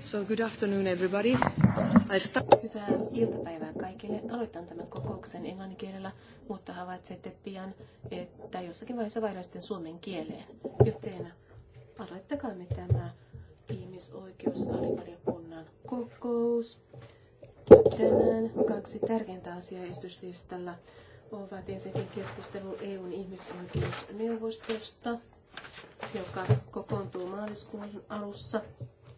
So good afternoon everybody. I start... Hyvää iltapäivää kaikille. Aloitan tämän kokouksen englanninkielellä, mutta havaitsette pian, että jossakin vaiheessa vaihdan sitten suomen kieleen. Joten aloittakaamme tämä ihmisoikeusalivaliokunnan kokous. Tänään kaksi tärkeintä asiaa esityslistalla ovat ensinnäkin keskustelu EUn ihmisoikeusneuvostosta joka kokoontuu maaliskuun alussa.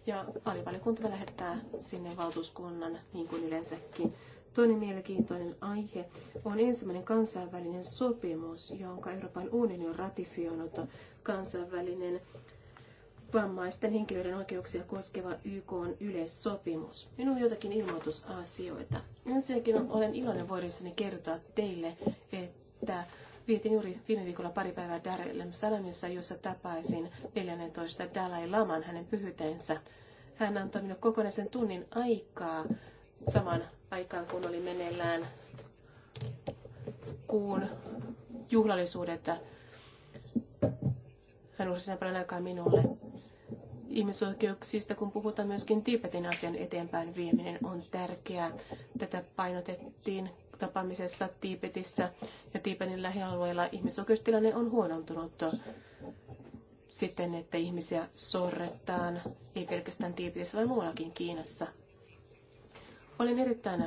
Ja alivaliokunta lähettää sinne valtuuskunnan, niin kuin yleensäkin. Toinen mielenkiintoinen aihe on ensimmäinen kansainvälinen sopimus, jonka Euroopan unioni on ratifioinut kansainvälinen vammaisten henkilöiden oikeuksia koskeva YK on yleissopimus. Minulla on jotakin ilmoitusasioita. Ensinnäkin olen iloinen voidessani kertoa teille, että Vietin juuri viime viikolla pari päivää Dar Salamissa, jossa tapaisin 14 Dalai Laman hänen pyhyteensä. Hän antoi minulle kokonaisen tunnin aikaa saman aikaan, kun oli meneillään kuun juhlallisuudet. Hän uhrasi paljon aikaa minulle. Ihmisoikeuksista, kun puhutaan myöskin Tibetin asian eteenpäin vieminen, on tärkeää. Tätä painotettiin tapaamisessa Tiipetissä ja Tiipenin lähialueilla ihmisoikeustilanne on huonontunut siten, että ihmisiä sorretaan, ei pelkästään Tiipetissä vaan muuallakin Kiinassa. Olen erittäin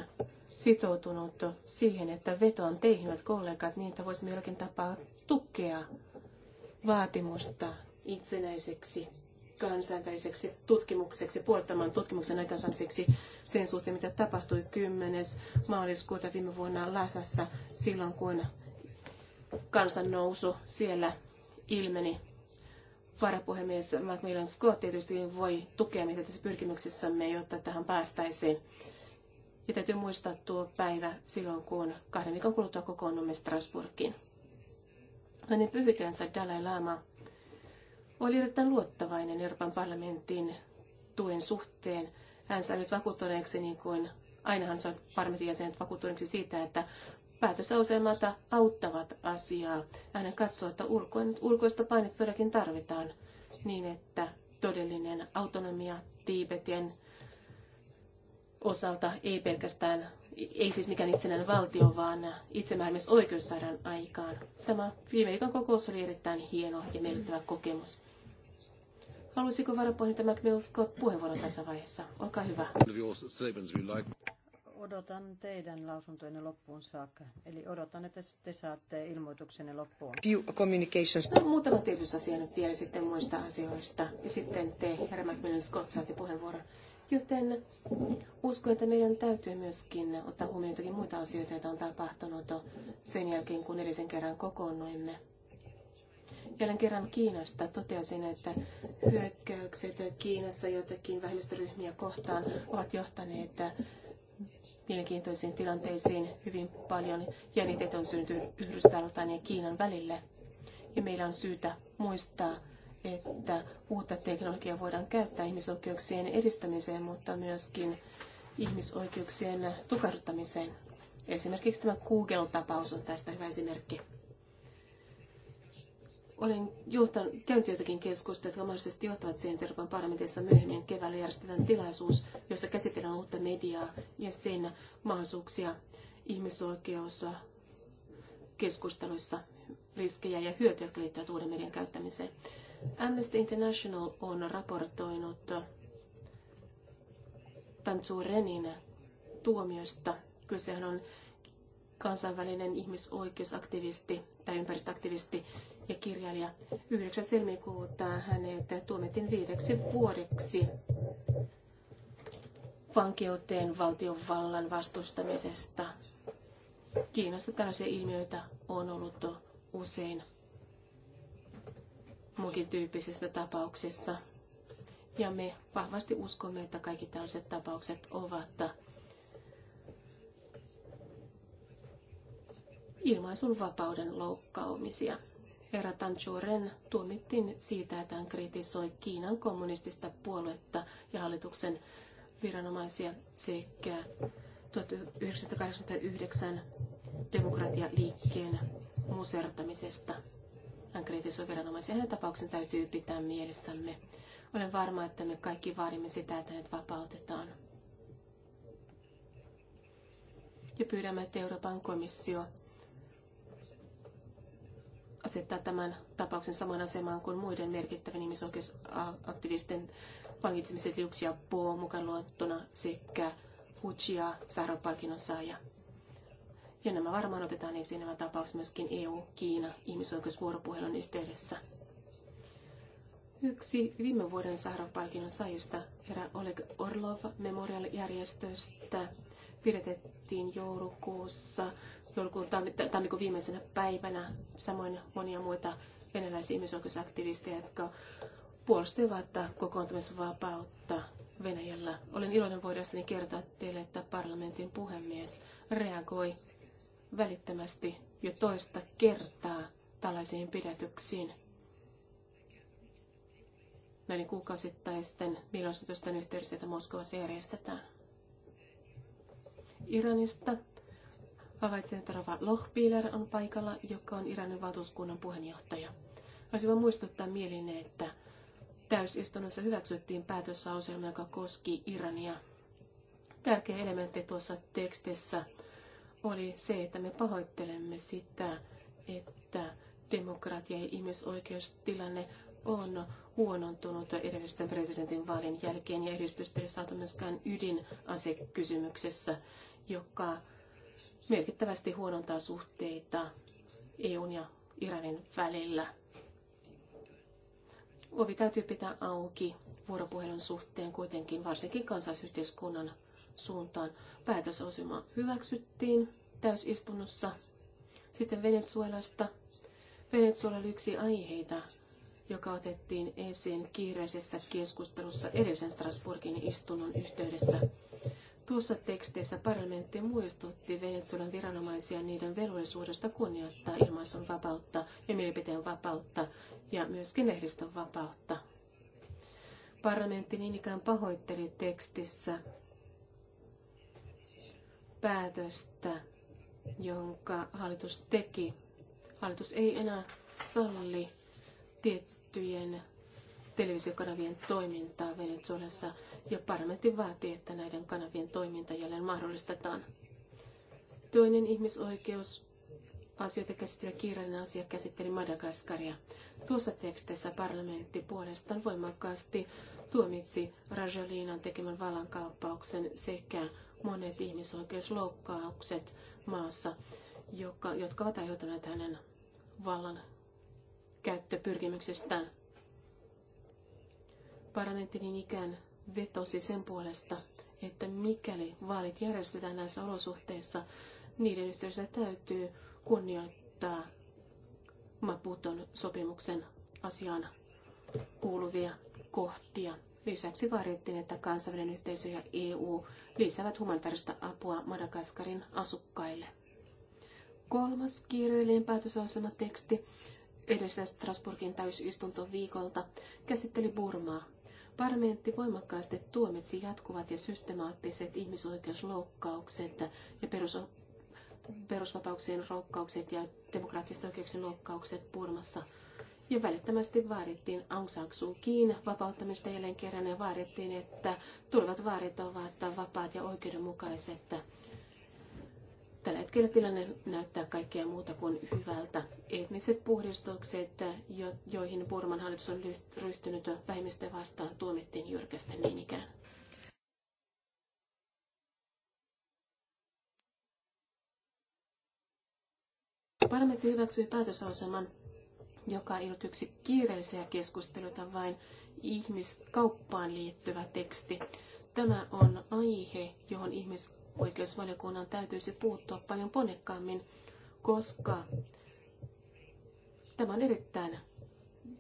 sitoutunut siihen, että vetoan teihin, hyvät kollegat, niin että voisimme jollakin tapaa tukea vaatimusta itsenäiseksi kansainväliseksi tutkimukseksi, puolittamaan tutkimuksen aikaansaamiseksi sen suhteen, mitä tapahtui 10. maaliskuuta viime vuonna Lasassa silloin, kun kansannousu siellä ilmeni. Varapuhemies Macmillan Scott tietysti voi tukea meitä tässä pyrkimyksessämme, jotta tähän päästäisiin. Ja täytyy muistaa tuo päivä silloin, kun kahden viikon kuluttua kokoonnumme Strasburgiin. Hänen no niin, pyhytensä Dalai Lama oli erittäin luottavainen Euroopan parlamentin tuen suhteen. Hän sai nyt vakuuttuneeksi, niin kuin aina hän sai parlamentin jäsenet vakuuttuneeksi siitä, että päätösasemata auttavat asiaa. Hän katsoo, että ulkoista painetta todellakin tarvitaan niin, että todellinen autonomia Tiibetin osalta ei pelkästään, ei siis mikään itsenäinen valtio, vaan itsemääräämisoikeus saadaan aikaan. Tämä viime viikon kokous oli erittäin hieno ja miellyttävä kokemus. Haluaisiko varapuheenjohtaja McMill Scott puheenvuoron tässä vaiheessa? Olkaa hyvä. Odotan teidän lausuntojenne loppuun saakka. Eli odotan, että te saatte ilmoituksenne loppuun. Few communications. No, muutama tiedotusasia nyt vielä sitten muista asioista. Ja sitten te, herra McMillan Scott, saatte puheenvuoron. Joten uskon, että meidän täytyy myöskin ottaa huomioon jotakin muita asioita, joita on tapahtunut sen jälkeen, kun edellisen kerran kokoonnuimme. Vielä kerran Kiinasta toteaisin, että hyökkäykset Kiinassa jotakin vähemmistöryhmiä kohtaan ovat johtaneet mielenkiintoisiin tilanteisiin hyvin paljon. Jännitet on syntynyt Yhdysvaltain ja Kiinan välille. Ja meillä on syytä muistaa, että uutta teknologiaa voidaan käyttää ihmisoikeuksien edistämiseen, mutta myöskin ihmisoikeuksien tukahduttamiseen. Esimerkiksi tämä Google-tapaus on tästä hyvä esimerkki. Olen johtanut, käynyt joitakin keskusteluja, jotka mahdollisesti johtavat siihen, Euroopan parlamentissa myöhemmin keväällä järjestetään tilaisuus, jossa käsitellään uutta mediaa ja sen mahdollisuuksia ihmisoikeus keskusteluissa riskejä ja hyötyjä, jotka liittyvät uuden median käyttämiseen. Amnesty International on raportoinut Renin tuomiosta. Kysehän on kansainvälinen ihmisoikeusaktivisti tai ympäristöaktivisti, ja kirjailija. 9. helmikuuta hänet tuomittiin viideksi vuodeksi vankeuteen valtionvallan vastustamisesta. Kiinassa tällaisia ilmiöitä on ollut usein munkin tyyppisissä tapauksissa. Ja me vahvasti uskomme, että kaikki tällaiset tapaukset ovat ilmaisun vapauden loukkaumisia. Herra Tanchuren tuomittiin siitä, että hän kritisoi Kiinan kommunistista puoluetta ja hallituksen viranomaisia sekä 1989 demokratialiikkeen musertamisesta. Hän kritisoi viranomaisia. Hänen tapauksen täytyy pitää mielessämme. Olen varma, että me kaikki vaadimme sitä, että hänet vapautetaan. Ja pyydämme, että Euroopan komissio asettaa tämän tapauksen saman asemaan kuin muiden merkittävien ihmisoikeusaktivisten vangitsemisen liuksia Poo mukaan luettuna sekä Hujia Saharov-palkinnon saaja. Ja nämä varmaan otetaan esiin nämä tapaukset myöskin EU-Kiina ihmisoikeusvuoropuhelun yhteydessä. Yksi viime vuoden Saharov-palkinnon saajista, herra Oleg Orlov Memorial-järjestöstä, pidetettiin joulukuussa joulukuun tammikuun viimeisenä päivänä, samoin monia muita venäläisiä ihmisoikeusaktivisteja, jotka puolustivat kokoontumisvapautta Venäjällä. Olen iloinen voidessani kertoa teille, että parlamentin puhemies reagoi välittömästi jo toista kertaa tällaisiin pidätyksiin. Näiden kuukausittaisten mielenosoitusten yhteydessä, joita Moskovassa järjestetään. Iranista Havaitsen, että Rafa Lochbieler on paikalla, joka on Iranin valtuuskunnan puheenjohtaja. Voisin vain muistuttaa mieline, että täysistunnossa hyväksyttiin päätöslauselma, joka koski Irania. Tärkeä elementti tuossa tekstissä oli se, että me pahoittelemme sitä, että demokratia ja ihmisoikeustilanne on huonontunut edellisten presidentin vaalin jälkeen ja edistystä ei saatu myöskään ydinasekysymyksessä, joka merkittävästi huonontaa suhteita EUn ja Iranin välillä. Ovi täytyy pitää auki vuoropuhelun suhteen kuitenkin, varsinkin kansalaisyhteiskunnan suuntaan. Päätösosuma hyväksyttiin täysistunnossa. Sitten Venezuelasta. Venezuela oli yksi aiheita, joka otettiin esiin kiireisessä keskustelussa edellisen Strasbourgin istunnon yhteydessä. Tuossa teksteissä parlamentti muistutti Venezuelan viranomaisia niiden velvollisuudesta kunnioittaa ilmaisun vapautta ja mielipiteen vapautta ja myöskin lehdistön vapautta. Parlamentti niin ikään pahoitteli tekstissä päätöstä, jonka hallitus teki. Hallitus ei enää salli tiettyjen televisiokanavien toimintaa Venezuelassa ja parlamentti vaatii, että näiden kanavien toiminta jälleen mahdollistetaan. Toinen ihmisoikeus asioita käsittelevä kiireellinen asia käsitteli Madagaskaria. Tuossa tekstissä parlamentti puolestaan voimakkaasti tuomitsi Rajoliinan tekemän vallankaappauksen sekä monet ihmisoikeusloukkaukset maassa, joka, jotka ovat aiheutuneet hänen vallan käyttöpyrkimyksestään. Parlamentti niin ikään vetosi sen puolesta, että mikäli vaalit järjestetään näissä olosuhteissa, niiden yhteydessä täytyy kunnioittaa Maputon sopimuksen asiaan kuuluvia kohtia. Lisäksi vaadittiin, että kansainvälinen yhteisö ja EU lisäävät humanitaarista apua Madagaskarin asukkaille. Kolmas kiireellinen päätöslauselmateksti edellisestä Strasburgin täysistuntoviikolta käsitteli Burmaa. Parlamentti voimakkaasti tuomitsi jatkuvat ja systemaattiset ihmisoikeusloukkaukset ja perus, perusvapauksien loukkaukset ja demokraattisten oikeuksien loukkaukset Purmassa. Ja välittömästi vaadittiin Aung San Suu Kiin vapauttamista jälleen kerran ja vaadittiin, että tulevat vaarit ovat vapaat ja oikeudenmukaiset. Tällä hetkellä tilanne näyttää kaikkea muuta kuin hyvältä. Etniset puhdistukset, joihin Burman hallitus on ryhtynyt vähemmistö vastaan, tuomittiin jyrkästi niin ikään. Parlamentti hyväksyi päätösaseman, joka ei ollut yksi kiireisiä keskusteluita, vain ihmiskauppaan liittyvä teksti. Tämä on aihe, johon ihmiskauppaan oikeusvaliokunnan täytyisi puuttua paljon ponnekkaammin, koska tämä on erittäin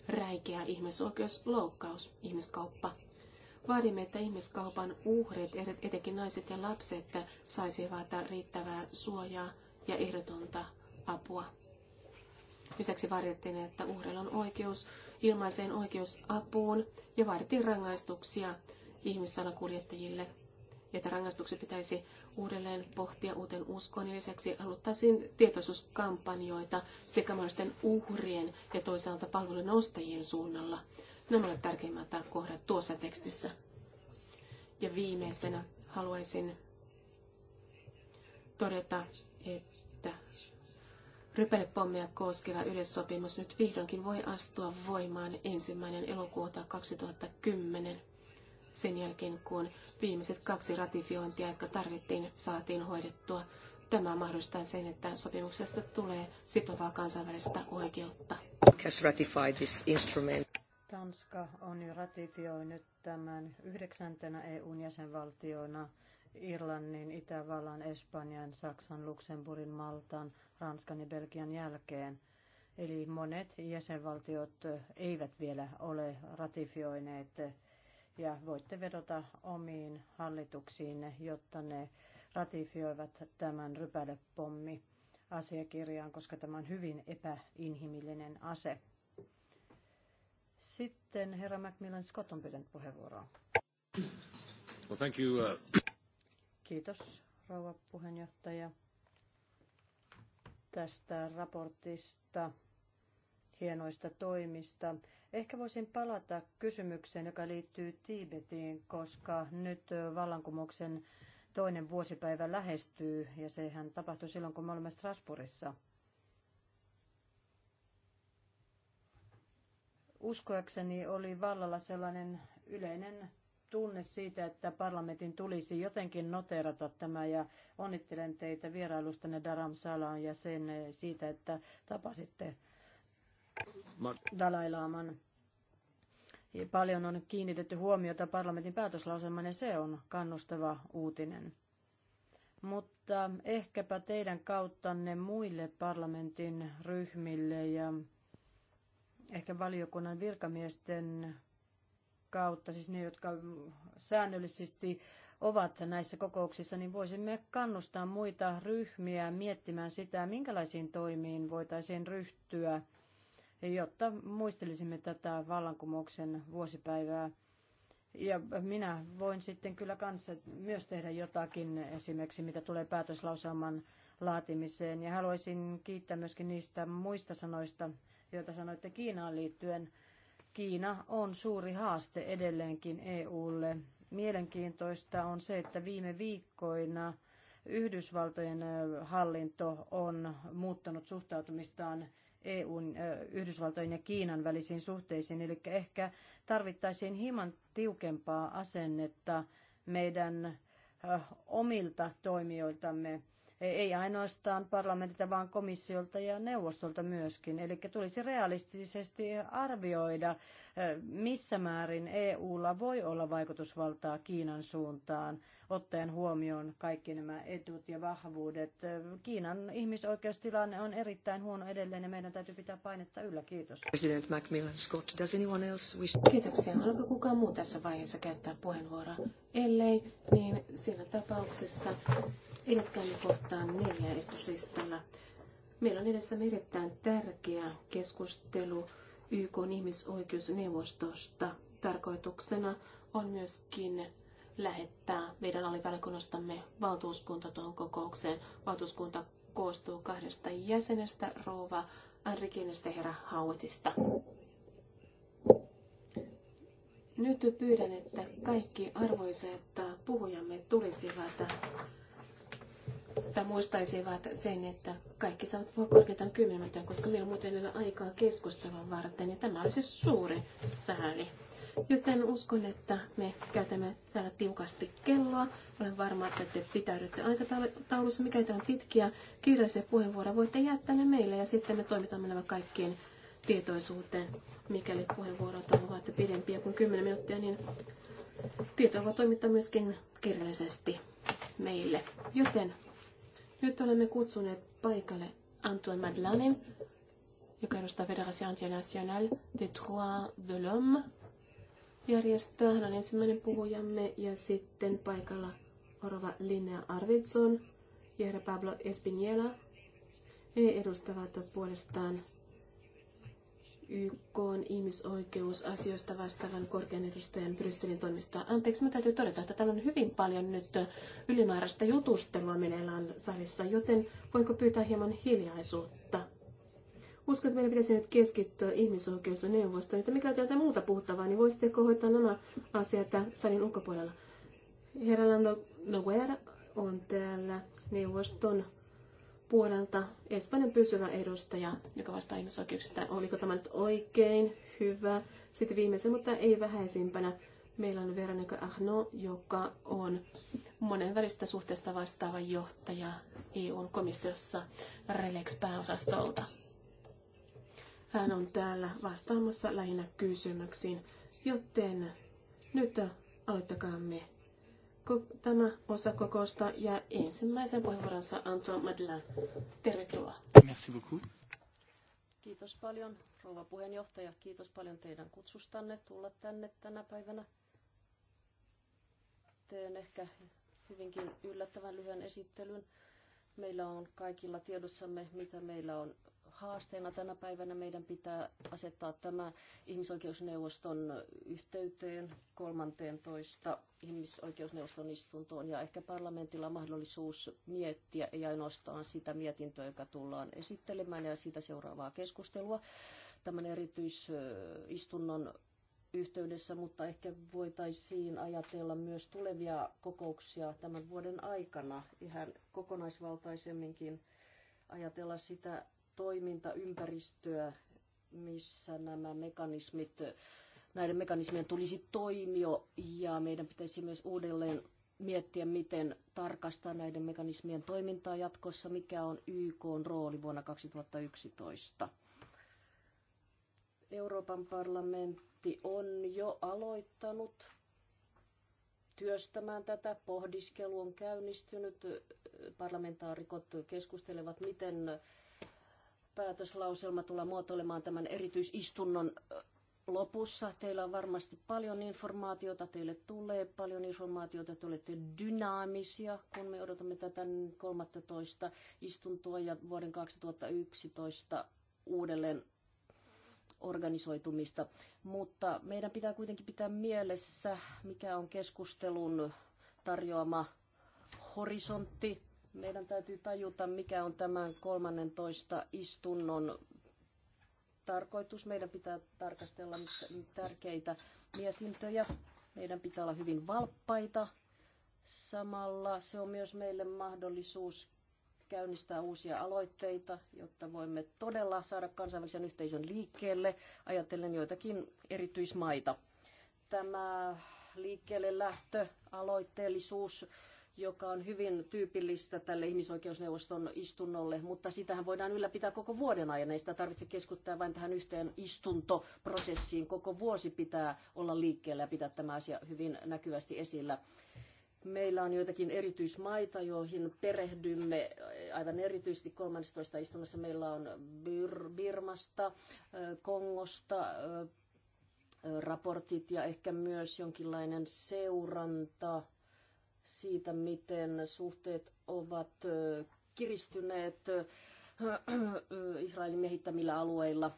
räikeä ihmisoikeusloukkaus, ihmiskauppa. Vaadimme, että ihmiskaupan uhrit, etenkin naiset ja lapset, saisivat riittävää suojaa ja ehdotonta apua. Lisäksi vaadittiin, että uhreilla on oikeus ilmaiseen oikeusapuun ja vaadittiin rangaistuksia ihmissalakuljettajille. että rangaistukset pitäisi uudelleen pohtia uuteen uskoon. Ja lisäksi haluttaisiin tietoisuuskampanjoita sekä mahdollisten uhrien ja toisaalta palvelun ostajien suunnalla. Nämä ovat tärkeimmät kohdat tuossa tekstissä. Ja viimeisenä haluaisin todeta, että rypelepommeja koskeva yleissopimus nyt vihdoinkin voi astua voimaan ensimmäinen elokuuta 2010 sen jälkeen, kun viimeiset kaksi ratifiointia, jotka tarvittiin, saatiin hoidettua. Tämä mahdollistaa sen, että sopimuksesta tulee sitovaa kansainvälistä oikeutta. Tanska on jo ratifioinut tämän yhdeksäntenä EUn jäsenvaltiona Irlannin, Itävallan, Espanjan, Saksan, Luxemburgin, Maltan, Ranskan ja Belgian jälkeen. Eli monet jäsenvaltiot eivät vielä ole ratifioineet ja voitte vedota omiin hallituksiinne, jotta ne ratifioivat tämän rypälepommi asiakirjaan, koska tämä on hyvin epäinhimillinen ase. Sitten herra Macmillan Scott on pyytänyt puheenvuoroa. Well, thank you, uh... Kiitos, rouva puheenjohtaja, tästä raportista hienoista toimista. Ehkä voisin palata kysymykseen, joka liittyy Tiibetiin, koska nyt vallankumouksen toinen vuosipäivä lähestyy ja sehän tapahtui silloin, kun me olimme Strasbourgissa. Uskoakseni oli vallalla sellainen yleinen tunne siitä, että parlamentin tulisi jotenkin noterata tämä ja onnittelen teitä vierailustanne Daram Salaan ja sen eh, siitä, että tapasitte Dalai Laaman. Paljon on kiinnitetty huomiota parlamentin päätöslauselman ja se on kannustava uutinen. Mutta ehkäpä teidän kauttanne muille parlamentin ryhmille ja ehkä valiokunnan virkamiesten kautta, siis ne, jotka säännöllisesti ovat näissä kokouksissa, niin voisimme kannustaa muita ryhmiä miettimään sitä, minkälaisiin toimiin voitaisiin ryhtyä jotta muistelisimme tätä vallankumouksen vuosipäivää. Ja minä voin sitten kyllä kanssa myös tehdä jotakin esimerkiksi, mitä tulee päätöslauselman laatimiseen. Ja haluaisin kiittää myöskin niistä muista sanoista, joita sanoitte Kiinaan liittyen. Kiina on suuri haaste edelleenkin EUlle. Mielenkiintoista on se, että viime viikkoina Yhdysvaltojen hallinto on muuttanut suhtautumistaan EUn, Yhdysvaltojen ja Kiinan välisiin suhteisiin. Eli ehkä tarvittaisiin hieman tiukempaa asennetta meidän omilta toimijoiltamme ei ainoastaan parlamentilta, vaan komissiolta ja neuvostolta myöskin. Eli tulisi realistisesti arvioida, missä määrin EUlla voi olla vaikutusvaltaa Kiinan suuntaan, ottaen huomioon kaikki nämä etut ja vahvuudet. Kiinan ihmisoikeustilanne on erittäin huono edelleen ja meidän täytyy pitää painetta yllä. Kiitos. President Macmillan Scott, does anyone else wish... Kiitoksia. Haluatko kukaan muu tässä vaiheessa käyttää puheenvuoroa? Ellei, niin siinä tapauksessa Innokkaammin kohtaan neljä esityslistalla. Meillä on edessä erittäin tärkeä keskustelu YK ihmisoikeusneuvostosta. Tarkoituksena on myöskin lähettää meidän alivaliokunnastamme valtuuskunta tuohon kokoukseen. Valtuuskunta koostuu kahdesta jäsenestä, Rouva Anrikinestä ja Herra Hauetista. Nyt pyydän, että kaikki arvoiset puhujamme tulisivat että muistaisivat sen, että kaikki saavat puhua korkeintaan 10 minuuttia, koska meillä muuten ei ole aikaa keskustelua varten, ja tämä olisi suuri sääli. Joten uskon, että me käytämme täällä tiukasti kelloa. Olen varma, että te pitäydytte aikataulussa. Mikäli on pitkiä kirjallisia puheenvuoroja, voitte jättää ne meille ja sitten me toimitamme nämä kaikkiin tietoisuuteen. Mikäli puheenvuorot ovat pidempiä kuin 10 minuuttia, niin tietoa voi toimittaa myöskin kirjallisesti meille. Joten nyt olemme kutsuneet paikalle Antoine Madelanin, joka edustaa Fédération Internationale des Trois de l'Homme Järjestö, Hän on ensimmäinen puhujamme ja sitten paikalla Orva Linnea Arvidson ja herra Pablo Espiniela. He edustavat puolestaan YK on ihmisoikeusasioista vastaavan korkean edustajan Brysselin toimista. Anteeksi, minun täytyy todeta, että täällä on hyvin paljon nyt ylimääräistä jutustelua meneillään salissa, joten voinko pyytää hieman hiljaisuutta? Uskon, että meidän pitäisi nyt keskittyä ihmisoikeusneuvostoon, että mikä on jotain muuta puhuttavaa, niin voisitteko hoitaa nämä asiat salin ulkopuolella? Herra Lando Noguera on täällä neuvoston puolelta Espanjan pysyvä edustaja, joka vastaa ihmisoikeuksista. Oliko tämä nyt oikein? Hyvä. Sitten viimeisen, mutta ei vähäisimpänä, meillä on Veronika Ahno, joka on monenvälistä suhteesta vastaava johtaja EUn komissiossa Relex-pääosastolta. Hän on täällä vastaamassa lähinnä kysymyksiin, joten nyt me tämä osa kokousta ja ensimmäisen puheenvuoronsa Antoine Madeleine. Tervetuloa. Merci beaucoup. Kiitos paljon, rouva puheenjohtaja. Kiitos paljon teidän kutsustanne tulla tänne tänä päivänä. Teen ehkä hyvinkin yllättävän lyhyen esittelyn. Meillä on kaikilla tiedossamme, mitä meillä on haasteena tänä päivänä meidän pitää asettaa tämä ihmisoikeusneuvoston yhteyteen 13 ihmisoikeusneuvoston istuntoon ja ehkä parlamentilla on mahdollisuus miettiä ei ainoastaan sitä mietintöä, joka tullaan esittelemään ja sitä seuraavaa keskustelua tämän erityisistunnon yhteydessä, mutta ehkä voitaisiin ajatella myös tulevia kokouksia tämän vuoden aikana ihan kokonaisvaltaisemminkin ajatella sitä, toimintaympäristöä, missä nämä mekanismit, näiden mekanismien tulisi toimia ja meidän pitäisi myös uudelleen miettiä, miten tarkastaa näiden mekanismien toimintaa jatkossa, mikä on YK on rooli vuonna 2011. Euroopan parlamentti on jo aloittanut työstämään tätä. Pohdiskelu on käynnistynyt. Parlamentaarikot keskustelevat, miten päätöslauselma tulla muotoilemaan tämän erityisistunnon lopussa. Teillä on varmasti paljon informaatiota, teille tulee paljon informaatiota, te olette dynaamisia, kun me odotamme tätä 13 istuntoa ja vuoden 2011 uudelleen organisoitumista. Mutta meidän pitää kuitenkin pitää mielessä, mikä on keskustelun tarjoama horisontti, meidän täytyy tajuta, mikä on tämän 13 istunnon tarkoitus. Meidän pitää tarkastella tärkeitä mietintöjä. Meidän pitää olla hyvin valppaita. Samalla se on myös meille mahdollisuus käynnistää uusia aloitteita, jotta voimme todella saada kansainvälisen yhteisön liikkeelle, ajatellen joitakin erityismaita. Tämä liikkeelle lähtö, aloitteellisuus, joka on hyvin tyypillistä tälle ihmisoikeusneuvoston istunnolle, mutta sitähän voidaan ylläpitää koko vuoden ajan. Ei sitä tarvitse keskuttaa vain tähän yhteen istuntoprosessiin. Koko vuosi pitää olla liikkeellä ja pitää tämä asia hyvin näkyvästi esillä. Meillä on joitakin erityismaita, joihin perehdymme aivan erityisesti 13. istunnossa. Meillä on Bir- Birmasta, Kongosta, raportit ja ehkä myös jonkinlainen seuranta siitä, miten suhteet ovat kiristyneet Israelin miehittämillä alueilla.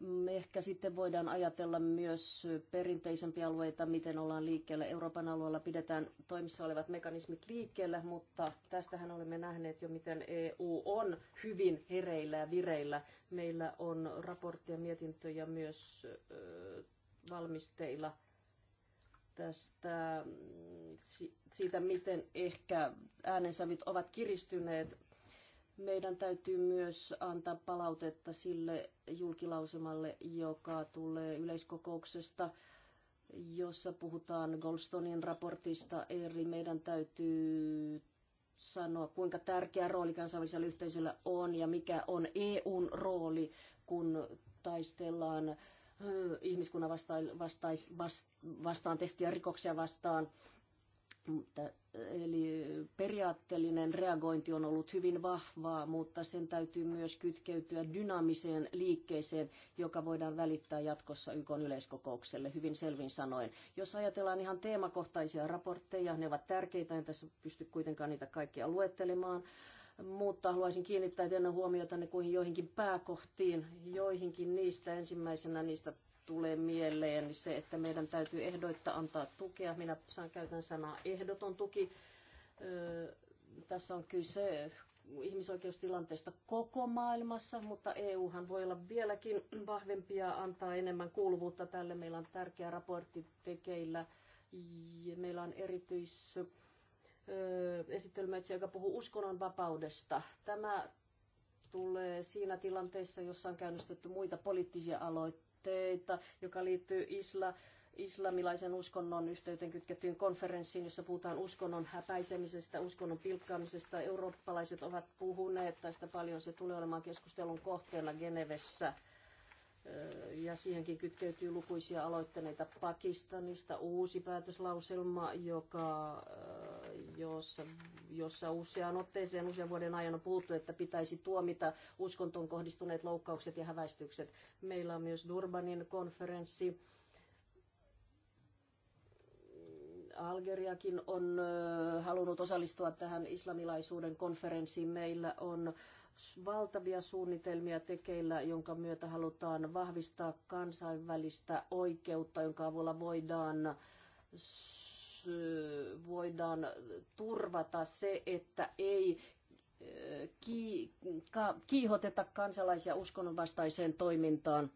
Me ehkä sitten voidaan ajatella myös perinteisempiä alueita, miten ollaan liikkeellä. Euroopan alueella pidetään toimissa olevat mekanismit liikkeellä, mutta tästähän olemme nähneet jo, miten EU on hyvin hereillä ja vireillä. Meillä on raporttia, mietintöjä myös valmisteilla tästä, siitä, miten ehkä äänensävyt ovat kiristyneet. Meidän täytyy myös antaa palautetta sille julkilausemalle, joka tulee yleiskokouksesta, jossa puhutaan Goldstonin raportista. Eri meidän täytyy sanoa, kuinka tärkeä rooli kansainvälisellä yhteisöllä on ja mikä on EUn rooli, kun taistellaan ihmiskunnan vastaan, vastais, vastaan tehtyjä rikoksia vastaan. Mutta, eli periaatteellinen reagointi on ollut hyvin vahvaa, mutta sen täytyy myös kytkeytyä dynaamiseen liikkeeseen, joka voidaan välittää jatkossa YK yleiskokoukselle hyvin selvin sanoen. Jos ajatellaan ihan teemakohtaisia raportteja, ne ovat tärkeitä, en tässä pysty kuitenkaan niitä kaikkia luettelemaan mutta haluaisin kiinnittää teidän huomiota kuin joihinkin pääkohtiin, joihinkin niistä. Ensimmäisenä niistä tulee mieleen se, että meidän täytyy ehdoitta antaa tukea. Minä saan käytän sanaa ehdoton tuki. Öö, tässä on kyse ihmisoikeustilanteesta koko maailmassa, mutta EUhan voi olla vieläkin vahvempi ja antaa enemmän kuuluvuutta tälle. Meillä on tärkeä raportti tekeillä. Meillä on erityis esittelymetsä, joka puhuu uskonnon vapaudesta. Tämä tulee siinä tilanteessa, jossa on käynnistetty muita poliittisia aloitteita, joka liittyy isla, islamilaisen uskonnon yhteyteen kytkettyyn konferenssiin, jossa puhutaan uskonnon häpäisemisestä, uskonnon pilkkaamisesta. Eurooppalaiset ovat puhuneet tästä paljon. Se tulee olemaan keskustelun kohteena Genevessä ja siihenkin kytkeytyy lukuisia aloitteita Pakistanista, uusi päätöslauselma, joka jossa, jossa useaan otteeseen usean vuoden ajan on puhuttu, että pitäisi tuomita uskontoon kohdistuneet loukkaukset ja häväistykset. Meillä on myös Durbanin konferenssi. Algeriakin on halunnut osallistua tähän islamilaisuuden konferenssiin. Meillä on valtavia suunnitelmia tekeillä, jonka myötä halutaan vahvistaa kansainvälistä oikeutta, jonka avulla voidaan voidaan turvata se, että ei kiihoteta kansalaisia uskonnonvastaiseen toimintaan.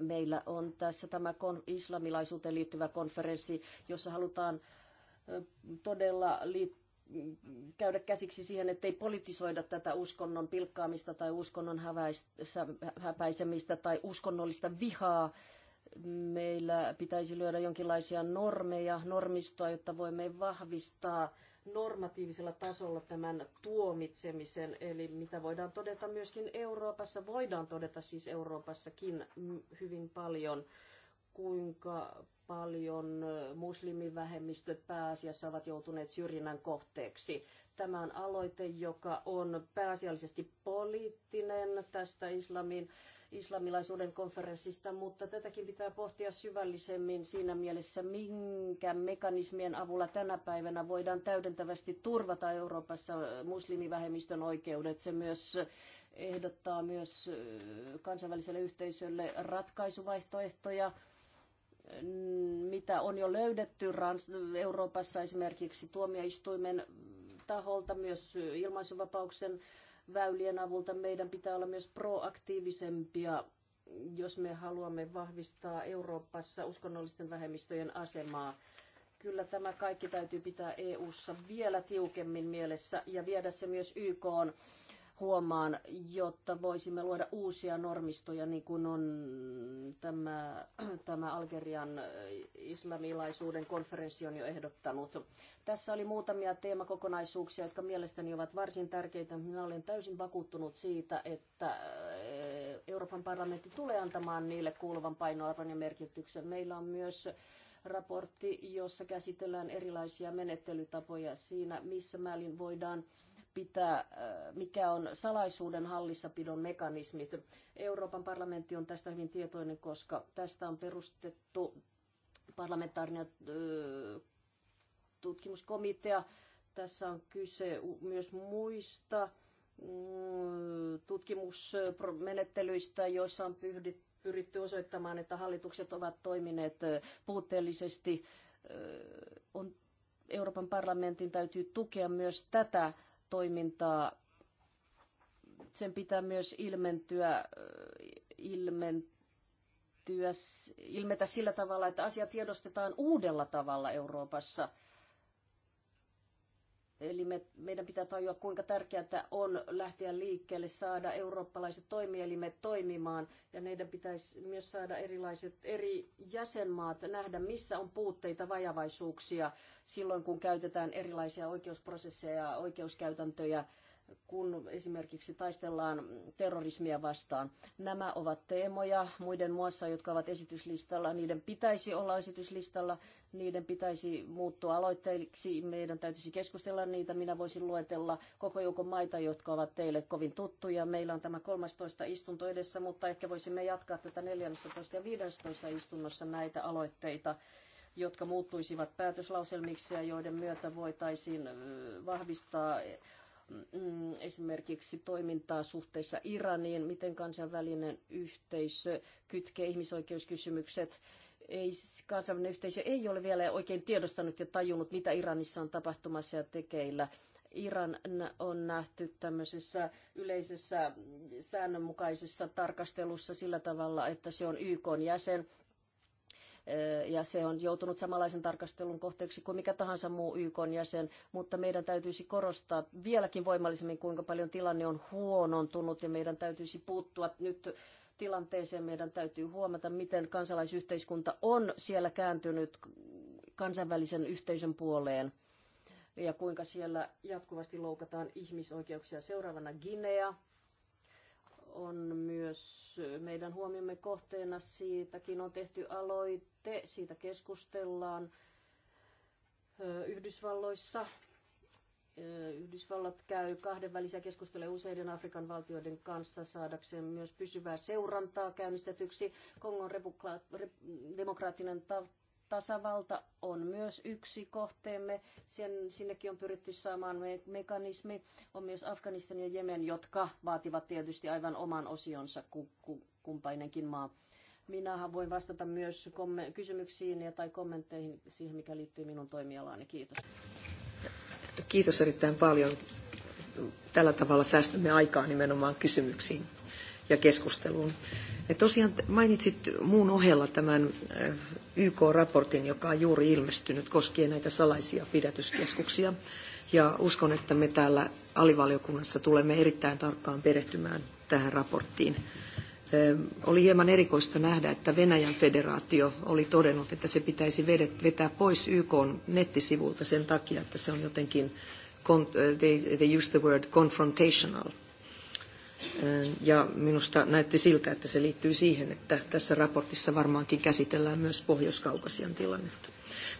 Meillä on tässä tämä islamilaisuuteen liittyvä konferenssi, jossa halutaan todella käydä käsiksi siihen, ettei politisoida tätä uskonnon pilkkaamista tai uskonnon häpäisemistä tai uskonnollista vihaa meillä pitäisi lyödä jonkinlaisia normeja, normistoa, jotta voimme vahvistaa normatiivisella tasolla tämän tuomitsemisen, eli mitä voidaan todeta myöskin Euroopassa, voidaan todeta siis Euroopassakin hyvin paljon, kuinka paljon muslimivähemmistöt pääasiassa ovat joutuneet syrjinnän kohteeksi. Tämä on aloite, joka on pääasiallisesti poliittinen tästä islamin islamilaisuuden konferenssista, mutta tätäkin pitää pohtia syvällisemmin siinä mielessä, minkä mekanismien avulla tänä päivänä voidaan täydentävästi turvata Euroopassa muslimivähemmistön oikeudet. Se myös ehdottaa myös kansainväliselle yhteisölle ratkaisuvaihtoehtoja, mm, mitä on jo löydetty Euroopassa esimerkiksi tuomioistuimen taholta myös ilmaisuvapauksen väylien avulta meidän pitää olla myös proaktiivisempia, jos me haluamme vahvistaa Euroopassa uskonnollisten vähemmistöjen asemaa kyllä tämä kaikki täytyy pitää EU:ssa vielä tiukemmin mielessä ja viedä se myös YK:n huomaan, jotta voisimme luoda uusia normistoja, niin kuin on tämä, tämä Algerian äh, islamilaisuuden konferenssi on jo ehdottanut. Tässä oli muutamia teemakokonaisuuksia, jotka mielestäni ovat varsin tärkeitä. Minä olen täysin vakuuttunut siitä, että äh, Euroopan parlamentti tulee antamaan niille kuuluvan painoarvon ja merkityksen. Meillä on myös raportti, jossa käsitellään erilaisia menettelytapoja siinä, missä määrin voidaan pitää, äh, mikä on salaisuuden hallissapidon mekanismit. Euroopan parlamentti on tästä hyvin tietoinen, koska tästä on perustettu parlamentaarinen äh, tutkimuskomitea. Tässä on kyse myös muista mm, tutkimusmenettelyistä, joissa on pyritty osoittamaan, että hallitukset ovat toimineet äh, puutteellisesti. Euroopan parlamentin täytyy tukea myös tätä toimintaa, sen pitää myös ilmentyä, äh, ilmentyä, ilmetä sillä tavalla, että asia tiedostetaan uudella tavalla Euroopassa – Eli me, meidän pitää tajua, kuinka tärkeää on lähteä liikkeelle, saada eurooppalaiset toimielimet toimimaan, ja meidän pitäisi myös saada erilaiset eri jäsenmaat nähdä, missä on puutteita, vajavaisuuksia silloin, kun käytetään erilaisia oikeusprosesseja ja oikeuskäytäntöjä kun esimerkiksi taistellaan terrorismia vastaan. Nämä ovat teemoja muiden muassa, jotka ovat esityslistalla. Niiden pitäisi olla esityslistalla, niiden pitäisi muuttua aloitteiksi. Meidän täytyisi keskustella niitä. Minä voisin luetella koko joukon maita, jotka ovat teille kovin tuttuja. Meillä on tämä 13 istunto edessä, mutta ehkä voisimme jatkaa tätä 14 ja 15 istunnossa näitä aloitteita jotka muuttuisivat päätöslauselmiksi ja joiden myötä voitaisiin vahvistaa Mm, esimerkiksi toimintaa suhteessa Iraniin, miten kansainvälinen yhteisö kytkee ihmisoikeuskysymykset. Ei, kansainvälinen yhteisö ei ole vielä oikein tiedostanut ja tajunnut, mitä Iranissa on tapahtumassa ja tekeillä. Iran on nähty tämmöisessä yleisessä säännönmukaisessa tarkastelussa sillä tavalla, että se on YK jäsen ja se on joutunut samanlaisen tarkastelun kohteeksi kuin mikä tahansa muu YK jäsen, mutta meidän täytyisi korostaa vieläkin voimallisemmin, kuinka paljon tilanne on huonontunut ja meidän täytyisi puuttua nyt tilanteeseen. Meidän täytyy huomata, miten kansalaisyhteiskunta on siellä kääntynyt kansainvälisen yhteisön puoleen ja kuinka siellä jatkuvasti loukataan ihmisoikeuksia. Seuraavana Guinea on myös meidän huomiomme kohteena. Siitäkin on tehty aloite te, siitä keskustellaan Yhdysvalloissa. Yhdysvallat käy kahdenvälisiä keskusteluja useiden Afrikan valtioiden kanssa saadakseen myös pysyvää seurantaa käynnistetyksi. Kongon demokraattinen tasavalta on myös yksi kohteemme. Sen, sinnekin on pyritty saamaan me- mekanismi. On myös Afganistan ja Jemen, jotka vaativat tietysti aivan oman osionsa ku- ku- kumpainenkin maa. Minähän voin vastata myös kysymyksiin ja tai kommentteihin siihen, mikä liittyy minun toimialaani. Kiitos. Kiitos erittäin paljon. Tällä tavalla säästämme aikaa nimenomaan kysymyksiin ja keskusteluun. Ja tosiaan mainitsit muun ohella tämän eh, YK-raportin, joka on juuri ilmestynyt koskien näitä salaisia pidätyskeskuksia. Ja uskon, että me täällä alivaliokunnassa tulemme erittäin tarkkaan perehtymään tähän raporttiin oli hieman erikoista nähdä, että Venäjän federaatio oli todennut, että se pitäisi vetää pois YK nettisivuilta sen takia, että se on jotenkin, they use the word confrontational. Ja minusta näytti siltä, että se liittyy siihen, että tässä raportissa varmaankin käsitellään myös Pohjois-Kaukasian tilannetta.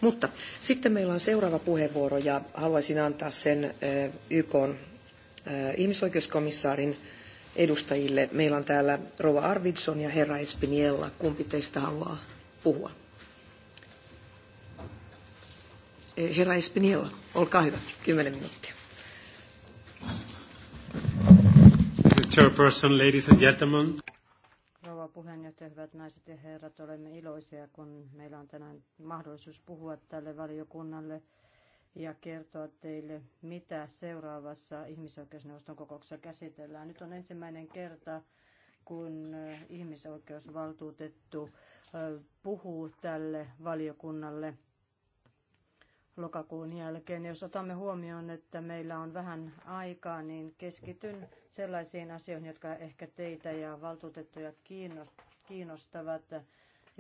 Mutta sitten meillä on seuraava puheenvuoro ja haluaisin antaa sen YK ihmisoikeuskomissaarin edustajille. Meillä on täällä Rova Arvidsson ja herra Espiniella. Kumpi teistä haluaa puhua? Eh, herra Espiniella, olkaa hyvä, Kymmenen minuuttia. Chairperson, ladies and gentlemen. Rouva puheenjohtaja, hyvät naiset ja herrat, olemme iloisia, kun meillä on tänään mahdollisuus puhua tälle valiokunnalle – ja kertoa teille, mitä seuraavassa ihmisoikeusneuvoston kokouksessa käsitellään. Nyt on ensimmäinen kerta, kun äh, ihmisoikeusvaltuutettu äh, puhuu tälle valiokunnalle lokakuun jälkeen. Jos otamme huomioon, että meillä on vähän aikaa, niin keskityn sellaisiin asioihin, jotka ehkä teitä ja valtuutettuja kiinnostavat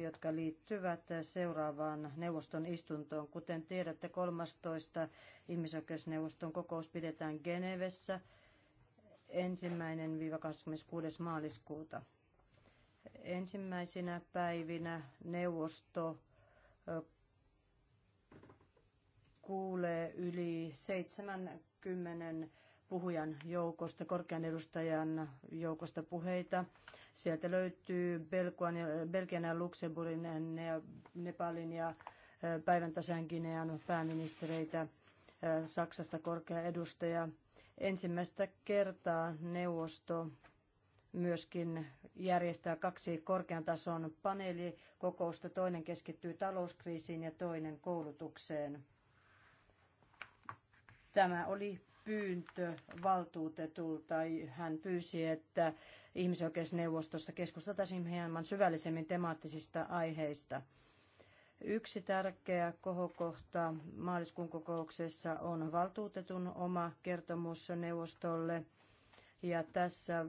jotka liittyvät seuraavaan neuvoston istuntoon. Kuten tiedätte, 13. ihmisoikeusneuvoston kokous pidetään Genevessä ensimmäinen 26 maaliskuuta. Ensimmäisinä päivinä neuvosto kuulee yli 70 puhujan joukosta, korkean edustajan joukosta puheita Sieltä löytyy Belkuan, Belgian ja Luxemburgin Nepalin ja päivän tasan Ginean pääministereitä, Saksasta korkea edustaja. Ensimmäistä kertaa neuvosto myöskin järjestää kaksi korkean tason paneelikokousta. Toinen keskittyy talouskriisiin ja toinen koulutukseen. Tämä oli pyyntö valtuutetulta. Hän pyysi, että ihmisoikeusneuvostossa keskusteltaisiin hieman syvällisemmin temaattisista aiheista. Yksi tärkeä kohokohta maaliskuun kokouksessa on valtuutetun oma kertomus neuvostolle. Ja tässä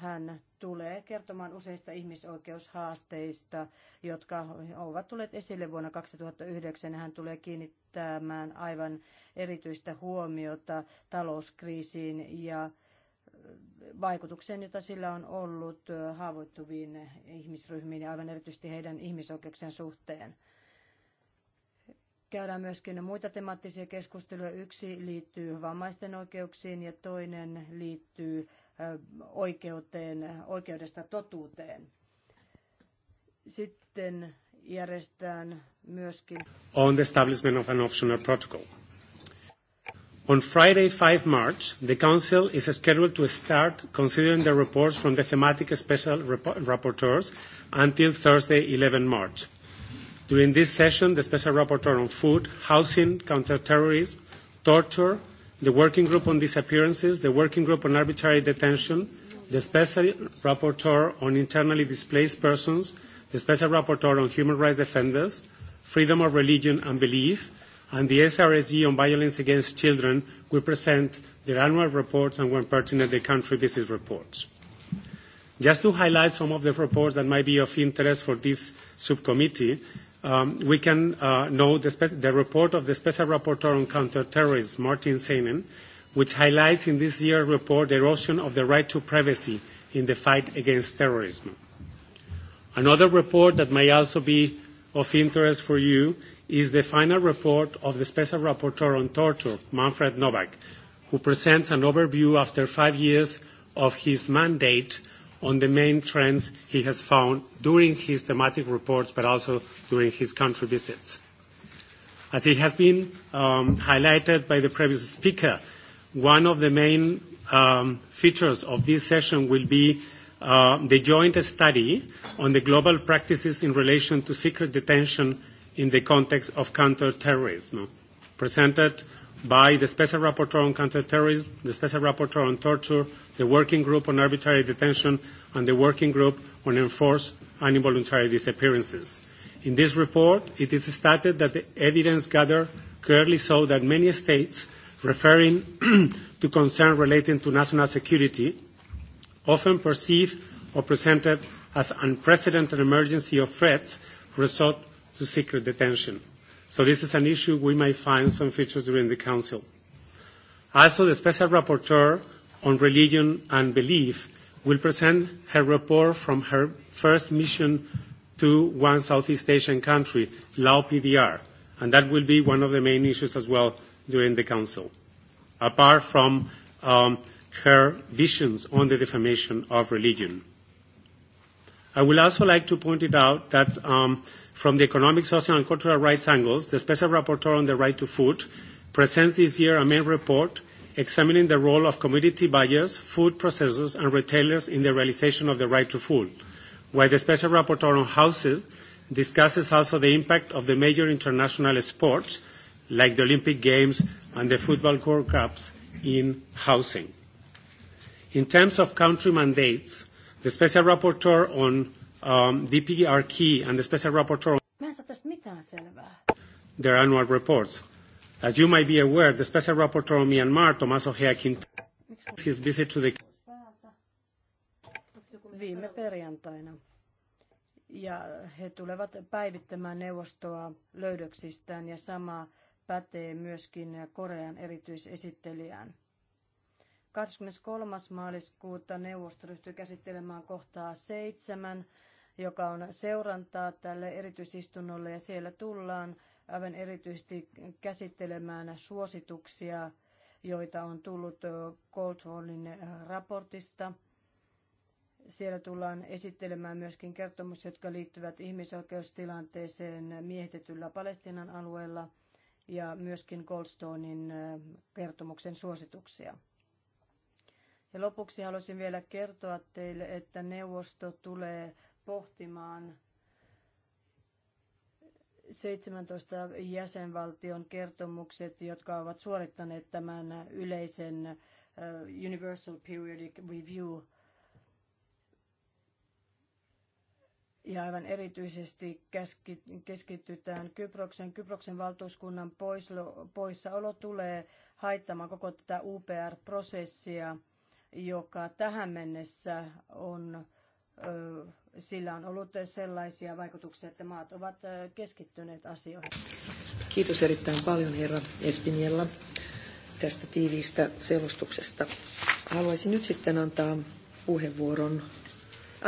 hän tulee kertomaan useista ihmisoikeushaasteista, jotka ovat tulleet esille vuonna 2009. Hän tulee kiinnittämään aivan erityistä huomiota talouskriisiin ja äh, vaikutukseen, jota sillä on ollut äh, haavoittuviin ihmisryhmiin ja aivan erityisesti heidän ihmisoikeuksien suhteen. Käydään myöskin muita temaattisia keskusteluja. Yksi liittyy vammaisten oikeuksiin ja toinen liittyy oikeuteen, oikeudesta totuuteen. Sitten järjestetään myöskin on the establishment of an optional protocol. On Friday, 5 March, the Council is scheduled to start considering the reports from the thematic special rapporteurs until Thursday, 11 March. During this session, the special rapporteur on food, housing, counterterrorism, torture, the Working Group on Disappearances, the Working Group on Arbitrary Detention, the Special Rapporteur on Internally Displaced Persons, the Special Rapporteur on Human Rights Defenders, Freedom of Religion and Belief, and the SRSG on Violence Against Children will present their annual reports and, when pertinent, their country visit reports. Just to highlight some of the reports that might be of interest for this subcommittee, Um, we can uh, know the, the report of the Special Rapporteur on Counterterrorism, Martin Seinen, which highlights in this year's report the erosion of the right to privacy in the fight against terrorism. Another report that may also be of interest for you is the final report of the Special Rapporteur on Torture, Manfred Novak, who presents an overview after five years of his mandate on the main trends he has found during his thematic reports, but also during his country visits. As it has been um, highlighted by the previous speaker, one of the main um, features of this session will be uh, the joint study on the global practices in relation to secret detention in the context of counterterrorism, presented by the Special Rapporteur on Counterterrorism, the Special Rapporteur on Torture, the Working Group on Arbitrary Detention, and the Working Group on Enforced and Involuntary Disappearances. In this report, it is stated that the evidence gathered clearly showed that many states referring to concerns relating to national security often perceive or presented as unprecedented emergency or threats resort to secret detention. So this is an issue we may find some features during the Council. Also, the Special Rapporteur on Religion and Belief will present her report from her first mission to one Southeast Asian country, Lao PDR, and that will be one of the main issues as well during the Council, apart from um, her visions on the defamation of religion. I would also like to point it out that um, From the economic, social and cultural rights angles, the Special Rapporteur on the Right to Food presents this year a main report examining the role of commodity buyers, food processors and retailers in the realization of the right to food, while the Special Rapporteur on housing discusses also the impact of the major international sports like the Olympic Games and the Football World Cups in housing. In terms of country mandates, the Special Rapporteur on um, DPR e Key and the Special Rapporteur. Mä en saa tästä mitään selvää. Their annual reports. As you might be aware, the Special Rapporteur on Myanmar, Tomaso Heakin, his visit to the... Viime perjantaina. Ja he tulevat päivittämään neuvostoa löydöksistään ja sama pätee myöskin Korean erityisesittelijään. 23. maaliskuuta neuvosto ryhtyi käsittelemään kohtaa 7 joka on seurantaa tälle erityisistunnolle ja siellä tullaan aivan erityisesti käsittelemään suosituksia, joita on tullut Goldwallin äh, raportista. Siellä tullaan esittelemään myöskin kertomus, jotka liittyvät ihmisoikeustilanteeseen miehitetyllä Palestinan alueella ja myöskin Goldstonein äh, kertomuksen suosituksia. Ja lopuksi haluaisin vielä kertoa teille, että neuvosto tulee pohtimaan 17 jäsenvaltion kertomukset, jotka ovat suorittaneet tämän yleisen Universal Periodic Review. Ja aivan erityisesti keskitytään Kyproksen. Kyproksen valtuuskunnan poissaolo tulee haittamaan koko tätä UPR-prosessia, joka tähän mennessä on sillä on ollut sellaisia vaikutuksia, että maat ovat keskittyneet asioihin. Kiitos erittäin paljon herra Espiniella tästä tiiviistä selostuksesta. Haluaisin nyt sitten antaa puheenvuoron.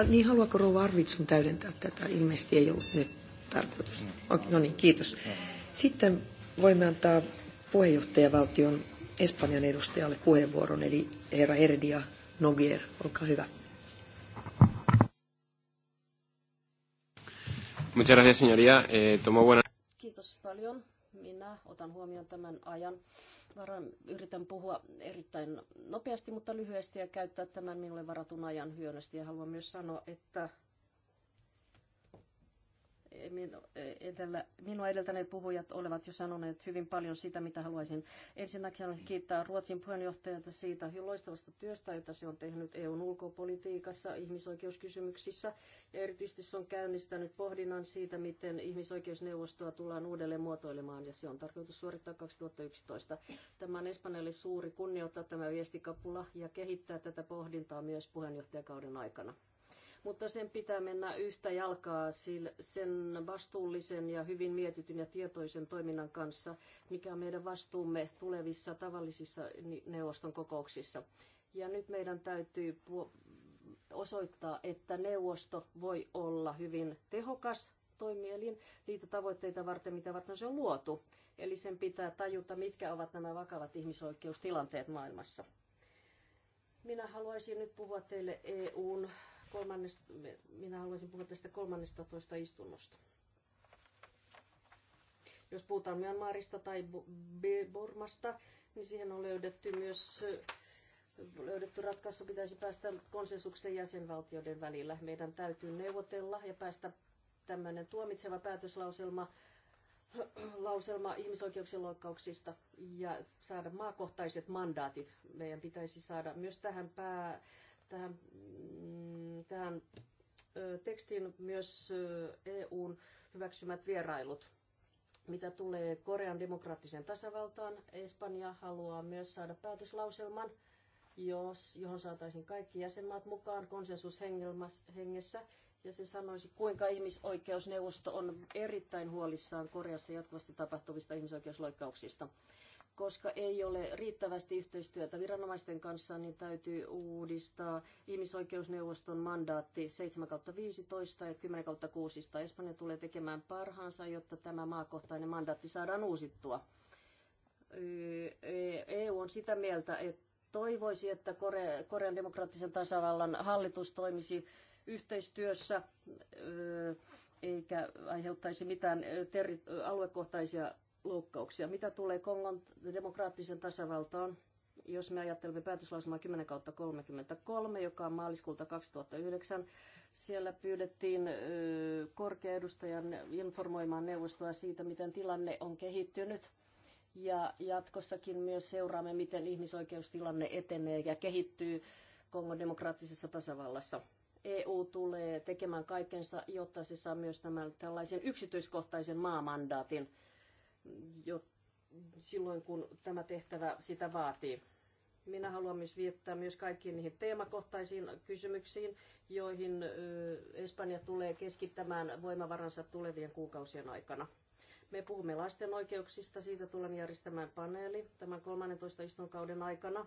Niin, haluaako rouva Arvitsun täydentää tätä? Ilmeisesti ei ollut nyt tarkoitus. Okay, no niin, kiitos. Sitten voimme antaa puheenjohtajavaltion Espanjan edustajalle puheenvuoron, eli herra Erdia Nogier, olkaa hyvä. Muchas gracias, señoría. Eh, tomo buena... Kiitos paljon. Minä otan huomioon tämän ajan. Varan, yritän puhua erittäin nopeasti, mutta lyhyesti ja käyttää tämän minulle varatun ajan hyödyllisesti. Ja haluan myös sanoa, että Eh, edellä, minua edeltäneet puhujat olevat jo sanoneet hyvin paljon sitä, mitä haluaisin. Ensinnäkin haluaisin kiittää Ruotsin puheenjohtajalta siitä loistavasta työstä, jota se on tehnyt EUn ulkopolitiikassa, ihmisoikeuskysymyksissä. Ja erityisesti se on käynnistänyt pohdinnan siitä, miten ihmisoikeusneuvostoa tullaan uudelleen muotoilemaan, ja se on tarkoitus suorittaa 2011. Tämä on Espanjalle suuri kunnioittaa tämä viestikapula ja kehittää tätä pohdintaa myös puheenjohtajakauden aikana mutta sen pitää mennä yhtä jalkaa sen vastuullisen ja hyvin mietityn ja tietoisen toiminnan kanssa, mikä on meidän vastuumme tulevissa tavallisissa neuvoston kokouksissa. Ja nyt meidän täytyy osoittaa, että neuvosto voi olla hyvin tehokas toimielin niitä tavoitteita varten, mitä varten se on luotu. Eli sen pitää tajuta, mitkä ovat nämä vakavat ihmisoikeustilanteet maailmassa. Minä haluaisin nyt puhua teille EUn kolmannesta, minä haluaisin puhua tästä 13 istunnosta. Jos puhutaan Myanmarista tai Bormasta, niin siihen on löydetty myös löydetty ratkaisu pitäisi päästä konsensuksen jäsenvaltioiden välillä. Meidän täytyy neuvotella ja päästä tämmöinen tuomitseva päätöslauselma lauselma ihmisoikeuksien loukkauksista ja saada maakohtaiset mandaatit. Meidän pitäisi saada myös tähän, pää, tähän mm, tähän tekstiin myös EUn hyväksymät vierailut. Mitä tulee Korean demokraattiseen tasavaltaan, Espanja haluaa myös saada päätöslauselman, jos, johon saataisiin kaikki jäsenmaat mukaan konsensushengessä, ja se sanoisi, kuinka ihmisoikeusneuvosto on erittäin huolissaan Koreassa jatkuvasti tapahtuvista ihmisoikeusloikkauksista koska ei ole riittävästi yhteistyötä viranomaisten kanssa, niin täytyy uudistaa ihmisoikeusneuvoston mandaatti 7 15 ja 10 16. Espanja tulee tekemään parhaansa, jotta tämä maakohtainen mandaatti saadaan uusittua. EU e on sitä mieltä, että toivoisi, että Korean demokraattisen tasavallan hallitus toimisi yhteistyössä eikä aiheuttaisi mitään aluekohtaisia loukkauksia. Mitä tulee Kongon demokraattisen tasavaltaan, jos me ajattelemme päätöslausumaa 10 kautta 33, joka on maaliskuulta 2009, siellä pyydettiin korkean edustajan informoimaan neuvostoa siitä, miten tilanne on kehittynyt. Ja jatkossakin myös seuraamme, miten ihmisoikeustilanne etenee ja kehittyy Kongon demokraattisessa tasavallassa. EU tulee tekemään kaikensa, jotta se saa myös tämän tällaisen yksityiskohtaisen maamandaatin jo silloin, kun tämä tehtävä sitä vaatii. Minä haluan myös viettää myös kaikkiin niihin teemakohtaisiin kysymyksiin, joihin Espanja tulee keskittämään voimavaransa tulevien kuukausien aikana. Me puhumme lasten oikeuksista, siitä tulemme järjestämään paneeli tämän 13 istunkauden aikana.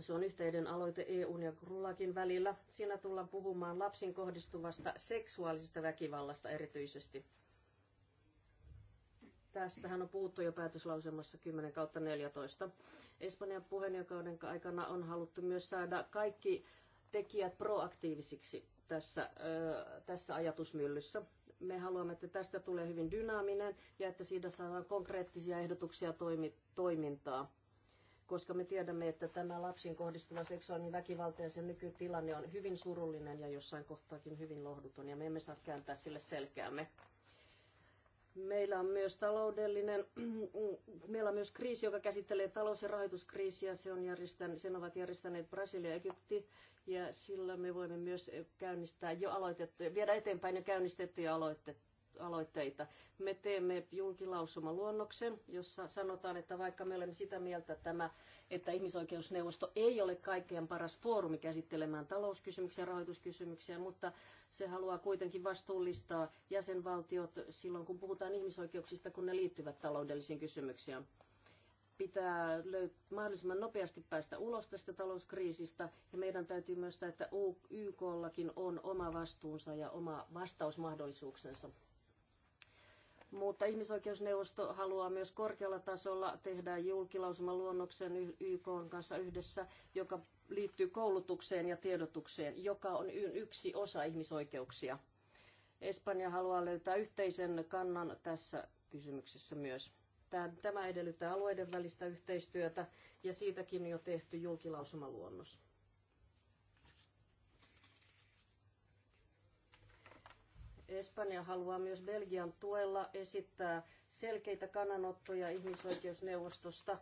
Se on yhteinen aloite EUn ja Grullakin välillä. Siinä tullaan puhumaan lapsin kohdistuvasta seksuaalisesta väkivallasta erityisesti. Tästähän on puhuttu jo päätöslauselmassa 10 kautta 14. Espanjan puheenjohtajan aikana on haluttu myös saada kaikki tekijät proaktiivisiksi tässä, tässä ajatusmyllyssä. Me haluamme, että tästä tulee hyvin dynaaminen ja että siitä saadaan konkreettisia ehdotuksia toimi, toimintaa koska me tiedämme, että tämä lapsiin kohdistuva seksuaalinen väkivalta ja sen nykytilanne on hyvin surullinen ja jossain kohtaakin hyvin lohduton, ja me emme saa kääntää sille selkeämme. Meillä on myös taloudellinen, meillä on myös kriisi, joka käsittelee talous- ja rahoituskriisiä. Se on järjestän, sen ovat järjestäneet Brasilia ja Egypti. Ja sillä me voimme myös käynnistää jo aloitettu, viedä eteenpäin jo käynnistettyjä aloitteita aloitteita. Me teemme julkilausumaluonnoksen, jossa sanotaan, että vaikka me olemme sitä mieltä, että, tämä, että ihmisoikeusneuvosto ei ole kaikkein paras foorumi käsittelemään talouskysymyksiä ja rahoituskysymyksiä, mutta se haluaa kuitenkin vastuullistaa jäsenvaltiot silloin, kun puhutaan ihmisoikeuksista, kun ne liittyvät taloudellisiin kysymyksiin pitää löyt- mahdollisimman nopeasti päästä ulos tästä talouskriisistä ja meidän täytyy myös, että YKllakin on oma vastuunsa ja oma vastausmahdollisuuksensa mutta ihmisoikeusneuvosto haluaa myös korkealla tasolla tehdä julkilausuman luonnoksen YK kanssa yhdessä, joka liittyy koulutukseen ja tiedotukseen, joka on yksi osa ihmisoikeuksia. Espanja haluaa löytää yhteisen kannan tässä kysymyksessä myös. Tämä edellyttää alueiden välistä yhteistyötä ja siitäkin on jo tehty julkilausumaluonnos. Espanja haluaa myös Belgian tuella esittää selkeitä kannanottoja ihmisoikeusneuvostosta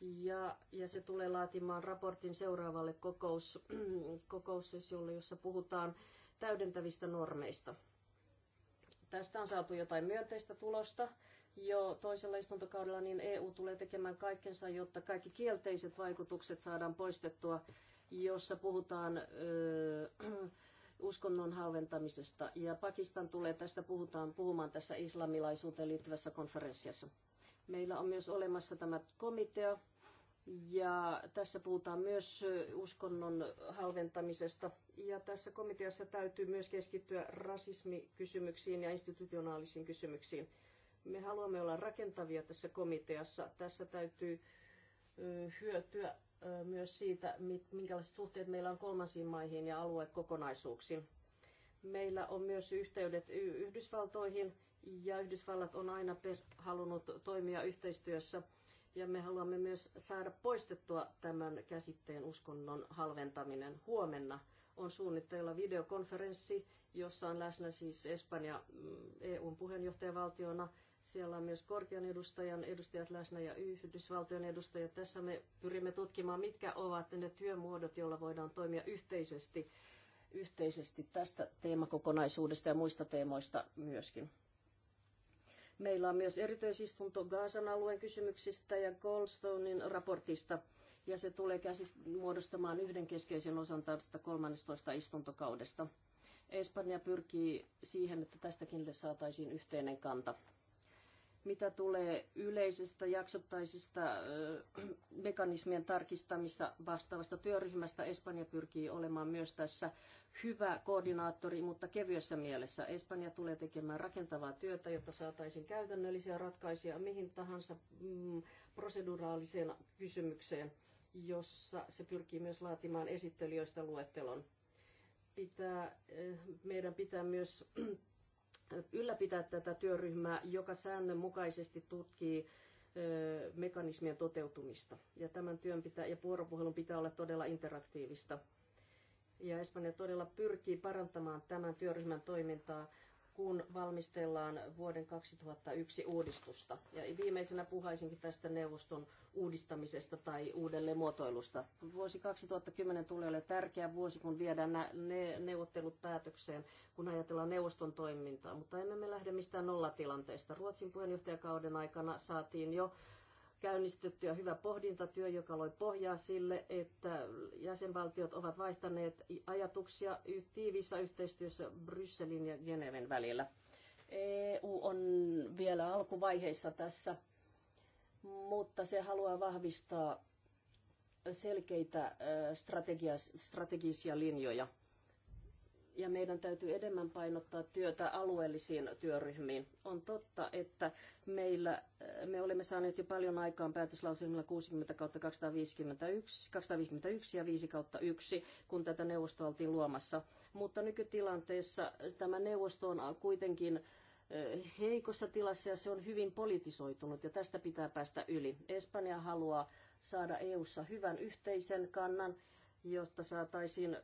ja, ja se tulee laatimaan raportin seuraavalle kokous, kokoussessiolle, jossa puhutaan täydentävistä normeista. Tästä on saatu jotain myönteistä tulosta. Jo toisella istuntokaudella niin EU tulee tekemään kaikkensa, jotta kaikki kielteiset vaikutukset saadaan poistettua, jossa puhutaan öö, uskonnon halventamisesta. Ja Pakistan tulee tästä puhutaan, puhumaan tässä islamilaisuuteen liittyvässä konferenssiassa. Meillä on myös olemassa tämä komitea, ja tässä puhutaan myös uskonnon halventamisesta. Ja tässä komiteassa täytyy myös keskittyä rasismikysymyksiin ja institutionaalisiin kysymyksiin. Me haluamme olla rakentavia tässä komiteassa. Tässä täytyy hyötyä myös siitä, minkälaiset suhteet meillä on kolmansiin maihin ja aluekokonaisuuksiin. Meillä on myös yhteydet Yhdysvaltoihin ja Yhdysvallat on aina halunnut toimia yhteistyössä ja me haluamme myös saada poistettua tämän käsitteen uskonnon halventaminen. Huomenna on suunnitteilla videokonferenssi, jossa on läsnä siis Espanja mm, EUn puheenjohtajavaltiona siellä on myös korkean edustajan edustajat läsnä ja Yhdysvaltojen edustajat. Tässä me pyrimme tutkimaan, mitkä ovat ne työmuodot, joilla voidaan toimia yhteisesti, yhteisesti tästä teemakokonaisuudesta ja muista teemoista myöskin. Meillä on myös erityisistunto Gaasan alueen kysymyksistä ja Goldstonein raportista, ja se tulee käsit- muodostamaan yhden keskeisen osan tästä 13. istuntokaudesta. Espanja pyrkii siihen, että tästäkin saataisiin yhteinen kanta. Mitä tulee yleisestä jaksottaisesta mekanismien tarkistamista vastaavasta työryhmästä, Espanja pyrkii olemaan myös tässä hyvä koordinaattori, mutta kevyessä mielessä. Espanja tulee tekemään rakentavaa työtä, jotta saataisiin käytännöllisiä ratkaisuja mihin tahansa mm, proseduraaliseen kysymykseen, jossa se pyrkii myös laatimaan esittelijöistä luettelon. Pitää, meidän pitää myös ylläpitää tätä työryhmää, joka säännönmukaisesti tutkii mekanismien toteutumista. Ja tämän työn pitää, ja vuoropuhelun pitää olla todella interaktiivista. Ja Espanja todella pyrkii parantamaan tämän työryhmän toimintaa kun valmistellaan vuoden 2001 uudistusta. Ja viimeisenä puhaisinkin tästä neuvoston uudistamisesta tai uudelleen muotoilusta. Vuosi 2010 tulee olemaan tärkeä vuosi, kun viedään ne neuvottelut päätökseen, kun ajatellaan neuvoston toimintaa. Mutta emme me lähde mistään nollatilanteesta. Ruotsin puheenjohtajakauden aikana saatiin jo käynnistettyä hyvä pohdintatyö, joka loi pohjaa sille, että jäsenvaltiot ovat vaihtaneet ajatuksia tiiviissä yhteistyössä Brysselin ja Geneven välillä. EU on vielä alkuvaiheessa tässä, mutta se haluaa vahvistaa selkeitä strategisia linjoja – ja meidän täytyy enemmän painottaa työtä alueellisiin työryhmiin. On totta, että meillä, eh, me olemme saaneet jo paljon aikaan päätöslauselmilla 60 kautta 251, ja 5 kautta 1, kun tätä neuvostoa oltiin luomassa. Mutta nykytilanteessa tämä neuvosto on kuitenkin eh, heikossa tilassa ja se on hyvin politisoitunut ja tästä pitää päästä yli. Espanja haluaa saada EU:ssa hyvän yhteisen kannan jotta saataisiin,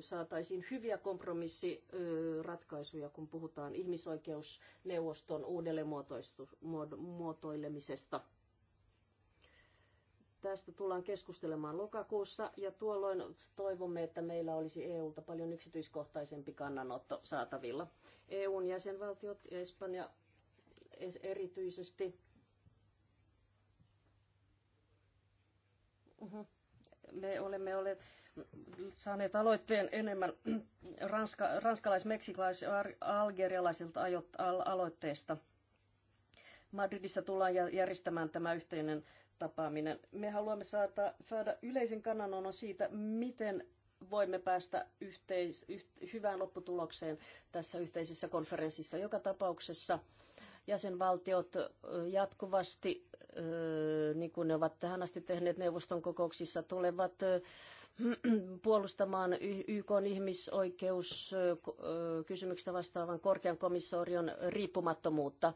saataisiin hyviä kompromissiratkaisuja, kun puhutaan ihmisoikeusneuvoston uudelleenmuotoilemisesta. Tästä tullaan keskustelemaan lokakuussa ja tuolloin toivomme, että meillä olisi EUlta paljon yksityiskohtaisempi kannanotto saatavilla. EUn jäsenvaltiot ja Espanja erityisesti. Uh-huh me olemme olleet saaneet aloitteen enemmän ranska, ranskalais-, meksikalais- algerialaisilta aloitteesta. Madridissa tullaan järjestämään tämä yhteinen tapaaminen. Me haluamme saada, saada yleisen kannanonon siitä, miten voimme päästä yhteis, yh, hyvään lopputulokseen tässä yhteisessä konferenssissa. Joka tapauksessa jäsenvaltiot jatkuvasti niin kuin ne ovat tähän asti tehneet neuvoston kokouksissa, tulevat puolustamaan YK ihmisoikeuskysymyksistä vastaavan korkean komissaarion riippumattomuutta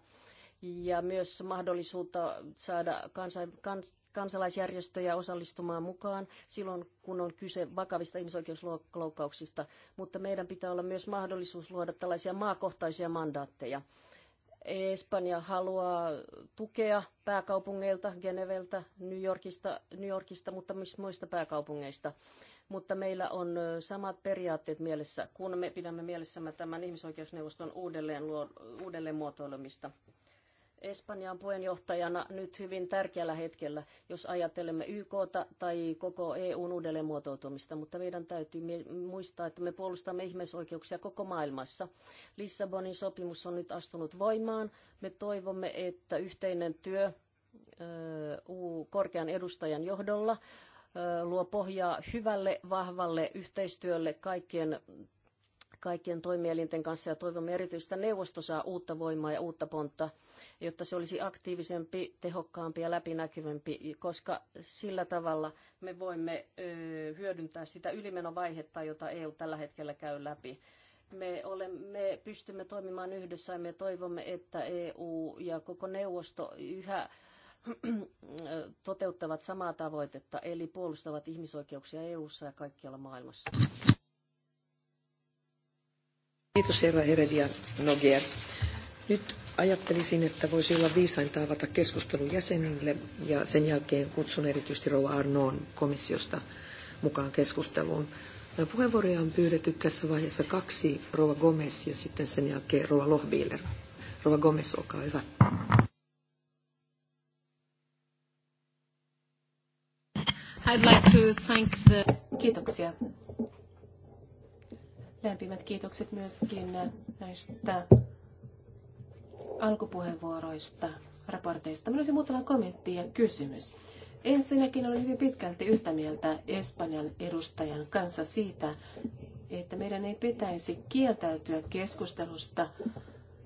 ja myös mahdollisuutta saada kansa, kans, kansalaisjärjestöjä osallistumaan mukaan silloin, kun on kyse vakavista ihmisoikeusloukkauksista. Mutta meidän pitää olla myös mahdollisuus luoda tällaisia maakohtaisia mandaatteja Espanja haluaa tukea pääkaupungeilta, Geneveltä, New Yorkista, New Yorkista, mutta myös muista pääkaupungeista. Mutta meillä on samat periaatteet mielessä, kun me pidämme mielessämme tämän ihmisoikeusneuvoston uudelleen, uudelleen muotoilemista. Espanjan puheenjohtajana nyt hyvin tärkeällä hetkellä, jos ajattelemme YK tai koko EUn uudelleenmuotoutumista, mutta meidän täytyy muistaa, että me puolustamme ihmisoikeuksia koko maailmassa. Lissabonin sopimus on nyt astunut voimaan. Me toivomme, että yhteinen työ korkean edustajan johdolla luo pohjaa hyvälle, vahvalle yhteistyölle kaikkien kaikkien toimielinten kanssa ja toivomme erityistä neuvosto saa uutta voimaa ja uutta pontta, jotta se olisi aktiivisempi, tehokkaampi ja läpinäkyvämpi, koska sillä tavalla me voimme hyödyntää sitä ylimenovaihetta, jota EU tällä hetkellä käy läpi me, olemme, pystymme toimimaan yhdessä ja me toivomme, että EU ja koko neuvosto yhä toteuttavat samaa tavoitetta, eli puolustavat ihmisoikeuksia EU:ssa ja kaikkialla maailmassa. Kiitos herra Heredia Nogier. Nyt ajattelisin, että voisi olla viisainta avata keskustelu jäsenille ja sen jälkeen kutsun erityisesti Rouva Arnoon komissiosta mukaan keskusteluun. Puheenvuoroja on pyydetty tässä vaiheessa kaksi, Rova Gomez ja sitten sen jälkeen Rova Lohbiiler. Rova Gomez, olkaa hyvä. I'd like to thank the... Kiitoksia. Lämpimät kiitokset myöskin näistä alkupuheenvuoroista, raporteista. Minulla olisi muutama kommentti ja kysymys. Ensinnäkin olen hyvin pitkälti yhtä mieltä Espanjan edustajan kanssa siitä, että meidän ei pitäisi kieltäytyä keskustelusta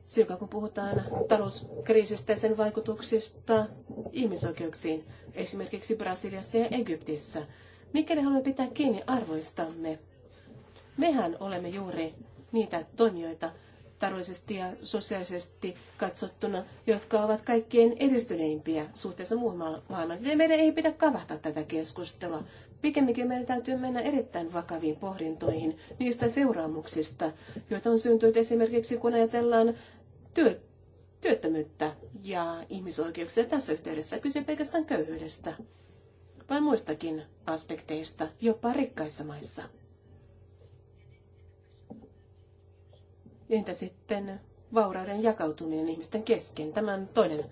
silloin, kun puhutaan talouskriisistä ja sen vaikutuksista ihmisoikeuksiin, esimerkiksi Brasiliassa ja Egyptissä. Mikäli haluamme pitää kiinni arvoistamme, Mehän olemme juuri niitä toimijoita taloudellisesti ja sosiaalisesti katsottuna, jotka ovat kaikkein edistyneimpiä suhteessa muuhun maailmaan. Ja meidän ei pidä kavahtaa tätä keskustelua. Pikemminkin meidän täytyy mennä erittäin vakaviin pohdintoihin niistä seuraamuksista, joita on syntynyt esimerkiksi kun ajatellaan työ, työttömyyttä ja ihmisoikeuksia tässä yhteydessä. Kyse pelkästään köyhyydestä, vaan muistakin aspekteista, jopa rikkaissa maissa. Entä sitten vaurauden jakautuminen ihmisten kesken? Tämä on toinen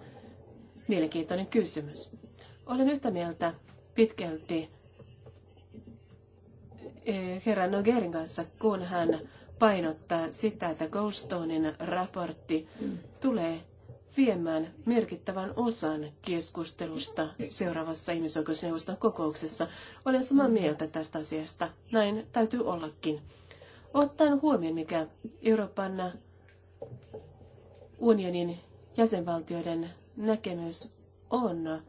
mielenkiintoinen kysymys. Olen yhtä mieltä pitkälti eh, herra Nogerin kanssa, kun hän painottaa sitä, että Goldstonein raportti tulee viemään merkittävän osan keskustelusta seuraavassa ihmisoikeusneuvoston kokouksessa. Olen samaa mieltä tästä asiasta. Näin täytyy ollakin. Ottaen huomioon, mikä Euroopan unionin jäsenvaltioiden näkemys on,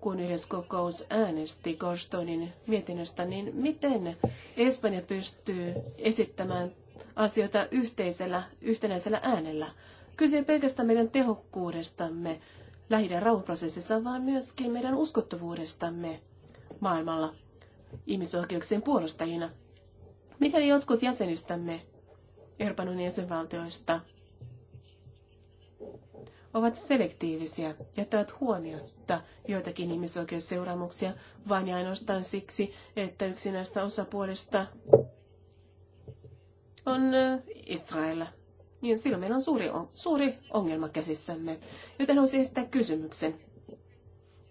kun yleiskokous äänesti Gorstonin mietinnöstä, niin miten Espanja pystyy esittämään asioita yhteisellä, yhtenäisellä äänellä? Kyse ei pelkästään meidän tehokkuudestamme lähi rauhanprosessissa, vaan myöskin meidän uskottavuudestamme maailmalla ihmisoikeuksien puolustajina. Mikäli jotkut jäsenistämme Euroopan unionin jäsenvaltioista ovat selektiivisiä, jättävät huomiotta joitakin ihmisoikeusseuraamuksia vain ja ainoastaan siksi, että yksi näistä osapuolista on Israel. Niin silloin meillä on suuri, on suuri ongelma käsissämme, joten siis tämä kysymyksen.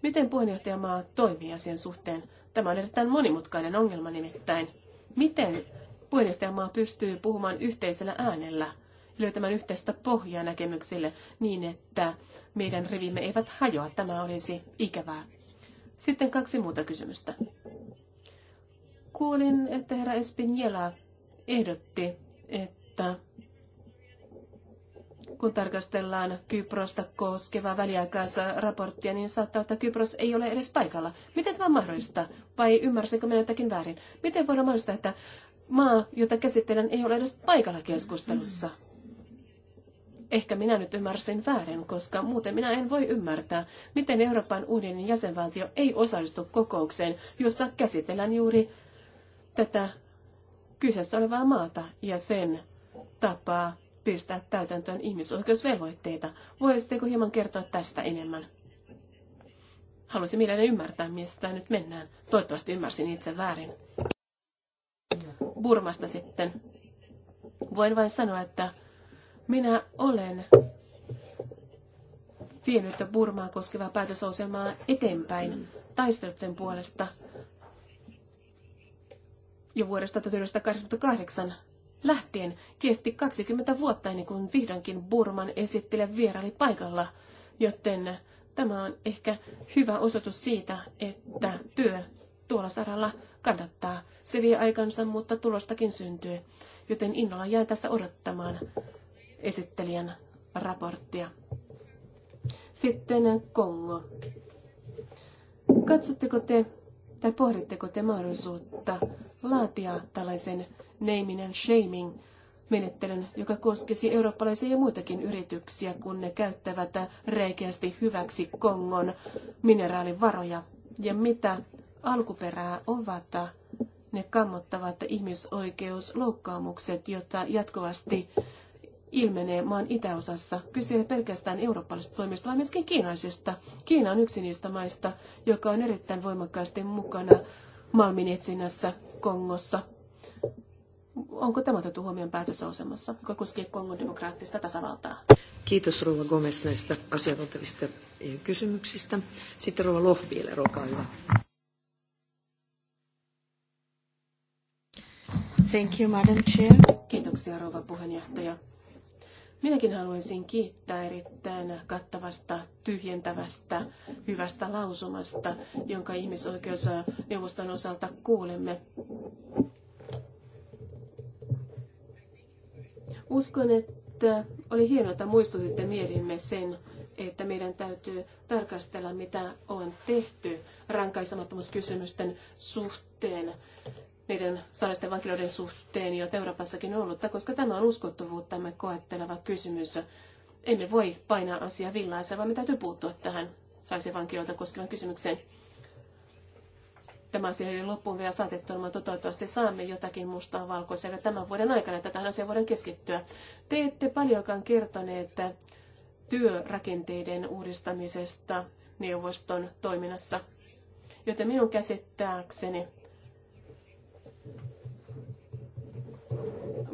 Miten puheenjohtajamaa toimii asian suhteen? Tämä on erittäin monimutkainen ongelma nimittäin. Miten puheenjohtajamaa pystyy puhumaan yhteisellä äänellä, löytämään yhteistä pohjaa näkemyksille niin, että meidän rivimme eivät hajoa. Tämä olisi ikävää. Sitten kaksi muuta kysymystä. Kuulin, että herra Espinjela ehdotti, että kun tarkastellaan Kyprosta koskeva väliaikaisa raporttia, niin saattaa, että Kypros ei ole edes paikalla. Miten tämä on mahdollista? Vai ymmärsinkö minä jotakin väärin? Miten voidaan mahdollista, että maa, jota käsittelen, ei ole edes paikalla keskustelussa? Ehkä minä nyt ymmärsin väärin, koska muuten minä en voi ymmärtää, miten Euroopan unionin jäsenvaltio ei osallistu kokoukseen, jossa käsitellään juuri tätä kyseessä olevaa maata ja sen tapaa pistää täytäntöön ihmisoikeusvelvoitteita. Voisitteko hieman kertoa tästä enemmän? Haluaisin mielelläni ymmärtää, tämä nyt mennään. Toivottavasti ymmärsin itse väärin. Burmasta sitten. Voin vain sanoa, että minä olen vienyt Burmaa koskevaa päätösohjelmaa eteenpäin, taistelut sen puolesta jo vuodesta 1988 lähtien kesti 20 vuotta ennen kuin vihdoinkin Burman esittelijä vieraili paikalla, joten tämä on ehkä hyvä osoitus siitä, että työ tuolla saralla kannattaa. Se vie aikansa, mutta tulostakin syntyy, joten innolla jää tässä odottamaan esittelijän raporttia. Sitten Kongo. Katsotteko te tai pohditteko te mahdollisuutta laatia tällaisen naming and shaming menettelyn, joka koskisi eurooppalaisia ja muitakin yrityksiä, kun ne käyttävät reikeästi hyväksi Kongon mineraalivaroja. Ja mitä alkuperää ovat ne kammottavat ihmisoikeusloukkaamukset, joita jatkuvasti ilmenee maan itäosassa. Kyse ei pelkästään eurooppalaisista toimista, vaan myöskin kiinaisista. Kiina on yksi niistä maista, joka on erittäin voimakkaasti mukana malminetsinnässä Kongossa Onko tämä otettu huomioon päätösasemassa, joka koskee Kongon demokraattista tasavaltaa? Kiitos Rouva Gomes näistä asiantuntevista eh, kysymyksistä. Sitten Rouva Lohpiele, olkaa hyvä. Thank you, Madam Chair. Kiitoksia, rouva puheenjohtaja. Minäkin haluaisin kiittää erittäin kattavasta, tyhjentävästä, hyvästä lausumasta, jonka ihmisoikeusneuvoston osalta kuulemme. Uskon, että oli hienoa, että muistutitte mielimme sen, että meidän täytyy tarkastella, mitä on tehty rankaisemattomuuskysymysten suhteen, meidän salaisten vankiloiden suhteen, joita Euroopassakin on ollut, koska tämä on uskottavuuttamme koetteleva kysymys. Emme voi painaa asiaa villaisella, vaan me täytyy puuttua tähän saisi vankiloita koskevan kysymykseen tämä asia ei loppuun vielä saatettu, mutta toivottavasti saamme jotakin mustaa valkoisella tämän vuoden aikana, että tähän asiaan voidaan keskittyä. Te ette paljonkaan kertoneet työrakenteiden uudistamisesta neuvoston toiminnassa, joten minun käsittääkseni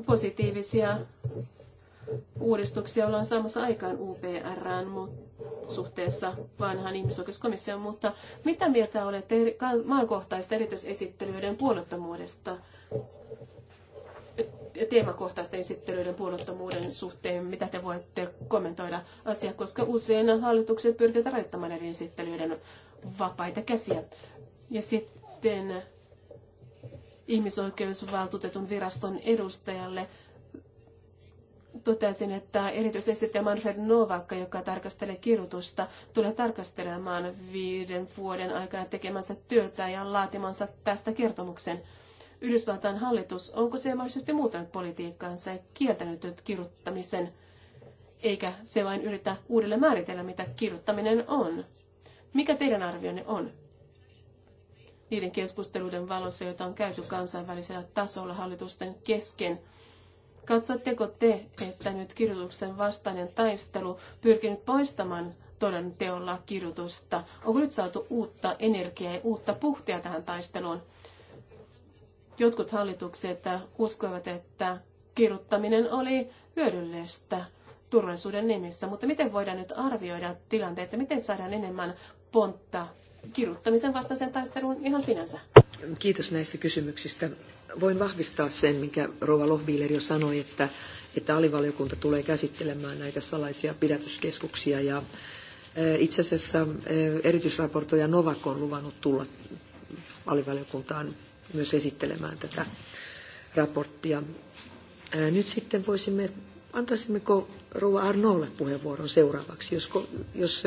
positiivisia uudistuksia ollaan saamassa aikaan UPR, mutta suhteessa vanhaan ihmisoikeuskomissioon, mutta mitä mieltä olette eri, maakohtaisten erityisesittelyiden puolettomuudesta? teemakohtaisten esittelyiden puolottomuuden suhteen, mitä te voitte kommentoida asiaa, koska usein hallitukset pyrkivät rajoittamaan eri esittelyiden vapaita käsiä. Ja sitten ihmisoikeusvaltuutetun viraston edustajalle totesin, että erityisesti Manfred Novak, joka tarkastelee kirjoitusta, tulee tarkastelemaan viiden vuoden aikana tekemänsä työtä ja laatimansa tästä kertomuksen. Yhdysvaltain hallitus, onko se mahdollisesti muuttanut politiikkaansa ja kieltänyt kirjoittamisen, eikä se vain yritä uudelleen määritellä, mitä kirjoittaminen on? Mikä teidän arvionne on? Niiden keskusteluiden valossa, joita on käyty kansainvälisellä tasolla hallitusten kesken, Katsotteko te, että nyt kirjoituksen vastainen taistelu pyrkinyt poistamaan todan teolla kirjoitusta? Onko nyt saatu uutta energiaa ja uutta puhtia tähän taisteluun? Jotkut hallitukset uskoivat, että kirjoittaminen oli hyödyllistä turvallisuuden nimissä, mutta miten voidaan nyt arvioida tilanteita, miten saadaan enemmän pontta kirjoittamisen vastaiseen taisteluun ihan sinänsä? Kiitos näistä kysymyksistä. Voin vahvistaa sen, minkä Rova Lohbiiler jo sanoi, että, että alivaliokunta tulee käsittelemään näitä salaisia pidätyskeskuksia. Ja e, itse asiassa e, erityisraportoija Novak on luvannut tulla alivaliokuntaan myös esittelemään tätä raporttia. E, nyt sitten voisimme, antaisimmeko Rouva Arnolle puheenvuoron seuraavaksi, jos, jos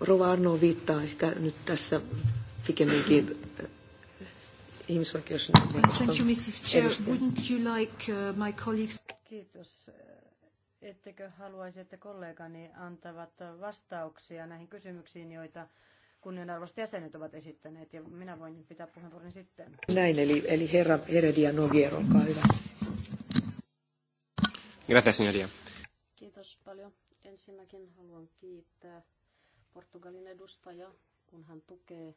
Rouva Arno viittaa ehkä nyt tässä pikemminkin äh, ihmisoikeusneuvoston Thank you, Mrs. Chair. Wouldn't you like uh, my colleagues... Kiitos. Ettekö haluaisi, että kollegani antavat vastauksia näihin kysymyksiin, joita kunnianarvoiset jäsenet ovat esittäneet, ja minä voin pitää puheenvuoron sitten. Näin, eli, eli herra Heredia Nogier, olkaa hyvä. Gracias, señoría. Kiitos paljon. Ensinnäkin haluan kiittää Portugalin edustajaa, kun hän tukee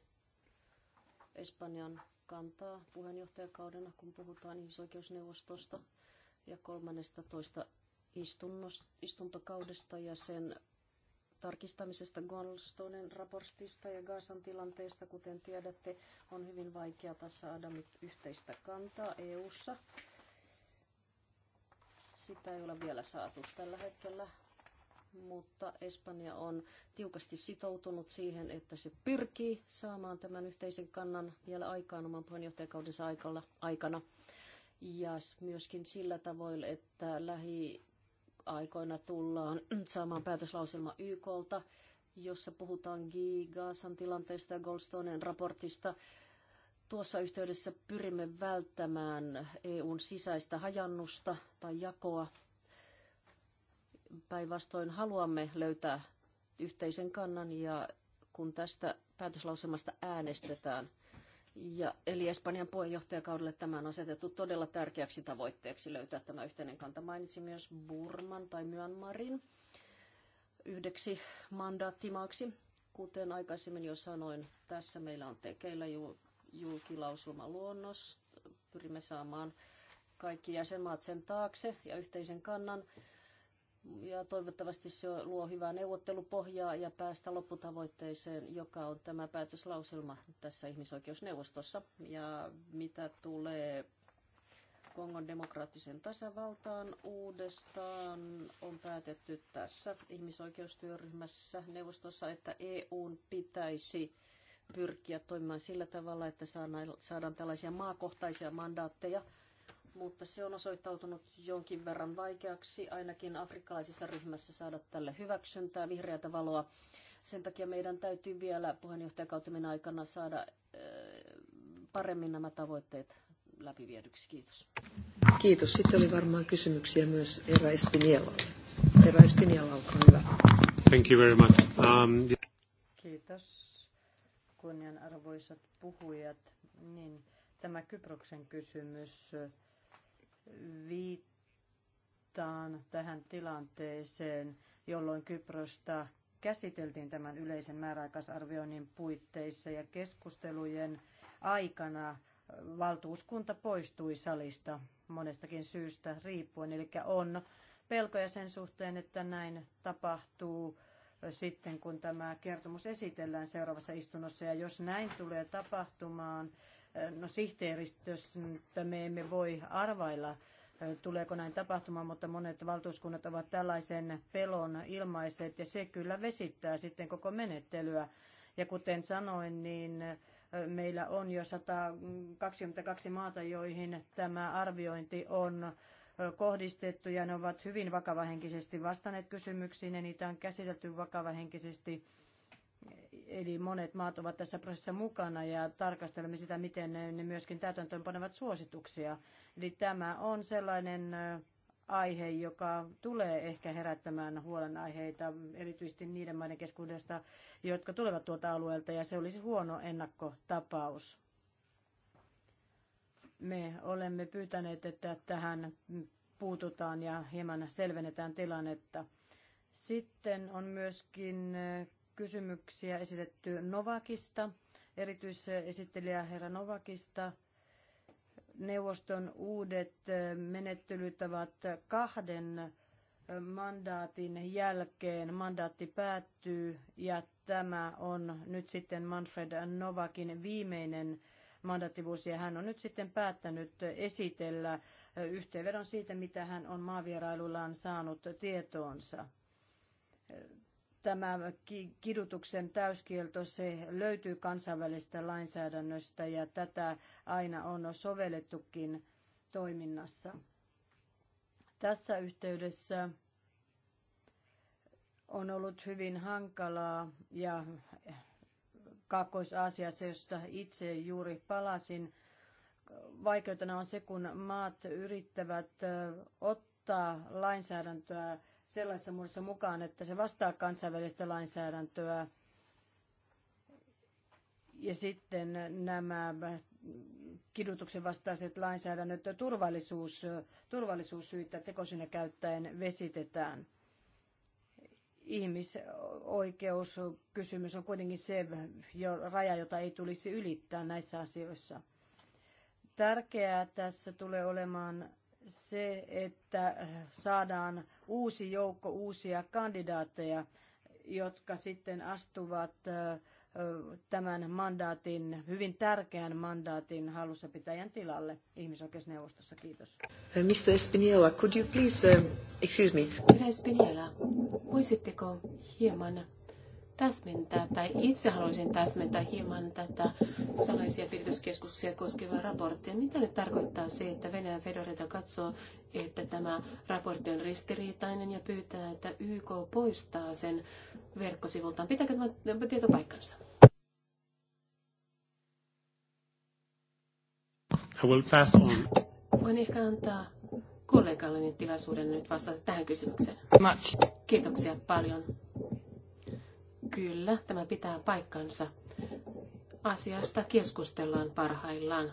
Espanjan kantaa puheenjohtajakaudena, kun puhutaan ihmisoikeusneuvostosta ja kolmannesta toista istuntokaudesta ja sen tarkistamisesta Goldstonen raportista ja Gaasan tilanteesta, kuten tiedätte, on hyvin vaikeata saada nyt yhteistä kantaa EU:ssa. Sitä ei ole vielä saatu tällä hetkellä mutta Espanja on tiukasti sitoutunut siihen, että se pyrkii saamaan tämän yhteisen kannan vielä aikaan oman puheenjohtajakaudensa aikana. Ja myöskin sillä tavoin, että lähiaikoina tullaan saamaan päätöslauselma YKlta, jossa puhutaan Gigasan tilanteesta ja Goldstonen raportista. Tuossa yhteydessä pyrimme välttämään EUn sisäistä hajannusta tai jakoa päinvastoin haluamme löytää yhteisen kannan ja kun tästä päätöslauselmasta äänestetään, ja, eli Espanjan puheenjohtajakaudelle tämä on asetettu todella tärkeäksi tavoitteeksi löytää tämä yhteinen kanta. Mainitsin myös Burman tai Myanmarin yhdeksi mandaattimaaksi. Kuten aikaisemmin jo sanoin, tässä meillä on tekeillä julkilausuma luonnos. Pyrimme saamaan kaikki jäsenmaat sen taakse ja yhteisen kannan ja toivottavasti se luo hyvää neuvottelupohjaa ja päästä lopputavoitteeseen, joka on tämä päätöslauselma tässä ihmisoikeusneuvostossa. Ja mitä tulee Kongon demokraattisen tasavaltaan uudestaan, on päätetty tässä ihmisoikeustyöryhmässä neuvostossa, että EUn pitäisi pyrkiä toimimaan sillä tavalla, että saadaan tällaisia maakohtaisia mandaatteja – mutta se on osoittautunut jonkin verran vaikeaksi ainakin afrikkalaisessa ryhmässä saada tälle hyväksyntää, vihreätä valoa. Sen takia meidän täytyy vielä puheenjohtajakauteminen aikana saada eh, paremmin nämä tavoitteet läpiviedyksi. Kiitos. Kiitos. Sitten oli varmaan kysymyksiä myös Era Espinielalle. Era Espiniela, olkaa hyvä. Thank you very much. Um, the... Kiitos kunnianarvoisat puhujat. Niin, tämä Kyproksen kysymys viittaan tähän tilanteeseen, jolloin Kyprosta käsiteltiin tämän yleisen määräaikaisarvioinnin puitteissa ja keskustelujen aikana valtuuskunta poistui salista monestakin syystä riippuen. Eli on pelkoja sen suhteen, että näin tapahtuu sitten, kun tämä kertomus esitellään seuraavassa istunnossa. Ja jos näin tulee tapahtumaan, No sihteeristöstä me emme voi arvailla, tuleeko näin tapahtumaan, mutta monet valtuuskunnat ovat tällaisen pelon ilmaiset ja se kyllä vesittää sitten koko menettelyä. Ja kuten sanoin, niin meillä on jo 122 maata, joihin tämä arviointi on kohdistettu ja ne ovat hyvin vakavahenkisesti vastanneet kysymyksiin ja niitä on käsitelty vakavahenkisesti Eli monet maat ovat tässä prosessissa mukana ja tarkastelemme sitä, miten ne myöskin täytäntöönpanevat suosituksia. Eli tämä on sellainen aihe, joka tulee ehkä herättämään huolenaiheita, erityisesti niiden maiden keskuudesta, jotka tulevat tuolta alueelta, ja se olisi huono ennakkotapaus. Me olemme pyytäneet, että tähän puututaan ja hieman selvennetään tilannetta. Sitten on myöskin kysymyksiä esitetty Novakista, erityisesittelijä herra Novakista. Neuvoston uudet menettelyt ovat kahden mandaatin jälkeen. Mandaatti päättyy ja tämä on nyt sitten Manfred Novakin viimeinen mandaattivuosi ja hän on nyt sitten päättänyt esitellä yhteenvedon siitä, mitä hän on maavierailullaan saanut tietoonsa tämä kidutuksen täyskielto, se löytyy kansainvälisestä lainsäädännöstä ja tätä aina on sovellettukin toiminnassa. Tässä yhteydessä on ollut hyvin hankalaa ja Kaakkois-Aasiassa, josta itse juuri palasin, vaikeutena on se, kun maat yrittävät ottaa lainsäädäntöä sellaisessa muodossa mukaan, että se vastaa kansainvälistä lainsäädäntöä. Ja sitten nämä kidutuksen vastaiset lainsäädännöt turvallisuus, turvallisuussyitä tekosyynä käyttäen vesitetään. Ihmisoikeuskysymys on kuitenkin se jo, raja, jota ei tulisi ylittää näissä asioissa. Tärkeää tässä tulee olemaan se, että saadaan uusi joukko uusia kandidaatteja, jotka sitten astuvat tämän mandaatin, hyvin tärkeän mandaatin hallussapitäjän tilalle ihmisoikeusneuvostossa. Kiitos. Mr. Espiniola, could you please, uh, excuse me. Herra Espiniola, voisitteko hieman täsmentää, tai itse haluaisin täsmentää hieman tätä salaisia piirityskeskuksia koskevaa raporttia. Mitä nyt tarkoittaa se, että Venäjän federaatio katsoo, että tämä raportti on ristiriitainen ja pyytää, että YK poistaa sen verkkosivultaan? Pitääkö tämä tieto paikkansa? I will pass on. Voin ehkä antaa kollegalleni tilaisuuden nyt vastata tähän kysymykseen. Much. Kiitoksia paljon. Kyllä, tämä pitää paikkansa. Asiasta keskustellaan parhaillaan.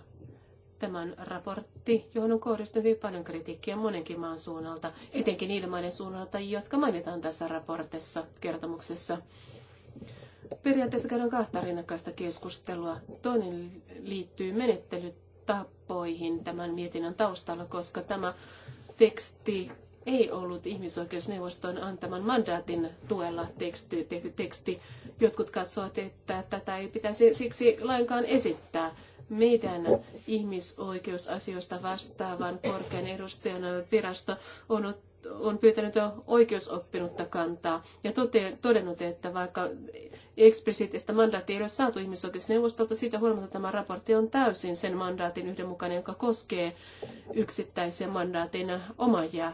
Tämän raportti, johon on kohdistunut hyvin paljon kritiikkiä monenkin maan suunnalta, etenkin niiden maiden suunnalta, jotka mainitaan tässä raportissa, kertomuksessa. Periaatteessa käydään kahta rinnakkaista keskustelua. Toinen liittyy menettelytapoihin tämän mietinnön taustalla, koska tämä teksti ei ollut ihmisoikeusneuvoston antaman mandaatin tuella tehty teksti. Jotkut katsovat, että tätä ei pitäisi siksi lainkaan esittää. Meidän ihmisoikeusasioista vastaavan korkean edustajan virasto on, on pyytänyt oikeusoppinutta kantaa ja tote, todennut, että vaikka eksplisiittistä mandaattia ei ole saatu ihmisoikeusneuvostolta, siitä huolimatta tämä raportti on täysin sen mandaatin yhdenmukainen, joka koskee yksittäisen mandaatin omaajia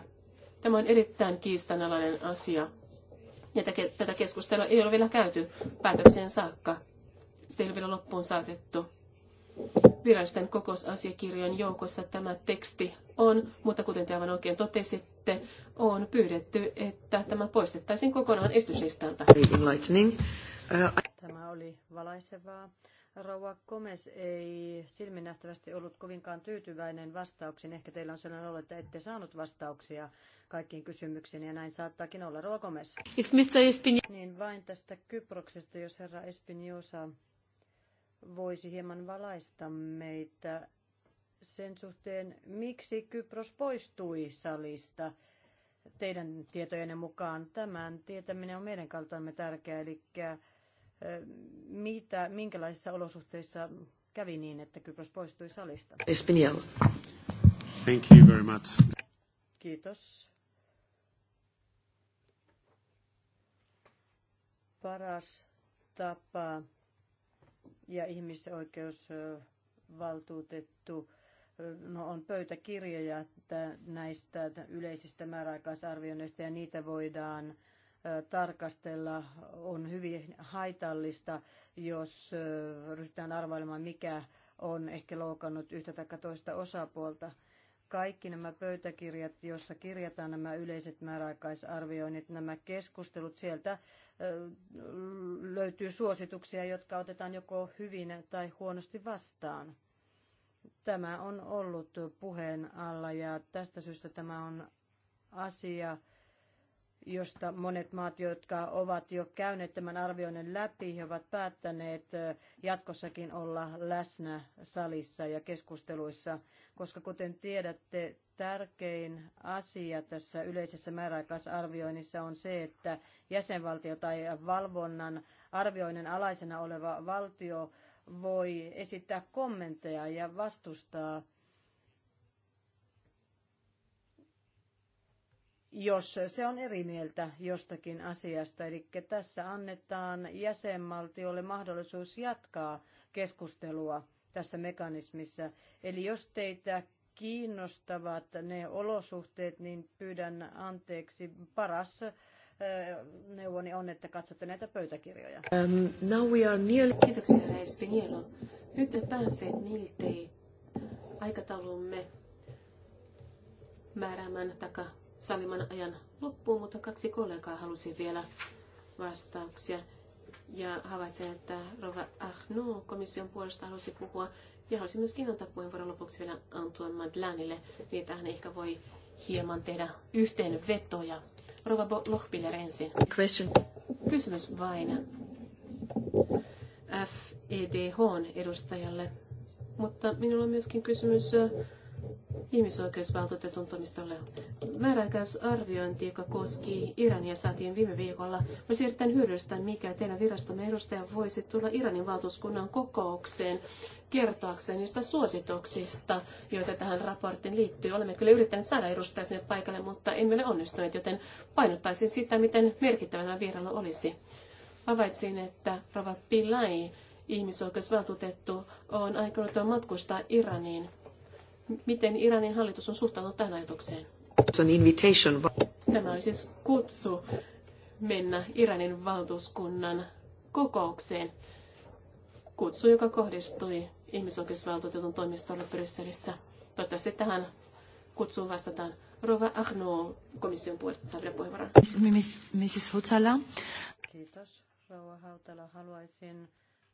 Tämä on erittäin kiistanalainen asia. Ja tätä keskustelua ei ole vielä käyty päätökseen saakka. Sitä ei ole vielä loppuun saatettu. Virallisten kokousasiakirjojen joukossa tämä teksti on, mutta kuten te aivan oikein totesitte, on pyydetty, että tämä poistettaisiin kokonaan esityslistalta. Uh, tämä oli valaisevaa. Rauha Komes ei silminnähtävästi ollut kovinkaan tyytyväinen vastauksiin. Ehkä teillä on sellainen olo, että ette saanut vastauksia kaikkiin kysymyksiin, ja näin saattaakin olla. Rauha Komes. If Mr. Espinio, Niin vain tästä Kyproksesta, jos herra Espinjosa voisi hieman valaista meitä sen suhteen, miksi Kypros poistui salista teidän tietojenne mukaan. Tämän tietäminen on meidän kaltaamme tärkeää, eli mitä, minkälaisissa olosuhteissa kävi niin, että Kypros poistui salista? Espinjalla. Thank you very much. Kiitos. Paras tapa ja ihmisoikeusvaltuutettu no, on pöytäkirjoja näistä yleisistä määräaikaisarvioinneista ja niitä voidaan tarkastella on hyvin haitallista, jos ryhdytään arvailemaan, mikä on ehkä loukannut yhtä tai toista osapuolta. Kaikki nämä pöytäkirjat, joissa kirjataan nämä yleiset määräaikaisarvioinnit, nämä keskustelut, sieltä löytyy suosituksia, jotka otetaan joko hyvin tai huonosti vastaan. Tämä on ollut puheen alla ja tästä syystä tämä on asia, josta monet maat, jotka ovat jo käyneet tämän arvioinnin läpi, he ovat päättäneet jatkossakin olla läsnä salissa ja keskusteluissa, koska kuten tiedätte, tärkein asia tässä yleisessä määräaikaisarvioinnissa on se, että jäsenvaltio tai valvonnan arvioinnin alaisena oleva valtio voi esittää kommentteja ja vastustaa jos se on eri mieltä jostakin asiasta. Eli tässä annetaan jäsenvaltiolle mahdollisuus jatkaa keskustelua tässä mekanismissa. Eli jos teitä kiinnostavat ne olosuhteet, niin pyydän anteeksi. Paras neuvoni on, että katsotte näitä pöytäkirjoja. Um, now we are nearly... Kiitoksia, herra Espinielo. Nyt te pääsee miltei aikataulumme määräämään takaa saliman ajan loppuun, mutta kaksi kollegaa halusi vielä vastauksia. Ja havaitsen, että Rova Ahno komission puolesta halusi puhua. Ja halusin myöskin antaa puheenvuoron lopuksi vielä Antoine Madlanille, niin että hän ehkä voi hieman tehdä yhteenvetoja. Rova Lohpiller ensin. Question. Kysymys vain FEDH edustajalle. Mutta minulla on myöskin kysymys ihmisoikeusvaltuutetun toimistolle. Määräaikaisarviointi, arviointi, joka koski Irania, saatiin viime viikolla. Olisi erittäin hyödyllistä, mikä teidän virastomme edustaja voisi tulla Iranin valtuuskunnan kokoukseen kertoakseen niistä suosituksista, joita tähän raporttiin liittyy. Olemme kyllä yrittäneet saada edustajia sinne paikalle, mutta emme ole onnistuneet, joten painottaisin sitä, miten merkittävänä vierailu olisi. Havaitsin, että Rova Pillai, ihmisoikeusvaltuutettu, on aikonut matkustaa Iraniin miten Iranin hallitus on suhtautunut tähän ajatukseen? Tämä on siis kutsu mennä Iranin valtuuskunnan kokoukseen. Kutsu, joka kohdistui ihmisoikeusvaltuutetun toimistolle Brysselissä. Toivottavasti tähän kutsuun vastataan. Rova Ahno, komission puolesta saa puheenvuoron. Mrs. Hutala. Kiitos. Rouva Hautala, haluaisin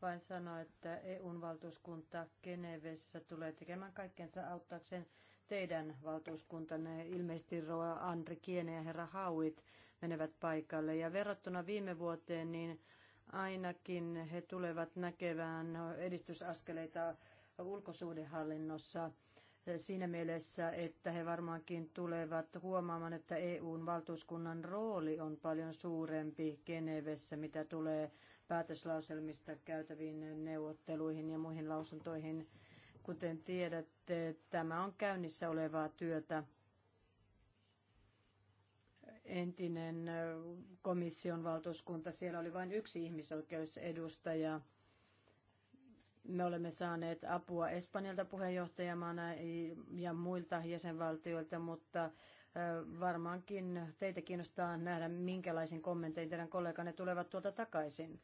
vain sanoa, että EUn valtuuskunta Genevessä tulee tekemään kaikkensa auttaakseen teidän valtuuskuntanne. Ilmeisesti Roa Andri Kiene ja herra Hauit menevät paikalle. Ja verrattuna viime vuoteen, niin ainakin he tulevat näkevään edistysaskeleita ulkosuhdehallinnossa siinä mielessä, että he varmaankin tulevat huomaamaan, että EUn valtuuskunnan rooli on paljon suurempi Genevessä, mitä tulee päätöslauselmista käytäviin neuvotteluihin ja muihin lausuntoihin. Kuten tiedätte, tämä on käynnissä olevaa työtä. Entinen komission valtuuskunta, siellä oli vain yksi ihmisoikeusedustaja. Me olemme saaneet apua Espanjalta puheenjohtajamaana ja muilta jäsenvaltioilta, mutta varmaankin teitä kiinnostaa nähdä, minkälaisiin kommentteihin teidän kolleganne tulevat tuolta takaisin.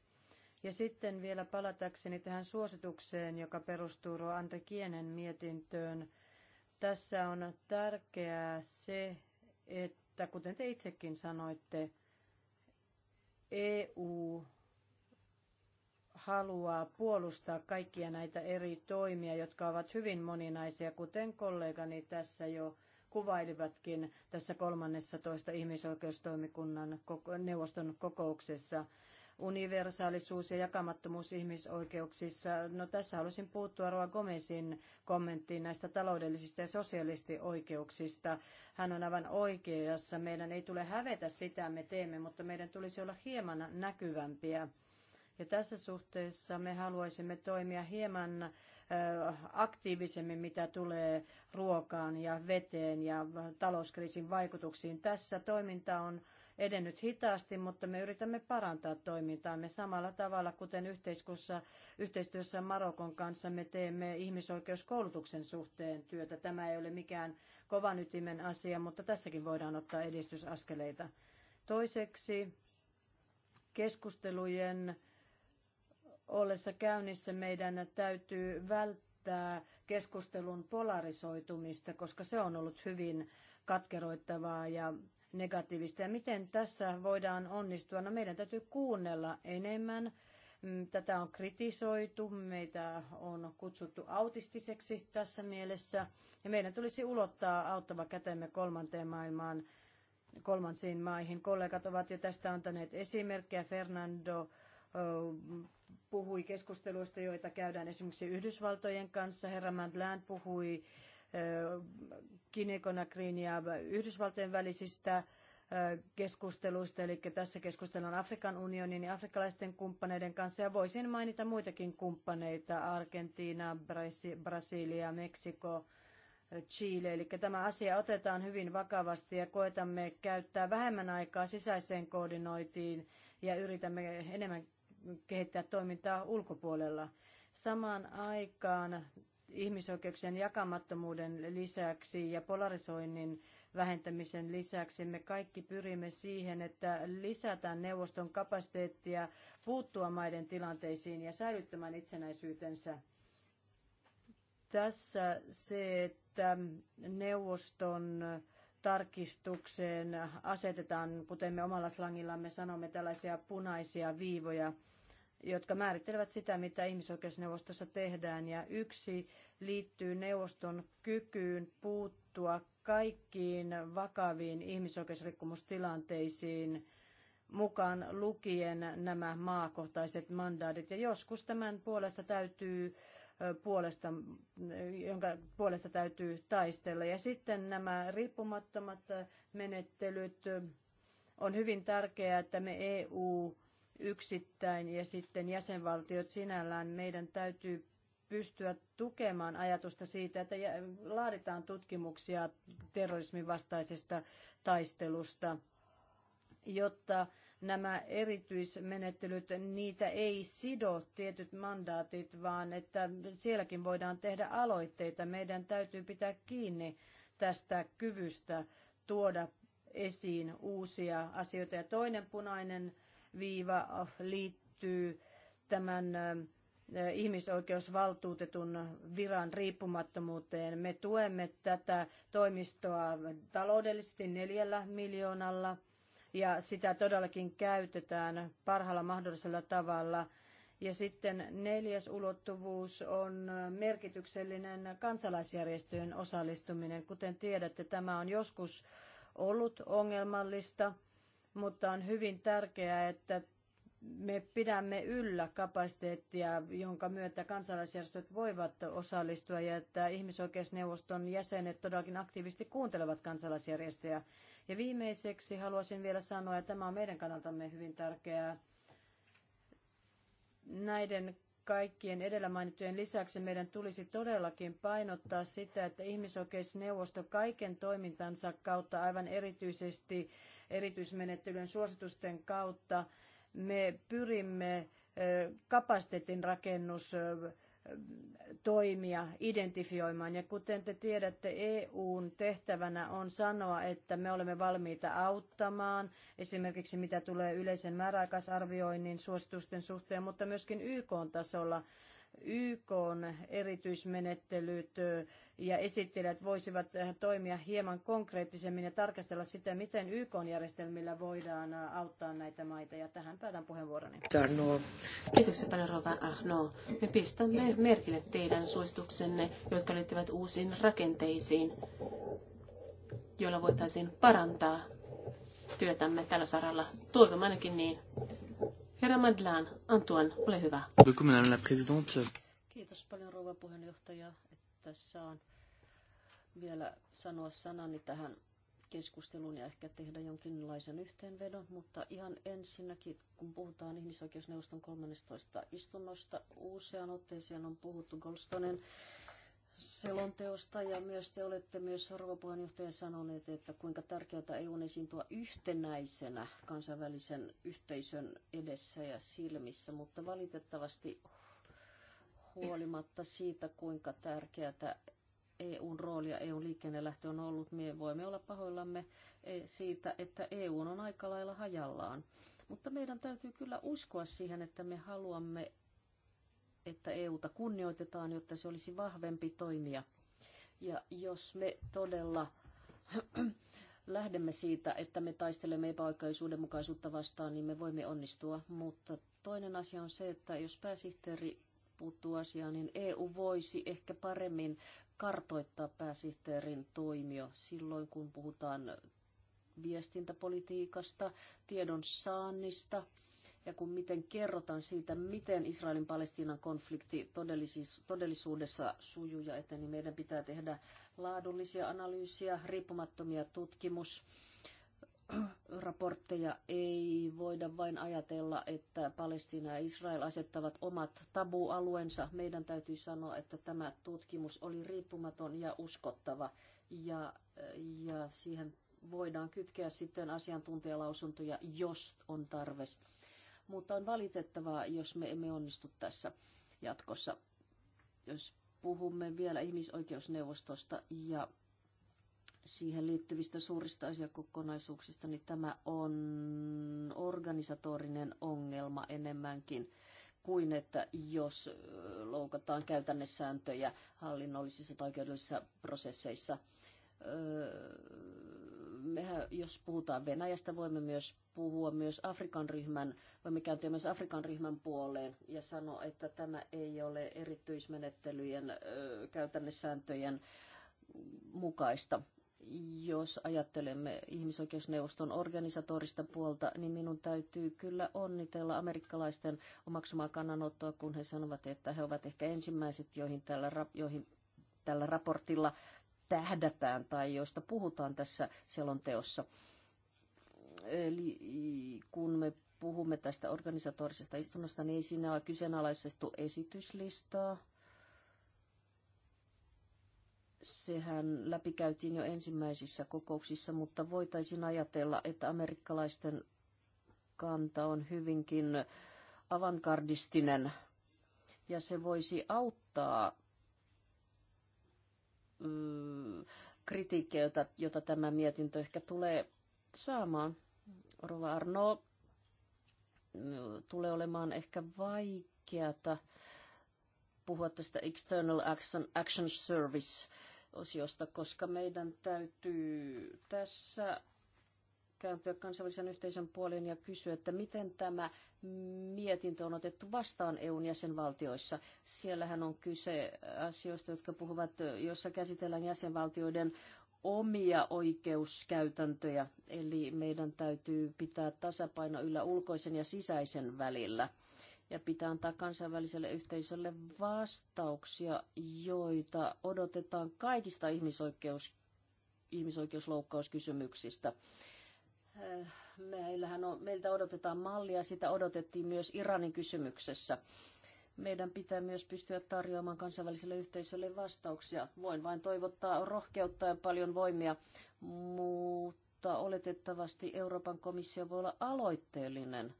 Ja sitten vielä palatakseni tähän suositukseen, joka perustuu Roante Kienen mietintöön. Tässä on tärkeää se, että kuten te itsekin sanoitte, EU haluaa puolustaa kaikkia näitä eri toimia, jotka ovat hyvin moninaisia, kuten kollegani tässä jo kuvailivatkin tässä 13. ihmisoikeustoimikunnan neuvoston kokouksessa universaalisuus ja jakamattomuus ihmisoikeuksissa. No tässä halusin puuttua Roa Gomesin kommenttiin näistä taloudellisista ja sosiaalisesti oikeuksista. Hän on aivan oikeassa. Meidän ei tule hävetä sitä, me teemme, mutta meidän tulisi olla hieman näkyvämpiä. Ja tässä suhteessa me haluaisimme toimia hieman aktiivisemmin, mitä tulee ruokaan ja veteen ja talouskriisin vaikutuksiin. Tässä toiminta on edennyt hitaasti, mutta me yritämme parantaa toimintaamme samalla tavalla, kuten yhteistyössä Marokon kanssa me teemme ihmisoikeuskoulutuksen suhteen työtä. Tämä ei ole mikään kovan ytimen asia, mutta tässäkin voidaan ottaa edistysaskeleita. Toiseksi keskustelujen ollessa käynnissä meidän täytyy välttää keskustelun polarisoitumista, koska se on ollut hyvin katkeroittavaa ja negatiivista. Ja miten tässä voidaan onnistua? No meidän täytyy kuunnella enemmän. Mm, tätä on kritisoitu, meitä on kutsuttu autistiseksi tässä mielessä. Ja meidän tulisi ulottaa auttava kätemme kolmanteen maailmaan, kolmansiin maihin. Kollegat ovat jo tästä antaneet esimerkkejä. Fernando puhui keskusteluista, joita käydään esimerkiksi Yhdysvaltojen kanssa. Herra Mandland puhui Kinekonakrin ja Yhdysvaltojen välisistä keskusteluista, eli tässä keskustellaan Afrikan unionin ja afrikkalaisten kumppaneiden kanssa, ja voisin mainita muitakin kumppaneita, Argentiina, Brasilia, Meksiko, Chile. Eli tämä asia otetaan hyvin vakavasti ja koetamme käyttää vähemmän aikaa sisäiseen koordinointiin ja yritämme enemmän kehittää toimintaa ulkopuolella. Samaan aikaan ihmisoikeuksien jakamattomuuden lisäksi ja polarisoinnin vähentämisen lisäksi me kaikki pyrimme siihen, että lisätään neuvoston kapasiteettia puuttua maiden tilanteisiin ja säilyttämään itsenäisyytensä. Tässä se, että neuvoston tarkistukseen asetetaan, kuten me omalla slangillamme sanomme, tällaisia punaisia viivoja – jotka määrittelevät sitä, mitä ihmisoikeusneuvostossa tehdään. Ja yksi liittyy neuvoston kykyyn puuttua kaikkiin vakaviin ihmisoikeusrikkomustilanteisiin mukaan lukien nämä maakohtaiset mandaatit. Ja joskus tämän puolesta täytyy puolesta, jonka puolesta täytyy taistella. Ja sitten nämä riippumattomat menettelyt. On hyvin tärkeää, että me EU yksittäin ja sitten jäsenvaltiot sinällään. Meidän täytyy pystyä tukemaan ajatusta siitä, että laaditaan tutkimuksia terrorismin vastaisesta taistelusta, jotta nämä erityismenettelyt, niitä ei sido tietyt mandaatit, vaan että sielläkin voidaan tehdä aloitteita. Meidän täytyy pitää kiinni tästä kyvystä tuoda esiin uusia asioita. Ja toinen punainen viiva liittyy tämän ihmisoikeusvaltuutetun viran riippumattomuuteen. Me tuemme tätä toimistoa taloudellisesti neljällä miljoonalla ja sitä todellakin käytetään parhaalla mahdollisella tavalla. Ja sitten neljäs ulottuvuus on merkityksellinen kansalaisjärjestöjen osallistuminen. Kuten tiedätte, tämä on joskus ollut ongelmallista mutta on hyvin tärkeää, että me pidämme yllä kapasiteettia, jonka myötä kansalaisjärjestöt voivat osallistua ja että ihmisoikeusneuvoston jäsenet todellakin aktiivisesti kuuntelevat kansalaisjärjestöjä. Ja viimeiseksi haluaisin vielä sanoa, että tämä on meidän kannaltamme hyvin tärkeää. Näiden kaikkien edellä mainittujen lisäksi meidän tulisi todellakin painottaa sitä, että ihmisoikeusneuvosto kaiken toimintansa kautta, aivan erityisesti erityismenettelyn suositusten kautta, me pyrimme kapasiteetin rakennus toimia identifioimaan. Ja kuten te tiedätte, EUn tehtävänä on sanoa, että me olemme valmiita auttamaan, esimerkiksi mitä tulee yleisen määräaikaisarvioinnin suositusten suhteen, mutta myöskin YK-tasolla YK erityismenettelyt ja esittelijät voisivat toimia hieman konkreettisemmin ja tarkastella sitä, miten YK järjestelmillä voidaan auttaa näitä maita. Ja tähän päätän puheenvuoroni. Kiitoksia paljon Rova Ahno. Me pistämme merkille teidän suosituksenne, jotka liittyvät uusiin rakenteisiin, joilla voitaisiin parantaa työtämme tällä saralla. Toivon ainakin niin. Herra Madlan, Antuan, ole hyvä. Kiitos paljon rouva puheenjohtaja, että saan vielä sanoa sanani tähän keskusteluun ja ehkä tehdä jonkinlaisen yhteenvedon, mutta ihan ensinnäkin, kun puhutaan ihmisoikeusneuvoston 13. istunnosta, useaan otteeseen on puhuttu Goldstonen selonteosta ja myös te olette myös arvopuheenjohtaja sanoneet, että kuinka tärkeää EU on esiintyä yhtenäisenä kansainvälisen yhteisön edessä ja silmissä, mutta valitettavasti huolimatta siitä, kuinka tärkeää EUn rooli ja EUn liikennelähtö on ollut, me voimme olla pahoillamme e, siitä, että EU on aika lailla hajallaan. Mutta meidän täytyy kyllä uskoa siihen, että me haluamme että EUta kunnioitetaan, jotta se olisi vahvempi toimija. Ja jos me todella lähdemme siitä, että me taistelemme epäoikeudenmukaisuutta vastaan, niin me voimme onnistua. Mutta toinen asia on se, että jos pääsihteeri puuttuu asiaan, niin EU voisi ehkä paremmin kartoittaa pääsihteerin toimio silloin, kun puhutaan viestintäpolitiikasta, tiedon saannista – ja kun miten kerrotaan siitä, miten Israelin Palestiinan konflikti todellisuudessa sujuu ja eteni, niin meidän pitää tehdä laadullisia analyysiä, riippumattomia tutkimus raportteja ei voida vain ajatella, että Palestina ja Israel asettavat omat tabualueensa. Meidän täytyy sanoa, että tämä tutkimus oli riippumaton ja uskottava ja, ja siihen voidaan kytkeä sitten asiantuntijalausuntoja, jos on tarve mutta on valitettavaa, jos me emme onnistu tässä jatkossa. Jos puhumme vielä ihmisoikeusneuvostosta ja siihen liittyvistä suurista asiakokonaisuuksista, niin tämä on organisatorinen ongelma enemmänkin kuin että jos loukataan käytännössääntöjä hallinnollisissa tai oikeudellisissa prosesseissa mehän, jos puhutaan Venäjästä, voimme myös puhua myös Afrikan ryhmän, voimme kääntyä myös Afrikan ryhmän puoleen ja sanoa, että tämä ei ole erityismenettelyjen käytännössääntöjen mukaista. Jos ajattelemme ihmisoikeusneuvoston organisatorista puolta, niin minun täytyy kyllä onnitella amerikkalaisten omaksumaa kannanottoa, kun he sanovat, että he ovat ehkä ensimmäiset, joihin tällä, joihin tällä raportilla tähdätään tai joista puhutaan tässä selonteossa. Eli kun me puhumme tästä organisatorisesta istunnosta, niin ei siinä ole kyseenalaistettu esityslistaa. Sehän läpikäytiin jo ensimmäisissä kokouksissa, mutta voitaisiin ajatella, että amerikkalaisten kanta on hyvinkin avankardistinen ja se voisi auttaa mm, kritiikkiä, jota, jota tämä mietintö ehkä tulee saamaan. Rova Arno mm, tulee olemaan ehkä vaikeata puhua tästä External Action, Action Service osiosta, koska meidän täytyy tässä kääntyä kansainvälisen yhteisön puoleen ja kysyä, että miten tämä mietintö on otettu vastaan EUn jäsenvaltioissa. Siellähän on kyse asioista, jotka puhuvat, jossa käsitellään jäsenvaltioiden omia oikeuskäytäntöjä, eli meidän täytyy pitää tasapaino yllä ulkoisen ja sisäisen välillä ja pitää antaa kansainväliselle yhteisölle vastauksia, joita odotetaan kaikista ihmisoikeus, ihmisoikeusloukkauskysymyksistä. Meillähän on, meiltä odotetaan mallia, sitä odotettiin myös Iranin kysymyksessä. Meidän pitää myös pystyä tarjoamaan kansainväliselle yhteisölle vastauksia. Voin vain toivottaa rohkeutta ja paljon voimia, mutta oletettavasti Euroopan komissio voi olla aloitteellinen –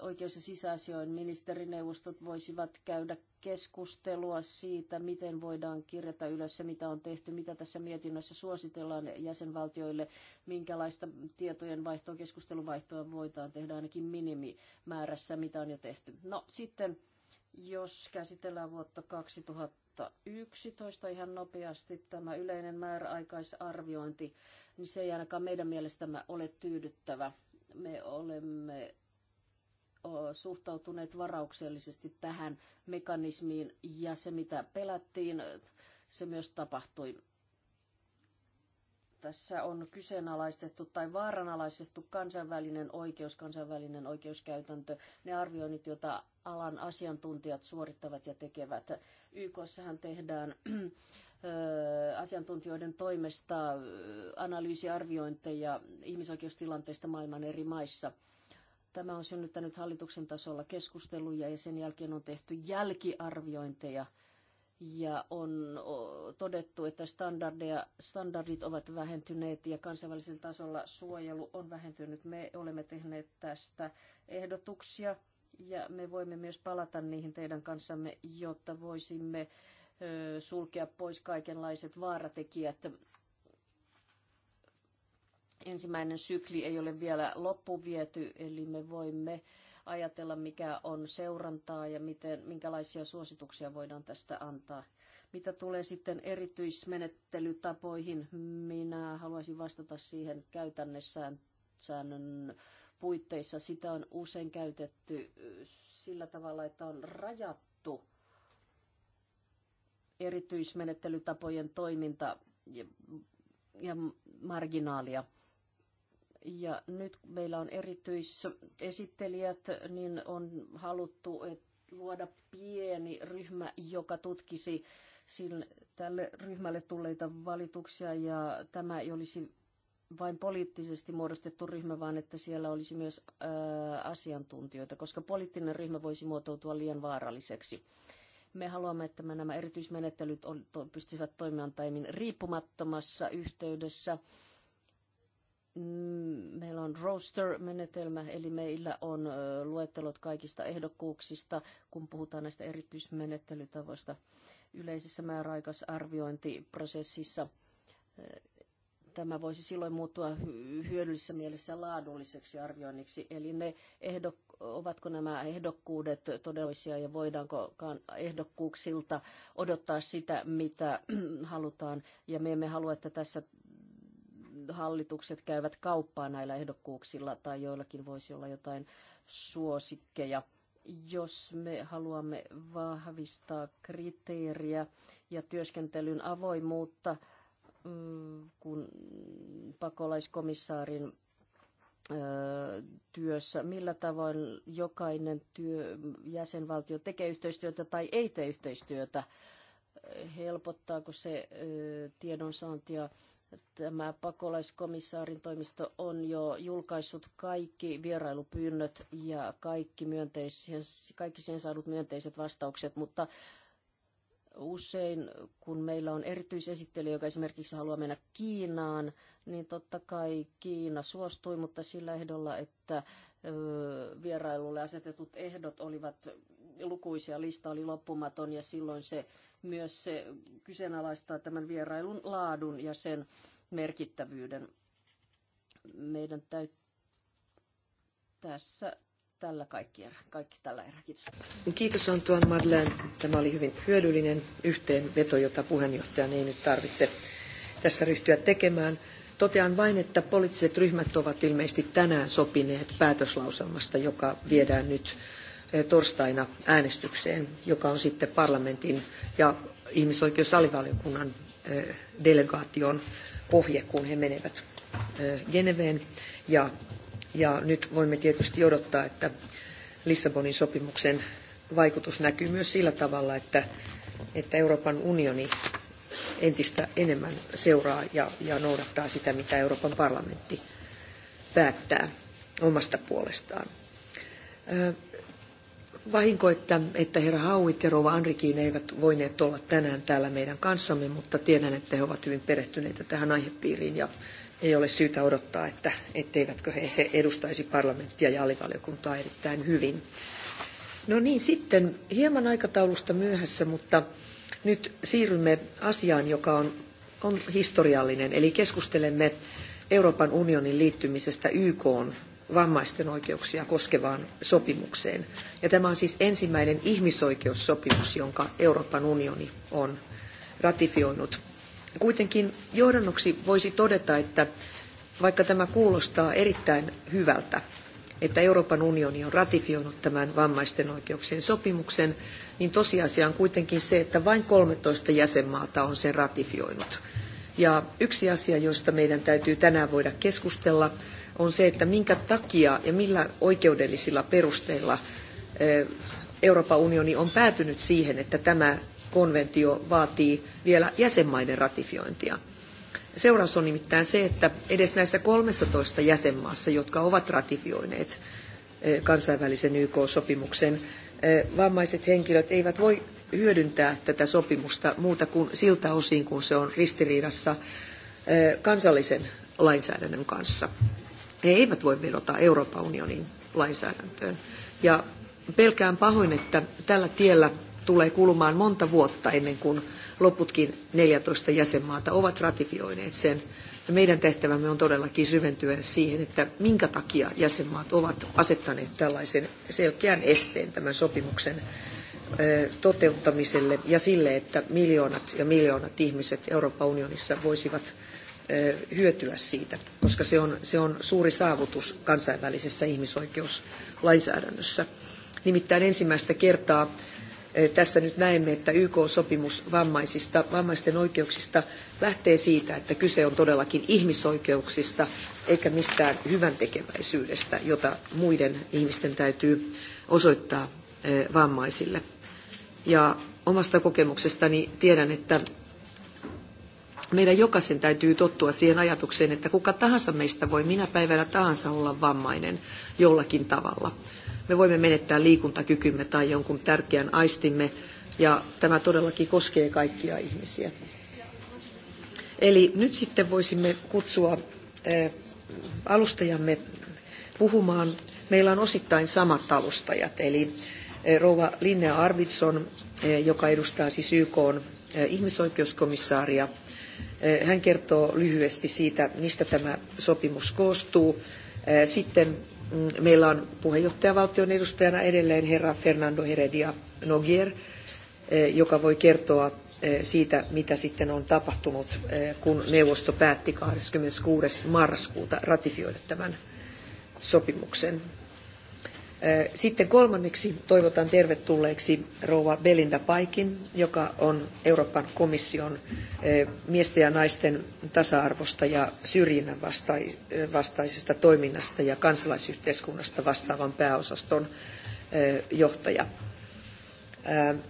oikeus- ja sisäasioiden ministerineuvostot voisivat käydä keskustelua siitä, miten voidaan kirjata ylös se, mitä on tehty, mitä tässä mietinnössä suositellaan jäsenvaltioille, minkälaista tietojen vaihtoa, keskusteluvaihtoa voidaan tehdä ainakin minimimäärässä, mitä on jo tehty. No sitten, jos käsitellään vuotta 2011 ihan nopeasti, tämä yleinen määräaikaisarviointi, niin se ei ainakaan meidän mielestämme ole tyydyttävä. Me olemme suhtautuneet varauksellisesti tähän mekanismiin ja se mitä pelättiin, se myös tapahtui. Tässä on kyseenalaistettu tai vaaranalaistettu kansainvälinen oikeus, kansainvälinen oikeuskäytäntö, ne arvioinnit, joita alan asiantuntijat suorittavat ja tekevät. YKssahan tehdään asiantuntijoiden toimesta analyysiarviointeja ihmisoikeustilanteista maailman eri maissa – Tämä on synnyttänyt hallituksen tasolla keskusteluja ja sen jälkeen on tehty jälkiarviointeja ja on todettu, että standardeja, standardit ovat vähentyneet ja kansainvälisellä tasolla suojelu on vähentynyt. Me olemme tehneet tästä ehdotuksia ja me voimme myös palata niihin teidän kanssamme, jotta voisimme sulkea pois kaikenlaiset vaaratekijät ensimmäinen sykli ei ole vielä loppuviety, eli me voimme ajatella, mikä on seurantaa ja miten, minkälaisia suosituksia voidaan tästä antaa. Mitä tulee sitten erityismenettelytapoihin, minä haluaisin vastata siihen säännön puitteissa. Sitä on usein käytetty äh, sillä tavalla, että on rajattu erityismenettelytapojen toiminta ja marginaalia. Ja nyt meillä on erityisesittelijät, niin on haluttu luoda pieni ryhmä, joka tutkisi sille, tälle ryhmälle tulleita valituksia ja tämä ei olisi vain poliittisesti muodostettu ryhmä, vaan että siellä olisi myös ää, asiantuntijoita, koska poliittinen ryhmä voisi muotoutua liian vaaralliseksi. Me haluamme, että me nämä erityismenettelyt on, to, pystyvät toimimaan taimin riippumattomassa yhteydessä Mm, meillä on roster-menetelmä, eli meillä on luettelot kaikista ehdokkuuksista, kun puhutaan näistä erityismenettelytavoista yleisessä määräaikaisarviointiprosessissa. Tämä voisi silloin muuttua hyödyllisessä mielessä laadulliseksi arvioinniksi, eli ne ehdok- ovatko nämä ehdokkuudet todellisia ja voidaanko ehdokkuuksilta odottaa sitä, mitä halutaan. Ja me emme halua, että tässä hallitukset käyvät kauppaa näillä ehdokkuuksilla tai joillakin voisi olla jotain suosikkeja. Jos me haluamme vahvistaa kriteeriä ja työskentelyn avoimuutta, mm, kun pakolaiskomissaarin työssä, millä tavoin jokainen työ, jäsenvaltio tekee yhteistyötä tai ei tee yhteistyötä, helpottaako se tiedonsaantia Tämä pakolaiskomissaarin toimisto on jo julkaissut kaikki vierailupyynnöt ja kaikki, myönteisiin, kaikki siihen saadut myönteiset vastaukset, mutta usein, kun meillä on erityisesittely, joka esimerkiksi haluaa mennä Kiinaan, niin totta kai Kiina suostui, mutta sillä ehdolla, että vierailulle asetetut ehdot olivat lukuisia, lista oli loppumaton ja silloin se myös se kyseenalaistaa tämän vierailun laadun ja sen merkittävyyden. Meidän täytyy tässä tällä kaikki, erä, kaikki tällä erää. Kiitos. Kiitos Antoine Madeleine. Tämä oli hyvin hyödyllinen yhteenveto, jota puheenjohtajan ei nyt tarvitse tässä ryhtyä tekemään. Totean vain, että poliittiset ryhmät ovat ilmeisesti tänään sopineet päätöslauselmasta, joka viedään nyt Eh, torstaina äänestykseen, joka on sitten parlamentin ja ihmisoikeusalivaliokunnan eh, delegaation pohje, kun he menevät eh, Geneveen. Ja, ja nyt voimme tietysti odottaa, että Lissabonin sopimuksen vaikutus näkyy myös sillä tavalla, että, että Euroopan unioni entistä enemmän seuraa ja, ja noudattaa sitä, mitä Euroopan parlamentti päättää omasta puolestaan vahinko, että, että herra Hauit ja rouva Anrikiin eivät voineet olla tänään täällä meidän kanssamme, mutta tiedän, että he ovat hyvin perehtyneitä tähän aihepiiriin ja ei ole syytä odottaa, että etteivätkö he se edustaisi parlamenttia ja alivaliokuntaa erittäin hyvin. No niin, sitten hieman aikataulusta myöhässä, mutta nyt siirrymme asiaan, joka on, on historiallinen, eli keskustelemme Euroopan unionin liittymisestä YK vammaisten oikeuksia koskevaan sopimukseen. Ja tämä on siis ensimmäinen ihmisoikeussopimus, jonka Euroopan unioni on ratifioinut. Kuitenkin johdannoksi voisi todeta, että vaikka tämä kuulostaa erittäin hyvältä, että Euroopan unioni on ratifioinut tämän vammaisten oikeuksien sopimuksen, niin tosiasia on kuitenkin se, että vain 13 jäsenmaata on sen ratifioinut. Ja yksi asia, josta meidän täytyy tänään voida keskustella, on se, että minkä takia ja millä oikeudellisilla perusteilla Euroopan unioni on päätynyt siihen, että tämä konventio vaatii vielä jäsenmaiden ratifiointia. Seuraus on nimittäin se, että edes näissä 13 jäsenmaassa, jotka ovat ratifioineet kansainvälisen YK-sopimuksen, vammaiset henkilöt eivät voi hyödyntää tätä sopimusta muuta kuin siltä osin, kun se on ristiriidassa kansallisen lainsäädännön kanssa. He eivät voi vedota Euroopan unionin lainsäädäntöön. Ja pelkään pahoin, että tällä tiellä tulee kulumaan monta vuotta ennen kuin loputkin 14 jäsenmaata ovat ratifioineet sen. Ja meidän tehtävämme on todellakin syventyä siihen, että minkä takia jäsenmaat ovat asettaneet tällaisen selkeän esteen tämän sopimuksen toteuttamiselle ja sille, että miljoonat ja miljoonat ihmiset Euroopan unionissa voisivat hyötyä siitä, koska se on, se on suuri saavutus kansainvälisessä ihmisoikeuslainsäädännössä. Nimittäin ensimmäistä kertaa tässä nyt näemme, että YK-sopimus vammaisista, vammaisten oikeuksista lähtee siitä, että kyse on todellakin ihmisoikeuksista eikä mistään hyväntekeväisyydestä, jota muiden ihmisten täytyy osoittaa vammaisille. Ja omasta kokemuksestani tiedän, että meidän jokaisen täytyy tottua siihen ajatukseen, että kuka tahansa meistä voi minä päivänä tahansa olla vammainen jollakin tavalla. Me voimme menettää liikuntakykymme tai jonkun tärkeän aistimme, ja tämä todellakin koskee kaikkia ihmisiä. Eli nyt sitten voisimme kutsua eh, alustajamme puhumaan. Meillä on osittain samat alustajat, eli eh, rouva Linnea Arvidsson, eh, joka edustaa siis YK ihmisoikeuskomissaaria, Eh, hän kertoo lyhyesti siitä, mistä tämä sopimus koostuu. Eh, sitten mm, meillä on puheenjohtajavaltion edustajana edelleen herra Fernando Heredia Nogier, eh, joka voi kertoa siitä, mitä sitten on tapahtunut, kun neuvosto päätti 26. marraskuuta ratifioida tämän sopimuksen. Sitten kolmanneksi toivotan tervetulleeksi rouva Belinda Paikin, joka on Euroopan komission miesten ja naisten tasa-arvosta ja syrjinnän vastaisesta toiminnasta ja kansalaisyhteiskunnasta vastaavan pääosaston johtaja.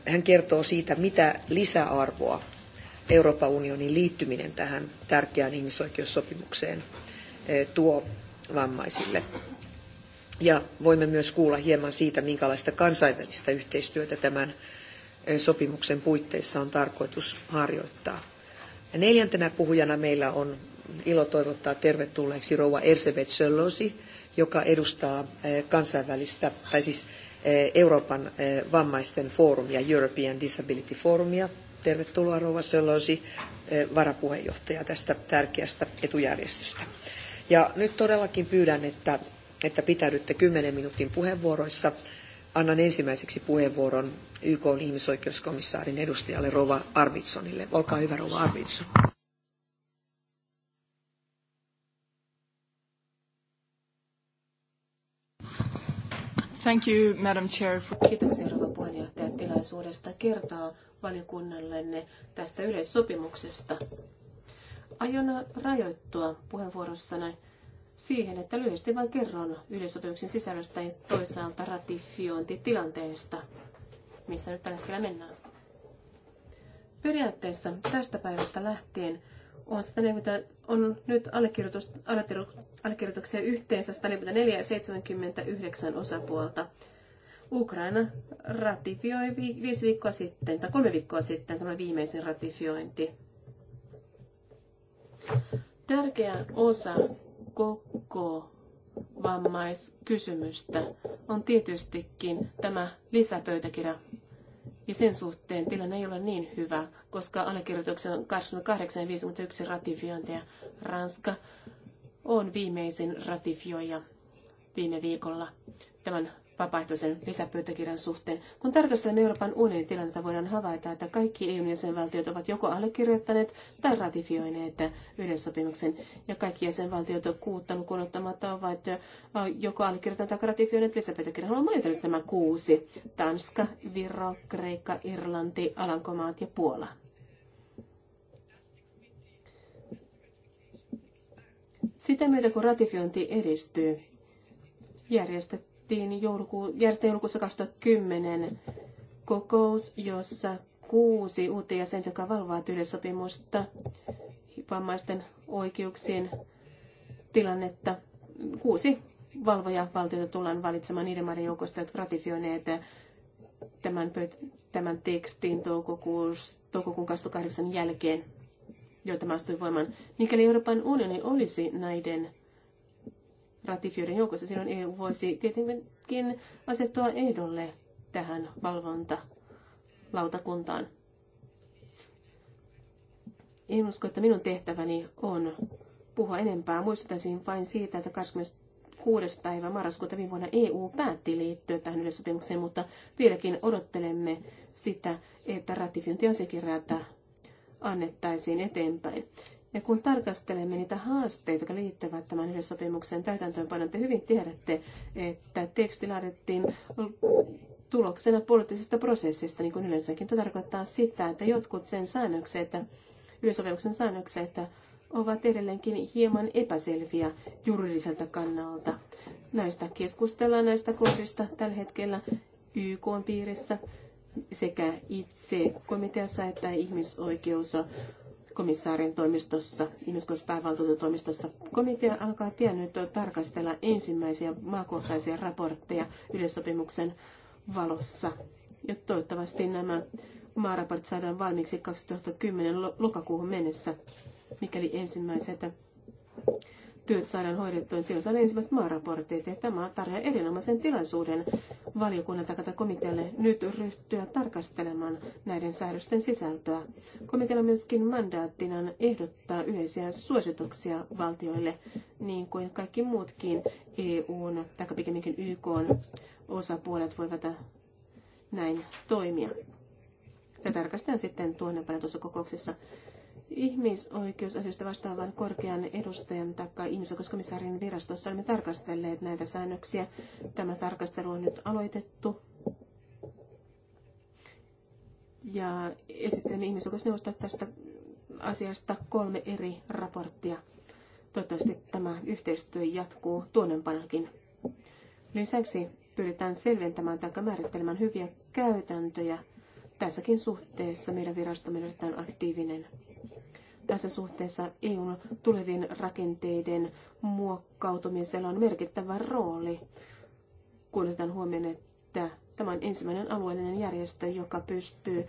Hän kertoo siitä, mitä lisäarvoa Euroopan unionin liittyminen tähän tärkeään ihmisoikeussopimukseen tuo vammaisille. Ja voimme myös kuulla hieman siitä, minkälaista kansainvälistä yhteistyötä tämän sopimuksen puitteissa on tarkoitus harjoittaa. Ja neljäntenä puhujana meillä on ilo toivottaa tervetulleeksi rouva Ersebet Söllosi, joka edustaa kansainvälistä, tai siis Euroopan vammaisten foorumia, European Disability Forumia. Tervetuloa rouva Söllosi, varapuheenjohtaja tästä tärkeästä etujärjestöstä. Ja nyt todellakin pyydän, että että pitäydytte 10 minuutin puheenvuoroissa. Annan ensimmäiseksi puheenvuoron YK on ihmisoikeuskomissaarin edustajalle Rova Arvitsonille. Olkaa hyvä, Rova Arvitson. Thank you, Madam Chair. Kiitoksia Rova puheenjohtaja tilaisuudesta kertoa valiokunnallenne tästä yleissopimuksesta. Aion rajoittua puheenvuorossani siihen, että lyhyesti vain kerron yleissopimuksen sisällöstä ja toisaalta ratifiointitilanteesta, missä nyt tällä hetkellä mennään. Periaatteessa tästä päivästä lähtien on, 140, on nyt allekirjoituksia yhteensä 144 ja 79 osapuolta. Ukraina ratifioi vi- viisi viikkoa sitten, tai kolme viikkoa sitten, tämä viimeisin ratifiointi. Tärkeä osa koko vammaiskysymystä on tietystikin tämä lisäpöytäkirja. Ja sen suhteen tilanne ei ole niin hyvä, koska allekirjoituksen 2851 ratifiointia. Ranska on viimeisin ratifioija viime viikolla tämän vapaaehtoisen lisäpöytäkirjan suhteen. Kun tarkastelemme Euroopan unionin tilannetta, voidaan havaita, että kaikki EUn jäsenvaltiot ovat joko allekirjoittaneet tai ratifioineet yhdessopimuksen. Ja kaikki jäsenvaltiot kuutta lukuun ottamatta ovat joko allekirjoittaneet tai ratifioineet lisäpöytäkirjan. Haluan mainita nyt nämä kuusi. Tanska, Viro, Kreikka, Irlanti, Alankomaat ja Puola. Sitä myötä kun ratifiointi edistyy, järjestö järjestettiin jouluku, järjestettiin joulukuussa 2010 kokous, jossa kuusi uutta jäsentä, joka valvovat yleissopimusta, vammaisten oikeuksien tilannetta. Kuusi valvoja valtiota tullaan valitsemaan niiden maiden joukosta, jotka ratifioineet tämän, tämän tekstin toukokuun 28 jälkeen, joita tämä astui voimaan. Mikäli Euroopan unioni olisi näiden ratifioiden joukossa, silloin EU voisi tietenkin asettua ehdolle tähän valvontalautakuntaan. En usko, että minun tehtäväni on puhua enempää. Muistutaisin vain siitä, että 26. päivä marraskuuta viime vuonna EU päätti liittyä tähän yleissopimukseen, mutta vieläkin odottelemme sitä, että ratifiointiasiakirjaa annettaisiin eteenpäin. Ja kun tarkastelemme niitä haasteita, jotka liittyvät tämän yleissopimuksen täytäntöönpanoon, te hyvin tiedätte, että teksti laadittiin tuloksena poliittisesta prosessista, niin kuin yleensäkin. Tämä tarkoittaa sitä, että jotkut sen säännökset, yleissopimuksen säännökset ovat edelleenkin hieman epäselviä juridiselta kannalta. Näistä keskustellaan näistä kohdista tällä hetkellä YK piirissä sekä itse komiteassa että ihmisoikeus komissaarin toimistossa, ihmisoikeuspäävaltuutetun toimistossa. Komitea alkaa pian nyt tarkastella ensimmäisiä maakohtaisia raportteja yleissopimuksen valossa. Ja toivottavasti nämä maaraportit saadaan valmiiksi 2010 lokakuuhun mennessä, mikäli ensimmäiset työt saadaan hoidettua. Silloin saadaan ensimmäiset maaraportit ja tämä tarjoaa erinomaisen tilaisuuden valiokunnan tai komitealle nyt ryhtyä tarkastelemaan näiden säädösten sisältöä. Komitealla myöskin mandaattina ehdottaa yleisiä suosituksia valtioille, niin kuin kaikki muutkin EUn tai pikemminkin YK osapuolet voivat näin toimia. Tätä tarkastetaan sitten tuonne tuossa kokouksessa ihmisoikeusasioista vastaavan korkean edustajan takka. ihmisoikeuskomissaarin virastossa olemme tarkastelleet näitä säännöksiä. Tämä tarkastelu on nyt aloitettu. Ja esittelen ihmisoikeusneuvosto tästä asiasta kolme eri raporttia. Toivottavasti tämä yhteistyö jatkuu tuonnempanakin. Lisäksi pyritään selventämään tai määrittelemään hyviä käytäntöjä. Tässäkin suhteessa meidän virastomme on aktiivinen. Tässä suhteessa EUn tulevien rakenteiden muokkautumisella on merkittävä rooli, kun otetaan huomioon, että tämä on ensimmäinen alueellinen järjestö, joka pystyy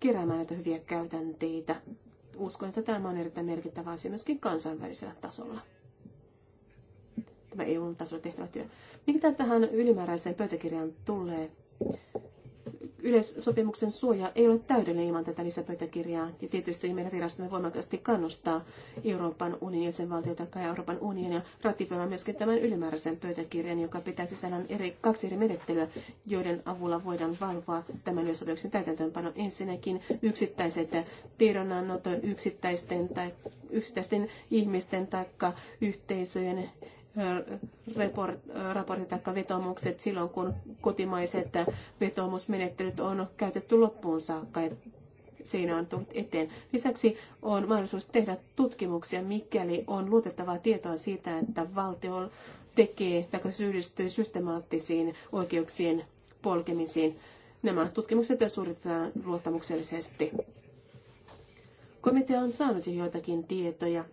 keräämään näitä hyviä käytänteitä. Uskon, että tämä on erittäin merkittävä asia myöskin kansainvälisellä tasolla tämä EUn tasolla tehtävä työ. Mikä tähän ylimääräiseen pöytäkirjaan tulee? yleissopimuksen suoja ei ole täydellinen ilman tätä lisäpöytäkirjaa. Ja tietysti meidän virastomme voimakkaasti kannustaa Euroopan unionin jäsenvaltiota ja Euroopan unionia ratifioimaan myöskin tämän ylimääräisen pöytäkirjan, joka pitää sisällään eri, kaksi eri menettelyä, joiden avulla voidaan valvoa tämän yleissopimuksen täytäntöönpano. Ensinnäkin yksittäiset tiedonannot yksittäisten, tai, yksittäisten ihmisten tai yhteisöjen raportit tai vetomukset silloin, kun kotimaiset vetomusmenettelyt on käytetty loppuun saakka. Siinä on tullut eteen. Lisäksi on mahdollisuus tehdä tutkimuksia, mikäli on luotettavaa tietoa siitä, että valtio tekee tai syyllistyy systemaattisiin oikeuksien polkemisiin. Nämä tutkimukset suoritetaan luottamuksellisesti. Komitea on saanut jo joitakin tietoja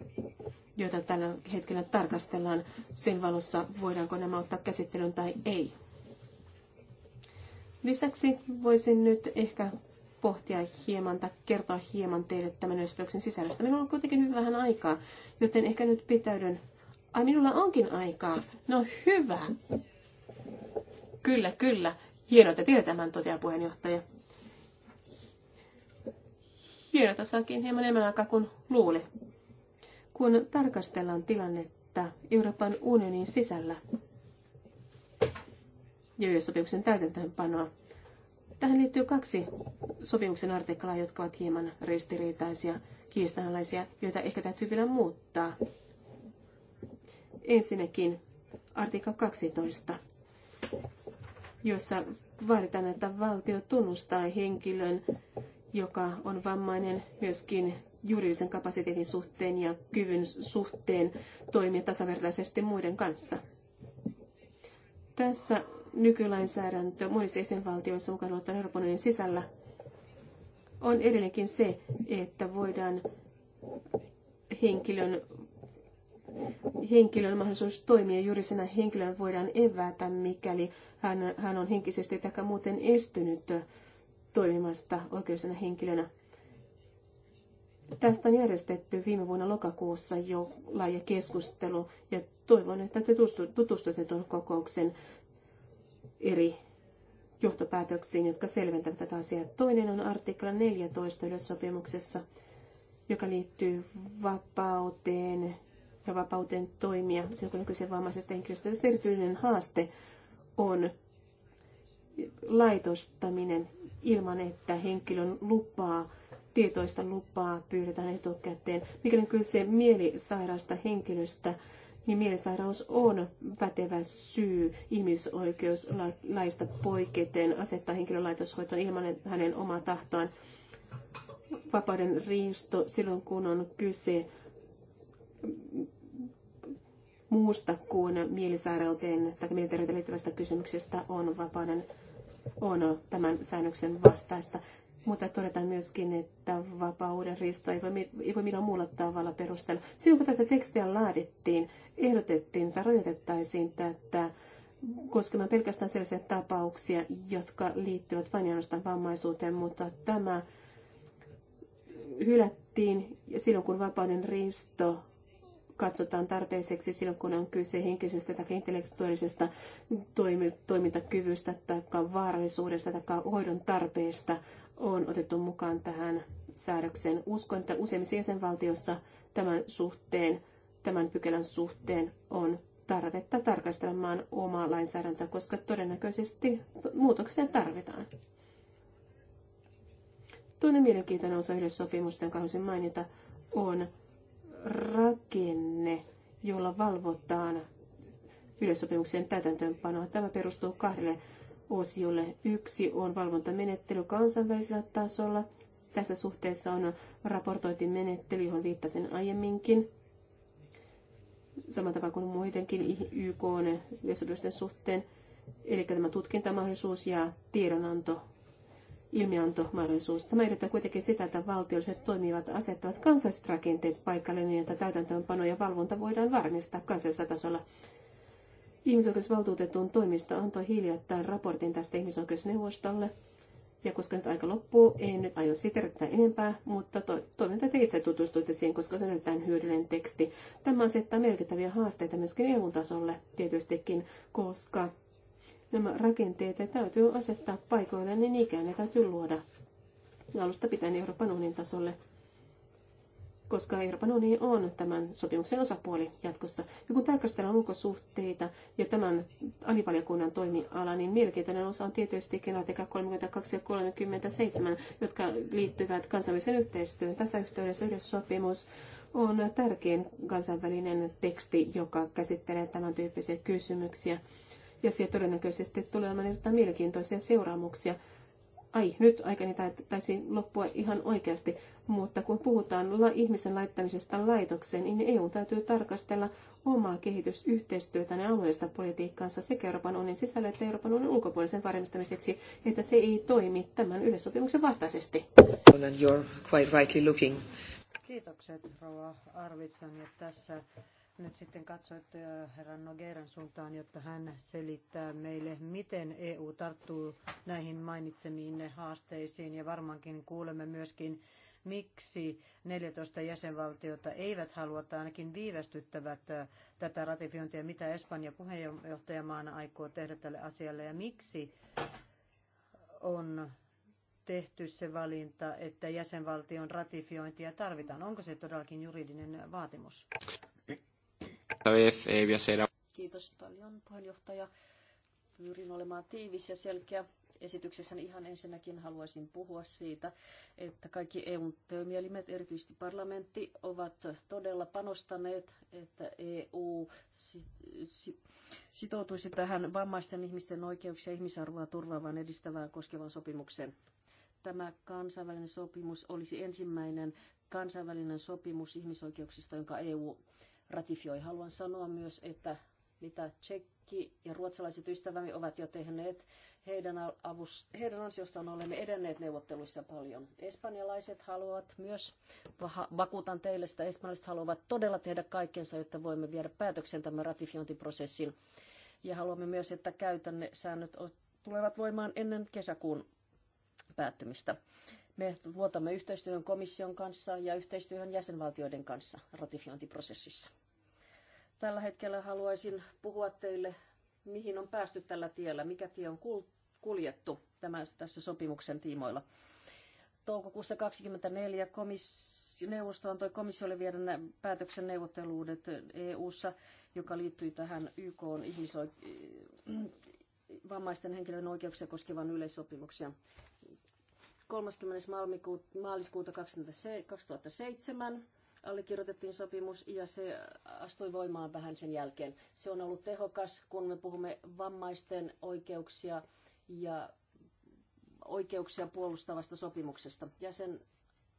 joita tällä hetkellä tarkastellaan sen valossa, voidaanko nämä ottaa käsittelyyn tai ei. Lisäksi voisin nyt ehkä pohtia hieman tai kertoa hieman teille tämän esityksen sisällöstä. Minulla on kuitenkin hyvin vähän aikaa, joten ehkä nyt pitäydyn. Ai, minulla onkin aikaa. No hyvä. Kyllä, kyllä. Hienoa, että tiedät tämän, toteaa puheenjohtaja. Hienoa, saakin hieman enemmän aikaa kuin luuli kun tarkastellaan tilannetta Euroopan unionin sisällä ja yhdessopimuksen täytäntöönpanoa. Tähän liittyy kaksi sopimuksen artiklaa, jotka ovat hieman ristiriitaisia, kiistanalaisia, joita ehkä täytyy vielä muuttaa. Ensinnäkin artikla 12, jossa vaaditaan, että valtio tunnustaa henkilön, joka on vammainen myöskin juridisen kapasiteetin suhteen ja kyvyn suhteen toimia tasavertaisesti muiden kanssa. Tässä nykylainsäädäntö monissa jäsenvaltioissa mukaan luottaen Euroopan unionin sisällä on edelleenkin se, että voidaan henkilön, henkilön mahdollisuus toimia juridisena henkilön voidaan evätä, mikäli hän, hän on henkisesti tai muuten estynyt toimimasta oikeusena henkilönä. Tästä on järjestetty viime vuonna lokakuussa jo laaja keskustelu ja toivon, että te tutustutte tuon kokouksen eri johtopäätöksiin, jotka selventävät tätä asiaa. Toinen on artikla 14 yleissopimuksessa, joka liittyy vapauteen ja vapauteen toimia. Se, kun on kyse vammaisesta henkilöstä, tässä erityinen haaste on laitostaminen ilman, että henkilön lupaa tietoista lupaa pyydetään etukäteen. Mikäli kyse mielisairaasta henkilöstä, niin mielisairaus on pätevä syy ihmisoikeuslaista poiketen asettaa henkilön laitoshoitoon ilman hänen omaa tahtoaan. Vapauden riisto silloin, kun on kyse muusta kuin mielisairauteen tai mielenterveyteen liittyvästä kysymyksestä on vapauden on tämän säännöksen vastaista. Mutta todetaan myöskin, että vapauden risto ei voi, ei voi millään muulla tavalla perustella. Silloin kun tätä tekstiä laadittiin, ehdotettiin, että rajoitettaisiin tätä koskemaan pelkästään sellaisia tapauksia, jotka liittyvät vain ainoastaan vammaisuuteen, mutta tämä hylättiin ja silloin kun vapauden risto katsotaan tarpeiseksi silloin, kun on kyse henkisestä tai intellektuaalisesta toimintakyvystä tai vaarallisuudesta tai hoidon tarpeesta, on otettu mukaan tähän säädökseen. Uskon, että useimmissa jäsenvaltioissa tämän suhteen, tämän pykälän suhteen on tarvetta tarkastella maan omaa lainsäädäntöä, koska todennäköisesti muutoksia tarvitaan. Toinen mielenkiintoinen osa yleissopimusta, jonka haluaisin mainita, on rakenne, jolla valvotaan yleissopimuksen täytäntöönpanoa. Tämä perustuu kahdelle osiolle. Yksi on valvontamenettely kansainvälisellä tasolla. Tässä suhteessa on raportointimenettely, johon viittasin aiemminkin. Samalla tavalla kuin muidenkin YK yleisöllisten suhteen. Eli tämä tutkintamahdollisuus ja tiedonanto ilmiantomahdollisuus. Tämä edellyttää kuitenkin sitä, että valtiolliset toimivat asettavat kansalliset rakenteet paikalle niin, että täytäntöönpano ja valvonta voidaan varmistaa kansallisella tasolla. Ihmisoikeusvaltuutetun toimisto antoi hiljattain raportin tästä ihmisoikeusneuvostolle. Ja koska nyt aika loppuu, en nyt aio siterittää enempää, mutta to- toivon, että te itse tutustuitte siihen, koska se on erittäin hyödyllinen teksti. Tämä asettaa merkittäviä haasteita myöskin EU-tasolle tietystikin, koska nämä rakenteet täytyy asettaa paikoille, niin ikään ne täytyy luoda alusta pitäen Euroopan unionin tasolle koska Euroopan unioni on tämän sopimuksen osapuoli jatkossa. Ja kun tarkastellaan ulkosuhteita ja tämän alivaliokunnan toimiala, niin mielenkiintoinen osa on tietystikin artikla 32 ja 37, jotka liittyvät kansainväliseen yhteistyöhön. Tässä yhteydessä sopimus on tärkein kansainvälinen teksti, joka käsittelee tämän tyyppisiä kysymyksiä. Ja siellä todennäköisesti tulee olemaan erittäin mielenkiintoisia seuraamuksia ai, nyt aikani taisi loppua ihan oikeasti, mutta kun puhutaan ihmisen laittamisesta laitokseen, niin EU täytyy tarkastella omaa kehitysyhteistyötä ja alueellista politiikkaansa sekä Euroopan unionin sisällä että Euroopan unionin ulkopuolisen varmistamiseksi, että se ei toimi tämän yleissopimuksen vastaisesti. You're quite rightly looking. Kiitokset, Rova Arvitsan, että tässä nyt sitten katsoitte äh, herran Nogeran suuntaan, jotta hän selittää meille, miten EU tarttuu näihin mainitsemiin haasteisiin ja varmaankin kuulemme myöskin miksi 14 jäsenvaltiota eivät halua tai ainakin viivästyttävät äh, tätä ratifiointia, mitä Espanja puheenjohtajamaana aikoo tehdä tälle asialle ja miksi on tehty se valinta, että jäsenvaltion ratifiointia tarvitaan. Onko se todellakin juridinen vaatimus? E Kiitos paljon puheenjohtaja. Pyrin olemaan tiivis ja selkeä esityksessäni ihan ensinnäkin haluaisin puhua siitä, että kaikki EUn toimielimet, erityisesti parlamentti, ovat todella panostaneet, että EU sitoutuisi tähän vammaisten ihmisten oikeuksia ja ihmisarvoa turvaavaan edistävään koskevaan sopimukseen. Tämä kansainvälinen sopimus olisi ensimmäinen kansainvälinen sopimus ihmisoikeuksista, jonka EU ratifioi. Haluan sanoa myös, että mitä tsekki ja ruotsalaiset ystävämme ovat jo tehneet, heidän, avus, heidän ansiostaan olemme edenneet neuvotteluissa paljon. Espanjalaiset haluavat myös, vakuutan teille sitä, espanjalaiset haluavat todella tehdä kaikkensa, jotta voimme viedä päätöksen tämän ratifiointiprosessin. Ja haluamme myös, että käytännön säännöt tulevat voimaan ennen kesäkuun päättymistä. Me luotamme yhteistyöhön komission kanssa ja yhteistyöhön jäsenvaltioiden kanssa ratifiointiprosessissa. Tällä hetkellä haluaisin puhua teille, mihin on päästy tällä tiellä, mikä tie on kuljettu tämän, tässä sopimuksen tiimoilla. Toukokuussa 24 komissio, neuvosto antoi komissiolle viedä päätöksen neuvotteluudet EU-ssa, joka liittyi tähän YK ihmisoik- vammaisten henkilöiden oikeuksia koskevan yleissopimuksia. 30. maaliskuuta 2007 allekirjoitettiin sopimus ja se astui voimaan vähän sen jälkeen. Se on ollut tehokas, kun me puhumme vammaisten oikeuksia ja oikeuksia puolustavasta sopimuksesta. Jäsen,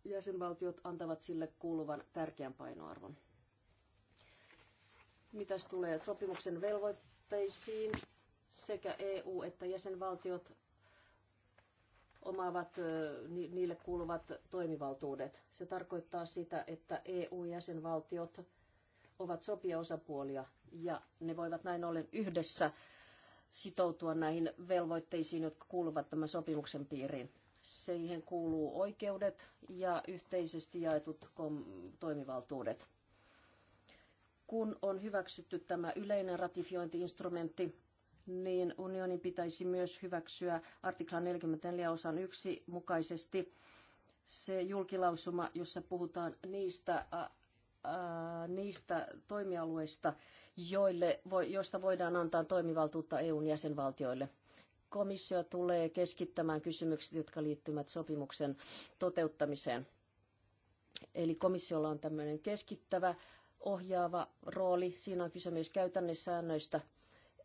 jäsenvaltiot antavat sille kuuluvan tärkeän painoarvon. Mitäs tulee sopimuksen velvoitteisiin? Sekä EU että jäsenvaltiot omaavat niille kuuluvat toimivaltuudet. Se tarkoittaa sitä, että EU-jäsenvaltiot ovat sopijaosapuolia ja ne voivat näin ollen yhdessä sitoutua näihin velvoitteisiin, jotka kuuluvat tämän sopimuksen piiriin. Siihen kuuluu oikeudet ja yhteisesti jaetut toimivaltuudet. Kun on hyväksytty tämä yleinen ratifiointiinstrumentti, niin unionin pitäisi myös hyväksyä artikla 44 osan yksi mukaisesti se julkilausuma, jossa puhutaan niistä, ä, ä, niistä toimialueista, joille, joista voidaan antaa toimivaltuutta EUn jäsenvaltioille. Komissio tulee keskittämään kysymykset, jotka liittyvät sopimuksen toteuttamiseen. Eli komissiolla on tämmöinen keskittävä ohjaava rooli. Siinä on kyse myös käytännössäännöistä,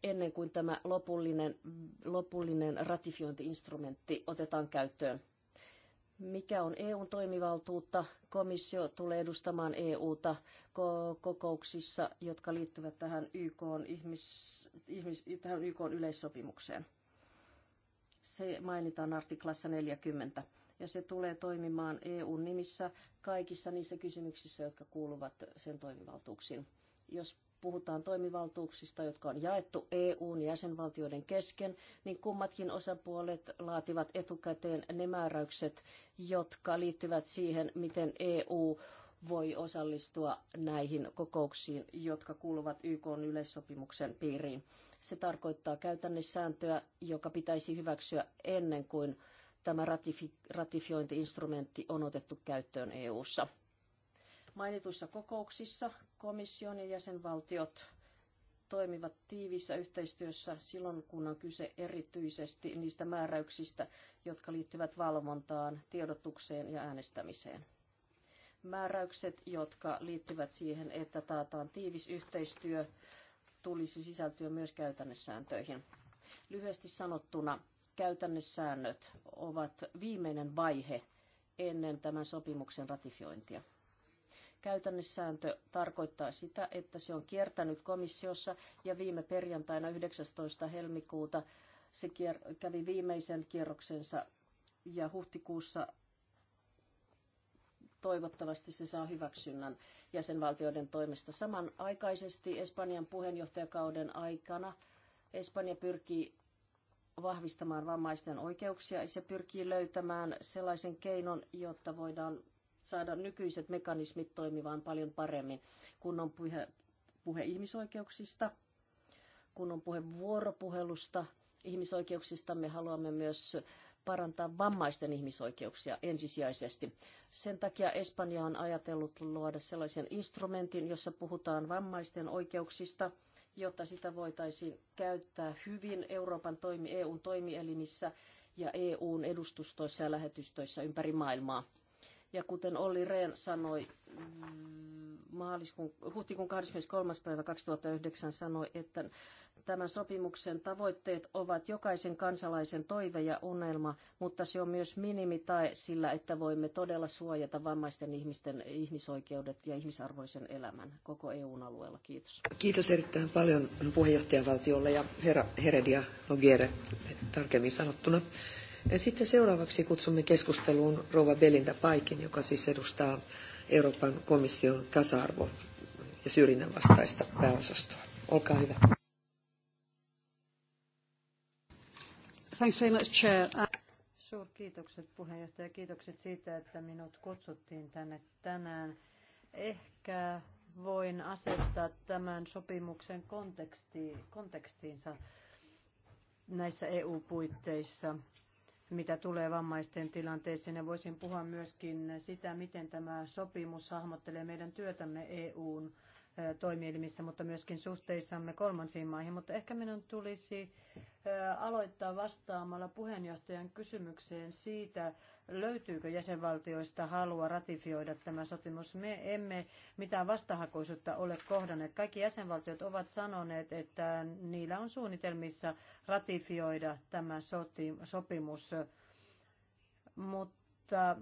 ennen kuin tämä lopullinen, lopullinen ratifiointiinstrumentti otetaan käyttöön. Mikä on EUn toimivaltuutta? Komissio tulee edustamaan EUta kokouksissa, jotka liittyvät tähän YK, ihmis, ihmis, tähän YK yleissopimukseen. Se mainitaan artiklassa 40 ja se tulee toimimaan EUn nimissä kaikissa niissä kysymyksissä, jotka kuuluvat sen toimivaltuuksiin. Jos puhutaan toimivaltuuksista, jotka on jaettu EUn jäsenvaltioiden kesken, niin kummatkin osapuolet laativat etukäteen ne määräykset, jotka liittyvät siihen, miten EU voi osallistua näihin kokouksiin, jotka kuuluvat YK yleissopimuksen piiriin. Se tarkoittaa käytännössääntöä, joka pitäisi hyväksyä ennen kuin tämä ratifi- ratifiointiinstrumentti on otettu käyttöön EU:ssa. Mainituissa kokouksissa Komission ja jäsenvaltiot toimivat tiivissä yhteistyössä silloin, kun on kyse erityisesti niistä määräyksistä, jotka liittyvät valvontaan, tiedotukseen ja äänestämiseen. Määräykset, jotka liittyvät siihen, että taataan tiivis yhteistyö, tulisi sisältyä myös käytännessääntöihin. Lyhyesti sanottuna, käytännessäännöt ovat viimeinen vaihe ennen tämän sopimuksen ratifiointia. Käytännössääntö tarkoittaa sitä, että se on kiertänyt komissiossa ja viime perjantaina 19. helmikuuta se kävi viimeisen kierroksensa ja huhtikuussa toivottavasti se saa hyväksynnän jäsenvaltioiden toimesta. Samanaikaisesti Espanjan puheenjohtajakauden aikana Espanja pyrkii vahvistamaan vammaisten oikeuksia ja se pyrkii löytämään sellaisen keinon, jotta voidaan saada nykyiset mekanismit toimimaan paljon paremmin, kun on puhe, puhe ihmisoikeuksista, kun on puhe vuoropuhelusta ihmisoikeuksista. Me haluamme myös parantaa vammaisten ihmisoikeuksia ensisijaisesti. Sen takia Espanja on ajatellut luoda sellaisen instrumentin, jossa puhutaan vammaisten oikeuksista, jotta sitä voitaisiin käyttää hyvin Euroopan toimi, EUn toimielimissä ja EUn edustustoissa ja lähetystöissä ympäri maailmaa. Ja kuten Olli Rehn sanoi, mm, maaliskuun, huhtikuun 23. päivä 2009 sanoi, että tämän sopimuksen tavoitteet ovat jokaisen kansalaisen toive ja unelma, mutta se on myös minimitae sillä, että voimme todella suojata vammaisten ihmisten ihmisoikeudet ja ihmisarvoisen elämän koko EUn alueella. Kiitos. Kiitos erittäin paljon puheenjohtajavaltiolle ja herra Heredia Logiere tarkemmin sanottuna. Sitten seuraavaksi kutsumme keskusteluun rouva Belinda Paikin, joka siis edustaa Euroopan komission tasa-arvo- ja syrjinnän vastaista pääosastoa. Olkaa hyvä. Thanks very much, Chair. puheenjohtaja. Kiitokset siitä, että minut kutsuttiin tänne tänään. Ehkä voin asettaa tämän sopimuksen konteksti, kontekstiinsa näissä EU-puitteissa mitä tulee vammaisten tilanteeseen. Ja voisin puhua myöskin sitä, miten tämä sopimus hahmottelee meidän työtämme EUn toimielimissä, mutta myöskin suhteissamme kolmansiin maihin. Mutta ehkä minun tulisi aloittaa vastaamalla puheenjohtajan kysymykseen siitä, löytyykö jäsenvaltioista halua ratifioida tämä sopimus. Me emme mitään vastahakoisuutta ole kohdanneet. Kaikki jäsenvaltiot ovat sanoneet, että niillä on suunnitelmissa ratifioida tämä sopimus, mutta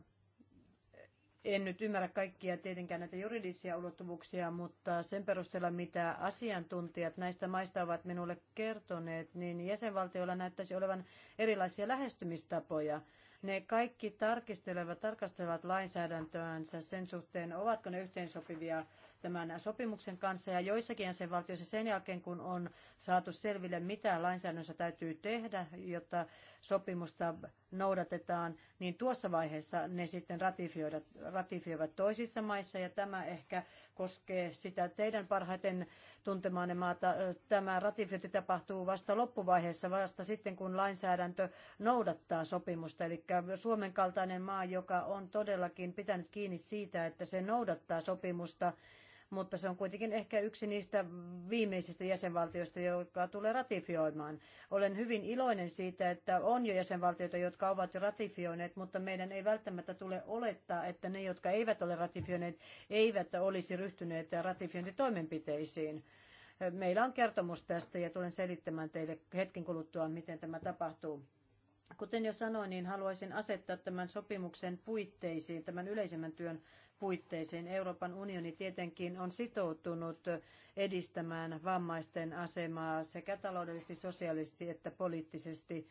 en nyt ymmärrä kaikkia tietenkään näitä juridisia ulottuvuuksia, mutta sen perusteella, mitä asiantuntijat näistä maista ovat minulle kertoneet, niin jäsenvaltioilla näyttäisi olevan erilaisia lähestymistapoja. Ne kaikki tarkistelevat, tarkastelevat lainsäädäntöänsä sen suhteen, ovatko ne yhteensopivia tämän sopimuksen kanssa ja joissakin jäsenvaltioissa sen jälkeen, kun on saatu selville, mitä lainsäädännössä täytyy tehdä, jotta sopimusta noudatetaan, niin tuossa vaiheessa ne sitten ratifioivat toisissa maissa ja tämä ehkä koskee sitä teidän parhaiten tuntemaanne maata. Tämä ratifiointi tapahtuu vasta loppuvaiheessa, vasta sitten kun lainsäädäntö noudattaa sopimusta. Eli Suomen kaltainen maa, joka on todellakin pitänyt kiinni siitä, että se noudattaa sopimusta, mutta se on kuitenkin ehkä yksi niistä viimeisistä jäsenvaltioista, joka tulee ratifioimaan. Olen hyvin iloinen siitä, että on jo jäsenvaltioita, jotka ovat jo ratifioineet, mutta meidän ei välttämättä tule olettaa, että ne, jotka eivät ole ratifioineet, eivät olisi ryhtyneet ratifiointitoimenpiteisiin. Meillä on kertomus tästä ja tulen selittämään teille hetken kuluttua, miten tämä tapahtuu. Kuten jo sanoin, niin haluaisin asettaa tämän sopimuksen puitteisiin, tämän yleisemmän työn puitteisiin. Euroopan unioni tietenkin on sitoutunut edistämään vammaisten asemaa sekä taloudellisesti, sosiaalisesti että poliittisesti.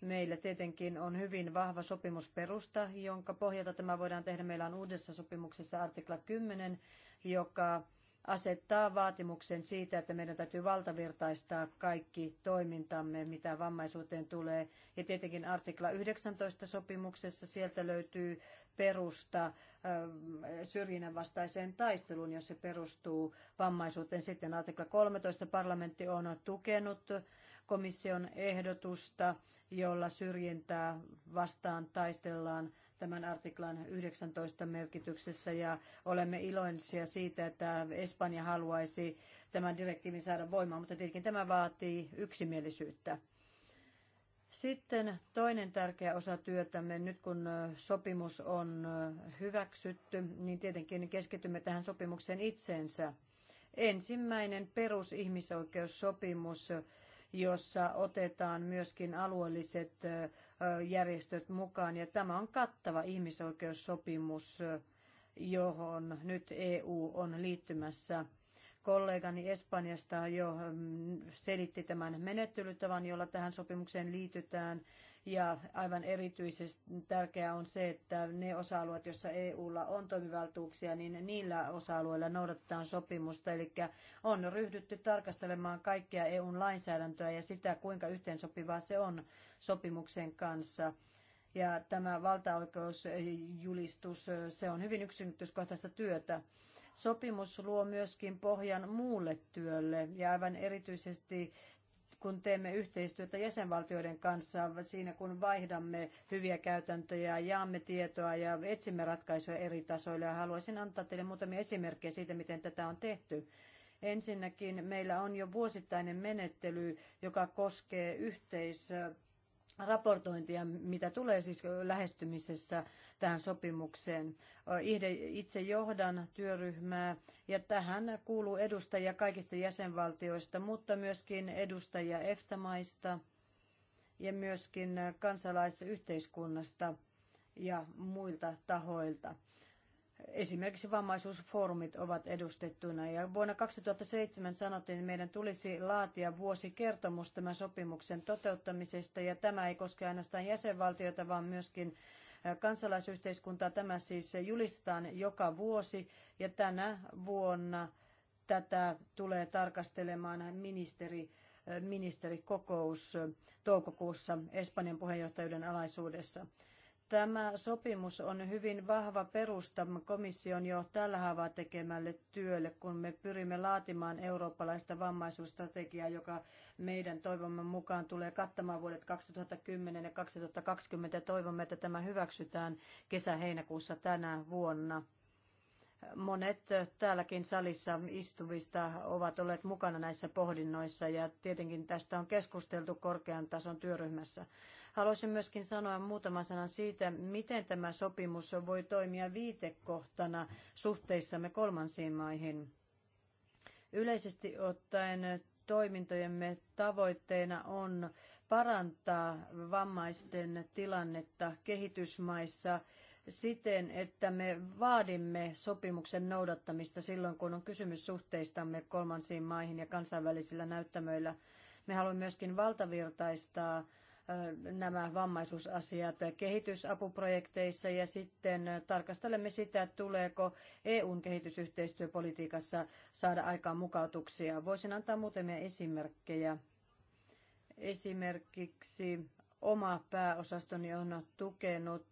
Meillä tietenkin on hyvin vahva sopimusperusta, jonka pohjalta tämä voidaan tehdä. Meillä on uudessa sopimuksessa artikla 10, joka asettaa vaatimuksen siitä, että meidän täytyy valtavirtaistaa kaikki toimintamme, mitä vammaisuuteen tulee. Ja tietenkin artikla 19 sopimuksessa sieltä löytyy perusta syrjinnän vastaiseen taisteluun, jos se perustuu vammaisuuteen. Sitten artikla 13 parlamentti on tukenut komission ehdotusta, jolla syrjintää vastaan taistellaan tämän artiklan 19 merkityksessä ja olemme iloisia siitä, että Espanja haluaisi tämän direktiivin saada voimaan, mutta tietenkin tämä vaatii yksimielisyyttä. Sitten toinen tärkeä osa työtämme, nyt kun sopimus on hyväksytty, niin tietenkin keskitymme tähän sopimukseen itseensä. Ensimmäinen perusihmisoikeussopimus, jossa otetaan myöskin alueelliset järjestöt mukaan, ja tämä on kattava ihmisoikeussopimus, johon nyt EU on liittymässä Kollegani Espanjasta jo mm, selitti tämän menettelytavan, jolla tähän sopimukseen liitytään. Ja aivan erityisesti tärkeää on se, että ne osa-alueet, joissa EUlla on toimivaltuuksia, niin niillä osa-alueilla noudatetaan sopimusta. Eli on ryhdytty tarkastelemaan kaikkea EUn lainsäädäntöä ja sitä, kuinka yhteensopivaa se on sopimuksen kanssa. Ja tämä valtaoikeusjulistus, se on hyvin yksityiskohtaista työtä. Sopimus luo myöskin pohjan muulle työlle ja aivan erityisesti kun teemme yhteistyötä jäsenvaltioiden kanssa siinä, kun vaihdamme hyviä käytäntöjä, jaamme tietoa ja etsimme ratkaisuja eri tasoilla. Haluaisin antaa teille muutamia esimerkkejä siitä, miten tätä on tehty. Ensinnäkin meillä on jo vuosittainen menettely, joka koskee yhteis raportointia, mitä tulee siis lähestymisessä tähän sopimukseen. Itse johdan työryhmää ja tähän kuuluu edustajia kaikista jäsenvaltioista, mutta myöskin edustajia EFTA-maista ja myöskin kansalaisyhteiskunnasta ja muilta tahoilta esimerkiksi vammaisuusfoorumit ovat edustettuina. Ja vuonna 2007 sanottiin, että meidän tulisi laatia vuosikertomus tämän sopimuksen toteuttamisesta. Ja tämä ei koske ainoastaan jäsenvaltioita, vaan myöskin kansalaisyhteiskuntaa. Tämä siis julistetaan joka vuosi ja tänä vuonna tätä tulee tarkastelemaan ministeri ministerikokous toukokuussa Espanjan puheenjohtajuuden alaisuudessa. Tämä sopimus on hyvin vahva perusta komission jo tällä haavaa tekemälle työlle, kun me pyrimme laatimaan eurooppalaista vammaisuusstrategiaa, joka meidän toivomme mukaan tulee kattamaan vuodet 2010 ja 2020. Toivomme, että tämä hyväksytään kesä-heinäkuussa tänä vuonna. Monet täälläkin salissa istuvista ovat olleet mukana näissä pohdinnoissa ja tietenkin tästä on keskusteltu korkean tason työryhmässä. Haluaisin myöskin sanoa muutaman sanan siitä, miten tämä sopimus voi toimia viitekohtana suhteissamme kolmansiin maihin. Yleisesti ottaen toimintojemme tavoitteena on parantaa vammaisten tilannetta kehitysmaissa siten, että me vaadimme sopimuksen noudattamista silloin, kun on kysymys suhteistamme kolmansiin maihin ja kansainvälisillä näyttämöillä. Me haluamme myöskin valtavirtaistaa nämä vammaisuusasiat kehitysapuprojekteissa ja sitten tarkastelemme sitä, tuleeko EUn kehitysyhteistyöpolitiikassa saada aikaan mukautuksia. Voisin antaa muutamia esimerkkejä. Esimerkiksi oma pääosastoni on tukenut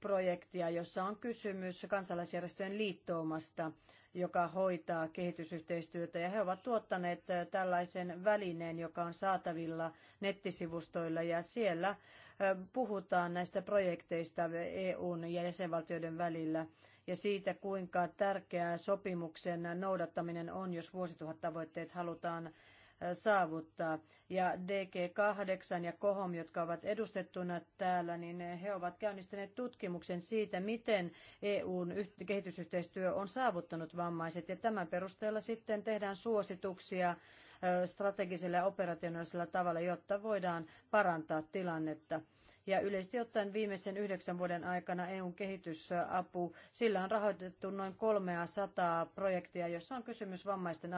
projektia, jossa on kysymys kansalaisjärjestöjen liittoumasta joka hoitaa kehitysyhteistyötä. Ja he ovat tuottaneet äh, tällaisen välineen, joka on saatavilla nettisivustoilla ja siellä äh, puhutaan näistä projekteista EUn ja jäsenvaltioiden välillä ja siitä, kuinka tärkeää sopimuksen noudattaminen on, jos vuosituhattavoitteet halutaan saavuttaa. Ja DG8 ja KOHOM, jotka ovat edustettuna täällä, niin he ovat käynnistäneet tutkimuksen siitä, miten EUn kehitysyhteistyö on saavuttanut vammaiset. Ja tämän perusteella sitten tehdään suosituksia strategisella ja operationaalisella tavalla, jotta voidaan parantaa tilannetta. Ja yleisesti ottaen viimeisen yhdeksän vuoden aikana EUn kehitysapu, sillä on rahoitettu noin 300 projektia, jossa on kysymys vammaisten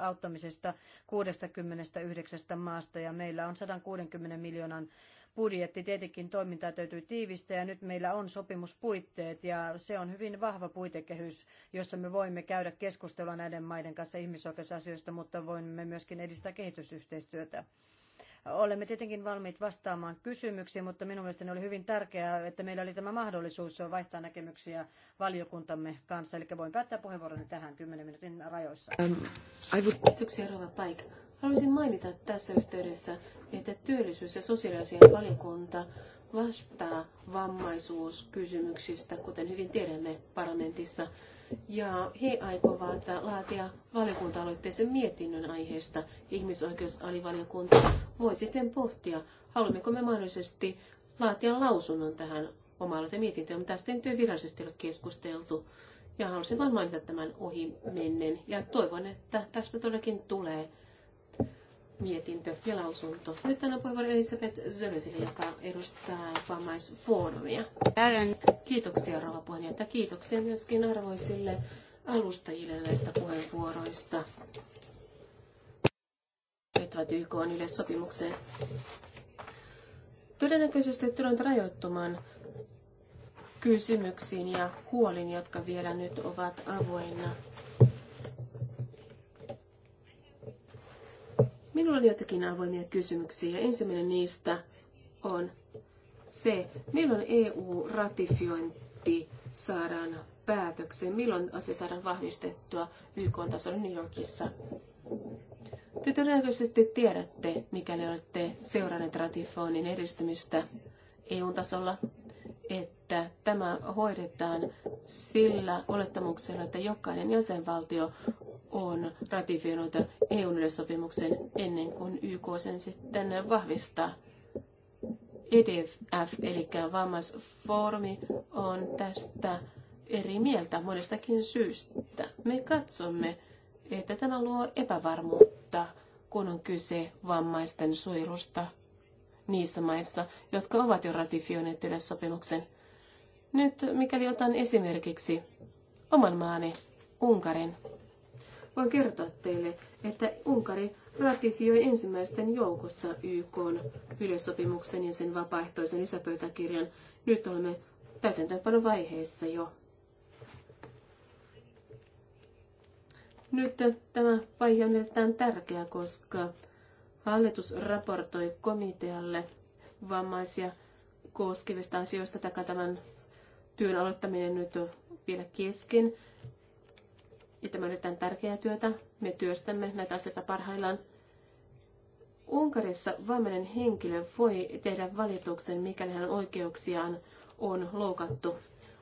auttamisesta 69 maasta ja meillä on 160 miljoonan budjetti. Tietenkin toimintaa täytyy tiivistää ja nyt meillä on sopimuspuitteet ja se on hyvin vahva puitekehys, jossa me voimme käydä keskustelua näiden maiden kanssa ihmisoikeusasioista, mutta voimme myöskin edistää kehitysyhteistyötä. Olemme tietenkin valmiit vastaamaan kysymyksiin, mutta minun mielestäni oli hyvin tärkeää, että meillä oli tämä mahdollisuus vaihtaa näkemyksiä valiokuntamme kanssa. Eli voin päättää puheenvuoroni tähän 10 minuutin rajoissa. Ähm, Kiitoksia, Rova Paik. Haluaisin mainita tässä yhteydessä, että työllisyys- ja sosiaalisen valiokunta vastaa vammaisuuskysymyksistä, kuten hyvin tiedämme parlamentissa ja he aikovat laatia valiokunta-aloitteisen mietinnön aiheesta. Ihmisoikeusalivaliokunta voi sitten pohtia, haluammeko me mahdollisesti laatia lausunnon tähän omalle mietintöön, mutta tästä ei nyt virallisesti ole keskusteltu. Ja halusin vain mainita tämän ohi mennen ja toivon, että tästä todellakin tulee mietintö ja lausunto. Nyt annan puheenvuoron Elisabeth Zölysille, joka edustaa vammaisfoorumia. Kiitoksia rouva puheenjohtaja. Kiitoksia myöskin arvoisille alustajille näistä puheenvuoroista. Liittyvät YK on yleissopimukseen. Todennäköisesti tulen rajoittumaan kysymyksiin ja huolin, jotka vielä nyt ovat avoinna Minulla on jotakin avoimia kysymyksiä. Ensimmäinen niistä on se, milloin EU-ratifiointi saadaan päätökseen, milloin asia saadaan vahvistettua YK-tasolla New Yorkissa. Te todennäköisesti tiedätte, mikäli olette seuranneet ratifioinnin edistymistä EU-tasolla, että tämä hoidetaan sillä olettamuksella, että jokainen jäsenvaltio on ratifioinut EUn yleissopimuksen ennen kuin YK sen sitten vahvistaa. EDF, eli vammaisfoorumi, on tästä eri mieltä monestakin syystä. Me katsomme, että tämä luo epävarmuutta, kun on kyse vammaisten suojelusta niissä maissa, jotka ovat jo ratifioineet yleissopimuksen. Nyt mikäli otan esimerkiksi oman maani, Unkarin, voin kertoa teille, että Unkari ratifioi ensimmäisten joukossa YK yleissopimuksen ja sen vapaaehtoisen lisäpöytäkirjan. Nyt olemme täytäntöönpanon vaiheessa jo. Nyt tämä vaihe on erittäin tärkeä, koska hallitus raportoi komitealle vammaisia koskevista asioista, tämän työn aloittaminen nyt vielä kesken. Ja tämä on erittäin tärkeää työtä. Me työstämme näitä asioita parhaillaan. Unkarissa vammainen henkilö voi tehdä valituksen, mikäli hänen oikeuksiaan on loukattu.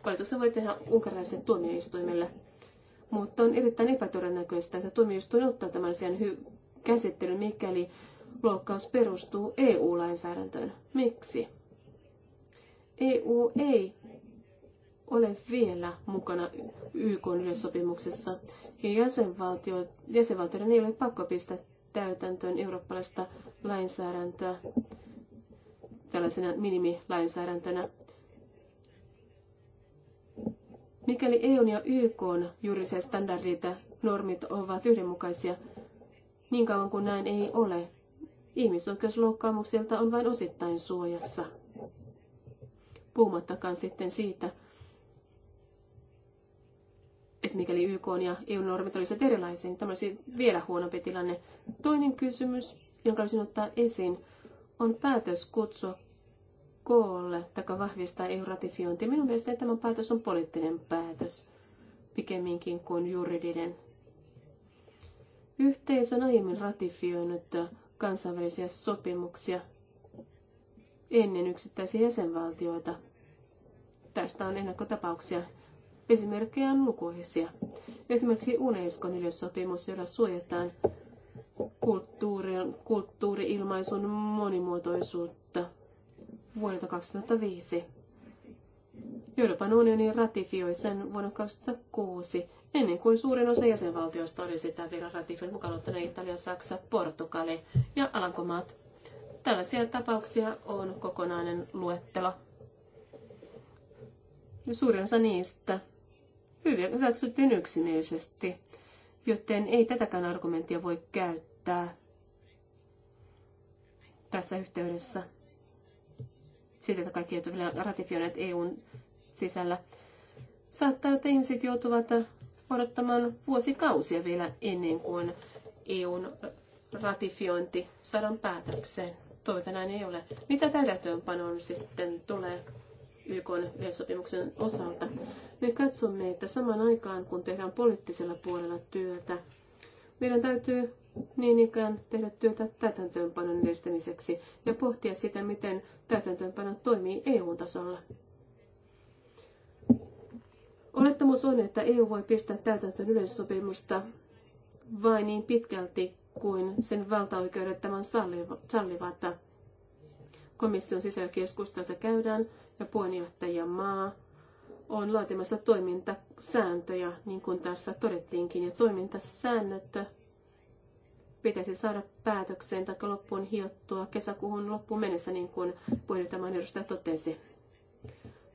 Valituksen voi tehdä unkarilaisen tuomioistuimelle, mutta on erittäin epätodennäköistä, että tuomioistuin ottaa tämän asian hy- käsittelyn, mikäli loukkaus perustuu EU-lainsäädäntöön. Miksi? EU ei ole vielä mukana YK yleissopimuksessa ja jäsenvaltio, jäsenvaltioiden ei ole pakko pistää täytäntöön eurooppalaista lainsäädäntöä tällaisena minimilainsäädäntönä. Mikäli EUn ja YKn juridisia standardeita normit ovat yhdenmukaisia, niin kauan kuin näin ei ole, ihmisoikeusloukkaamuksilta on vain osittain suojassa. Puhumattakaan sitten siitä, että mikäli YK ja EU-normit olisivat erilaisia, niin tämä olisi vielä huonompi tilanne. Toinen kysymys, jonka olisin ottaa esiin, on päätös kutsua koolle tai vahvistaa EU-ratifiointia. Minun mielestäni tämä päätös on poliittinen päätös pikemminkin kuin juridinen. Yhteisö on aiemmin ratifioinut kansainvälisiä sopimuksia ennen yksittäisiä jäsenvaltioita. Tästä on ennakkotapauksia Esimerkkejä on lukuisia. Esimerkiksi Unescon yleissopimus, jolla suojataan kulttuurin, kulttuuriilmaisun monimuotoisuutta vuodelta 2005. Euroopan unioni ratifioi sen vuonna 2006, ennen kuin suurin osa jäsenvaltioista oli sitä vielä ratifioinut mukaan ottaneet Italia, Saksa, Portugali ja Alankomaat. Tällaisia tapauksia on kokonainen luettelo. Suurin osa niistä hyväksyttiin yksimielisesti, joten ei tätäkään argumenttia voi käyttää tässä yhteydessä. Siitä, että kaikki eivät vielä ratifioineet EUn sisällä. Saattaa että ihmiset joutuvat odottamaan vuosikausia vielä ennen kuin EUn ratifiointi saadaan päätökseen. Toivottavasti näin ei ole. Mitä täytäntöönpanoon sitten tulee? YK yleissopimuksen osalta. Me katsomme, että saman aikaan kun tehdään poliittisella puolella työtä, meidän täytyy niin ikään tehdä työtä täytäntöönpanon edistämiseksi ja pohtia sitä, miten täytäntöönpano toimii EU-tasolla. Olettamus on, että EU voi pistää täytäntöön yleissopimusta vain niin pitkälti kuin sen valtaoikeudet tämän sallivat. Komission sisällä keskustelta käydään ja puheenjohtaja maa on laatimassa toimintasääntöjä, niin kuin tässä todettiinkin, ja toimintasäännöt pitäisi saada päätökseen tai loppuun hiottua kesäkuun loppuun mennessä, niin kuin puheenjohtajan edustaja totesi.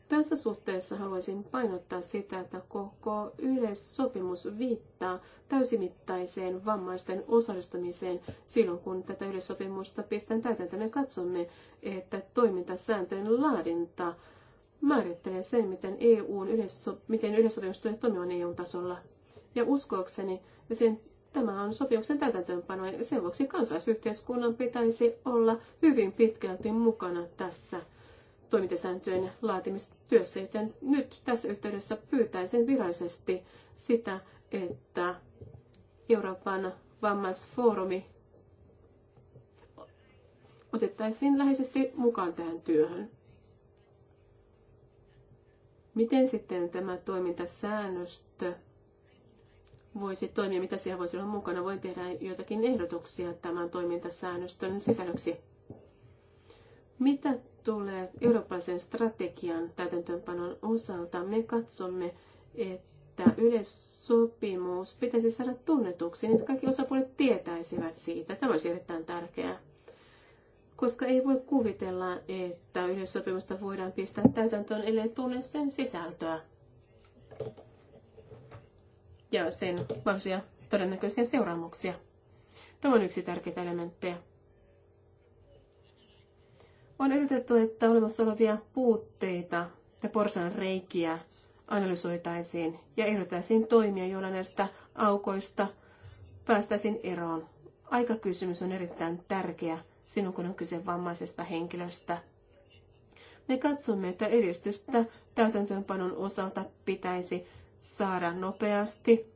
Tässä suhteessa haluaisin painottaa sitä, että koko yleissopimus viittaa täysimittaiseen vammaisten osallistumiseen silloin, kun tätä yleissopimusta pistetään täytäntöön. Me katsomme, että toimintasääntöjen laadinta määrittelee sen, miten, EUn yleissop- miten yleissopimus tulee toimimaan EU-tasolla. Ja uskoakseni sen Tämä on sopimuksen täytäntöönpano ja sen vuoksi kansalaisyhteiskunnan pitäisi olla hyvin pitkälti mukana tässä toimintasääntöjen laatimistyössä, joten nyt tässä yhteydessä pyytäisin virallisesti sitä, että Euroopan vammaisfoorumi otettaisiin läheisesti mukaan tähän työhön. Miten sitten tämä toimintasäännöstö voisi toimia, mitä siellä voisi olla mukana? Voin tehdä joitakin ehdotuksia tämän toimintasäännöstön sisällöksi. Mitä tulee eurooppalaisen strategian täytäntöönpanon osalta, me katsomme, että yleissopimus pitäisi saada tunnetuksi, niin että kaikki osapuolet tietäisivät siitä. Tämä olisi erittäin tärkeää. Koska ei voi kuvitella, että yleissopimusta voidaan pistää täytäntöön, ellei tunne sen sisältöä ja sen mahdollisia todennäköisiä seuraamuksia. Tämä on yksi tärkeitä elementtejä. On yritetty, että olemassa olevia puutteita ja porsan reikiä analysoitaisiin ja ehdotaisiin toimia, joilla näistä aukoista päästäisiin eroon. Aikakysymys on erittäin tärkeä sinun kun on kyse vammaisesta henkilöstä. Me katsomme, että edistystä täytäntöönpanon osalta pitäisi saada nopeasti,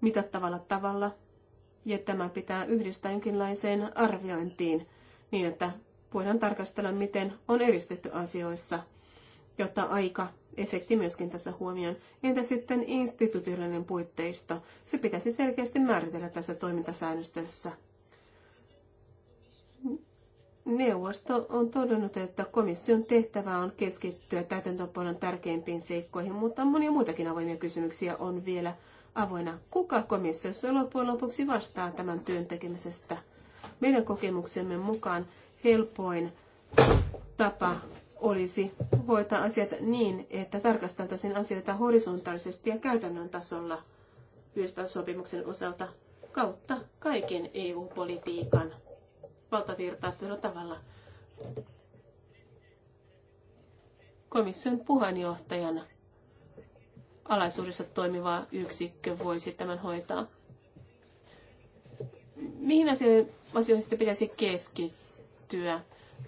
mitattavalla tavalla, ja tämä pitää yhdistää jonkinlaiseen arviointiin, niin että voidaan tarkastella, miten on eristetty asioissa, jotta aika efekti myöskin tässä huomioon. Entä sitten instituutiollinen puitteisto? Se pitäisi selkeästi määritellä tässä toimintasäännöstössä. Neuvosto on todennut, että komission tehtävä on keskittyä täytäntöönpanon tärkeimpiin seikkoihin, mutta monia muitakin avoimia kysymyksiä on vielä avoina. Kuka komissiossa loppujen lopuksi vastaa tämän työn tekemisestä? Meidän kokemuksemme mukaan helpoin tapa olisi hoitaa asiat niin, että tarkasteltaisiin asioita horisontaalisesti ja käytännön tasolla sopimuksen osalta kautta kaiken EU-politiikan valtavirtaistelun tavalla. Komission puheenjohtajan alaisuudessa toimiva yksikkö voisi tämän hoitaa. Mihin asioihin sitten pitäisi keskittyä? työ.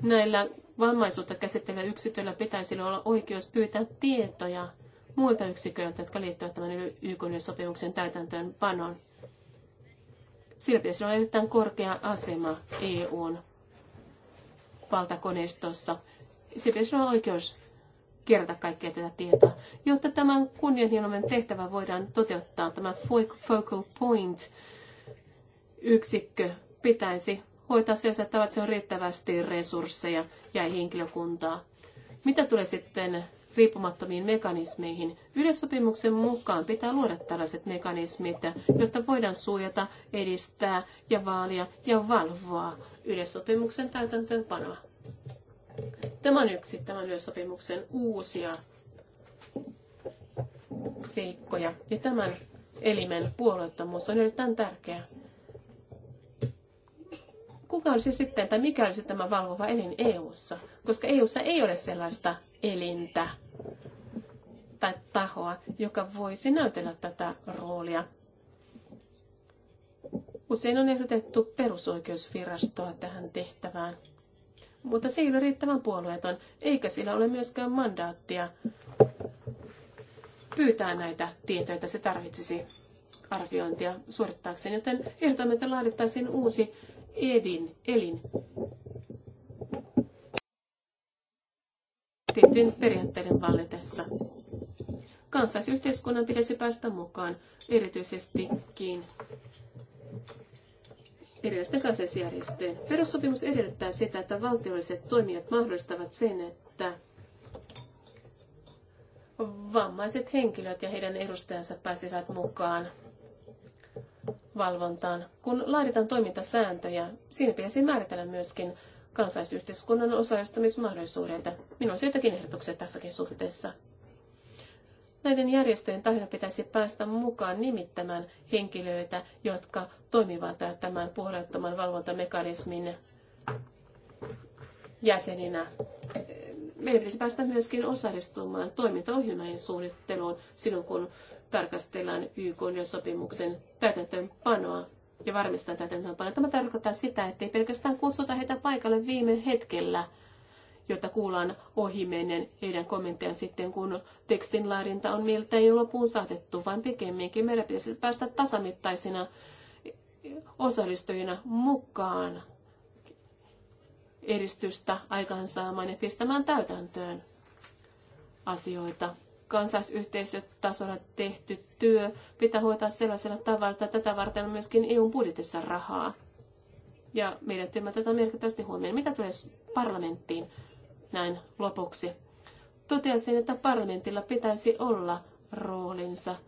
Näillä vammaisuutta käsittelevillä yksiköillä pitäisi olla oikeus pyytää tietoja muilta yksiköiltä, jotka liittyvät tämän YK-sopimuksen täytäntöönpanoon. Sillä pitäisi olla erittäin korkea asema EUn valtakoneistossa. Sillä pitäisi olla oikeus kerätä kaikkea tätä tietoa, jotta tämän kunnianhimoinen tehtävä voidaan toteuttaa. Tämä focal point yksikkö pitäisi hoitaa sellaiset, että on riittävästi resursseja ja henkilökuntaa. Mitä tulee sitten riippumattomiin mekanismeihin? Yleissopimuksen mukaan pitää luoda tällaiset mekanismit, jotta voidaan suojata, edistää ja vaalia ja valvoa yleissopimuksen täytäntöönpanoa. Tämä on yksi tämän yleissopimuksen uusia seikkoja. Ja tämän elimen puolueettomuus on erittäin tärkeää kuka olisi sitten tai mikä olisi tämä valvova elin EU:ssa, koska EU:ssa ei ole sellaista elintä tai tahoa, joka voisi näytellä tätä roolia. Usein on ehdotettu perusoikeusvirastoa tähän tehtävään, mutta se ei ole riittävän puolueeton, eikä sillä ole myöskään mandaattia pyytää näitä tietoja, että se tarvitsisi arviointia suorittaakseen, joten ehdotamme, että laadittaisiin uusi edin, elin. Tiettyjen periaatteiden valletessa. Kansaisyhteiskunnan pitäisi päästä mukaan erityisestikin erilaisten kansallisjärjestöjen. Perussopimus edellyttää sitä, että valtiolliset toimijat mahdollistavat sen, että vammaiset henkilöt ja heidän edustajansa pääsevät mukaan valvontaan. Kun laaditaan toimintasääntöjä, siinä pitäisi määritellä myöskin kansaisyhteiskunnan osallistumismahdollisuudet. Minulla on joitakin ehdotuksia tässäkin suhteessa. Näiden järjestöjen tahdon pitäisi päästä mukaan nimittämään henkilöitä, jotka toimivat tämän puolueettoman valvontamekanismin jäseninä. Meidän pitäisi päästä myöskin osallistumaan toimintaohjelmien suunnitteluun silloin, kun tarkastellaan YK ja sopimuksen täytäntöönpanoa ja varmistaa täytäntöönpanoa. Tämä tarkoittaa sitä, että ei pelkästään kutsuta heitä paikalle viime hetkellä, jotta kuullaan ohimennen heidän kommentteja sitten, kun tekstin laadinta on miltei lopuun saatettu, vaan pikemminkin meidän pitäisi päästä tasamittaisina osallistujina mukaan edistystä aikaansaamaan ja pistämään täytäntöön asioita kansalaisyhteisötasolla tehty työ pitää hoitaa sellaisella tavalla, että tätä varten on myöskin EUn budjetissa rahaa. Ja meidän työmme tätä merkittävästi huomioon. Mitä tulee parlamenttiin näin lopuksi? Toteaisin, että parlamentilla pitäisi olla roolinsa –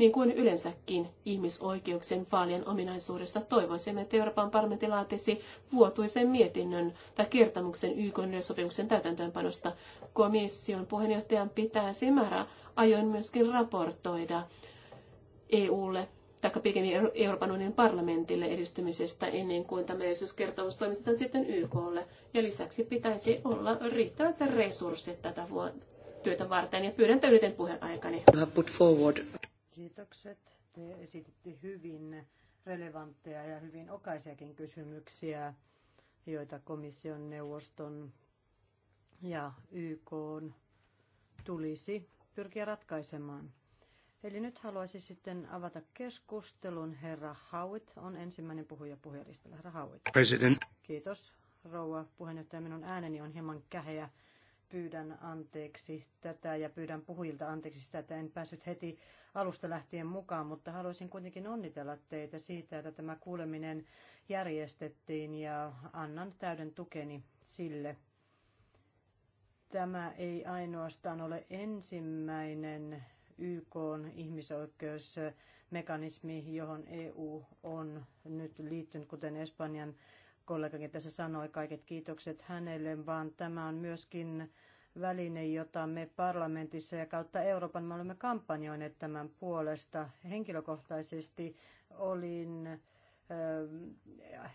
niin kuin yleensäkin ihmisoikeuksien vaalien ominaisuudessa toivoisimme, että Euroopan parlamentti laatisi vuotuisen mietinnön tai kertomuksen YK sopimuksen täytäntöönpanosta. Komission puheenjohtajan pitäisi määrä ajoin myöskin raportoida EUlle tai pikemmin Euroopan unionin parlamentille edistymisestä ennen kuin tämä edistyskertomus toimitetaan sitten YKlle. Ja lisäksi pitäisi olla riittävät resurssit tätä vuotta työtä varten ja pyydän täyden puheenaikani. Put forward. Kiitokset. Te esititte hyvin relevantteja ja hyvin okaisiakin kysymyksiä, joita komission neuvoston ja YK tulisi pyrkiä ratkaisemaan. Eli nyt haluaisin sitten avata keskustelun. Herra Hauit on ensimmäinen puhuja puhujalistalla. Herra Hauit. President. Kiitos, rouva puheenjohtaja. Minun ääneni on hieman käheä pyydän anteeksi tätä ja pyydän puhujilta anteeksi sitä, että en päässyt heti alusta lähtien mukaan, mutta haluaisin kuitenkin onnitella teitä siitä, että tämä kuuleminen järjestettiin ja annan täyden tukeni sille. Tämä ei ainoastaan ole ensimmäinen YK on ihmisoikeusmekanismi, johon EU on nyt liittynyt, kuten Espanjan kollegakin tässä sanoi, kaiket kiitokset hänelle, vaan tämä on myöskin väline, jota me parlamentissa ja kautta Euroopan me olemme kampanjoineet tämän puolesta. Henkilökohtaisesti olin äh,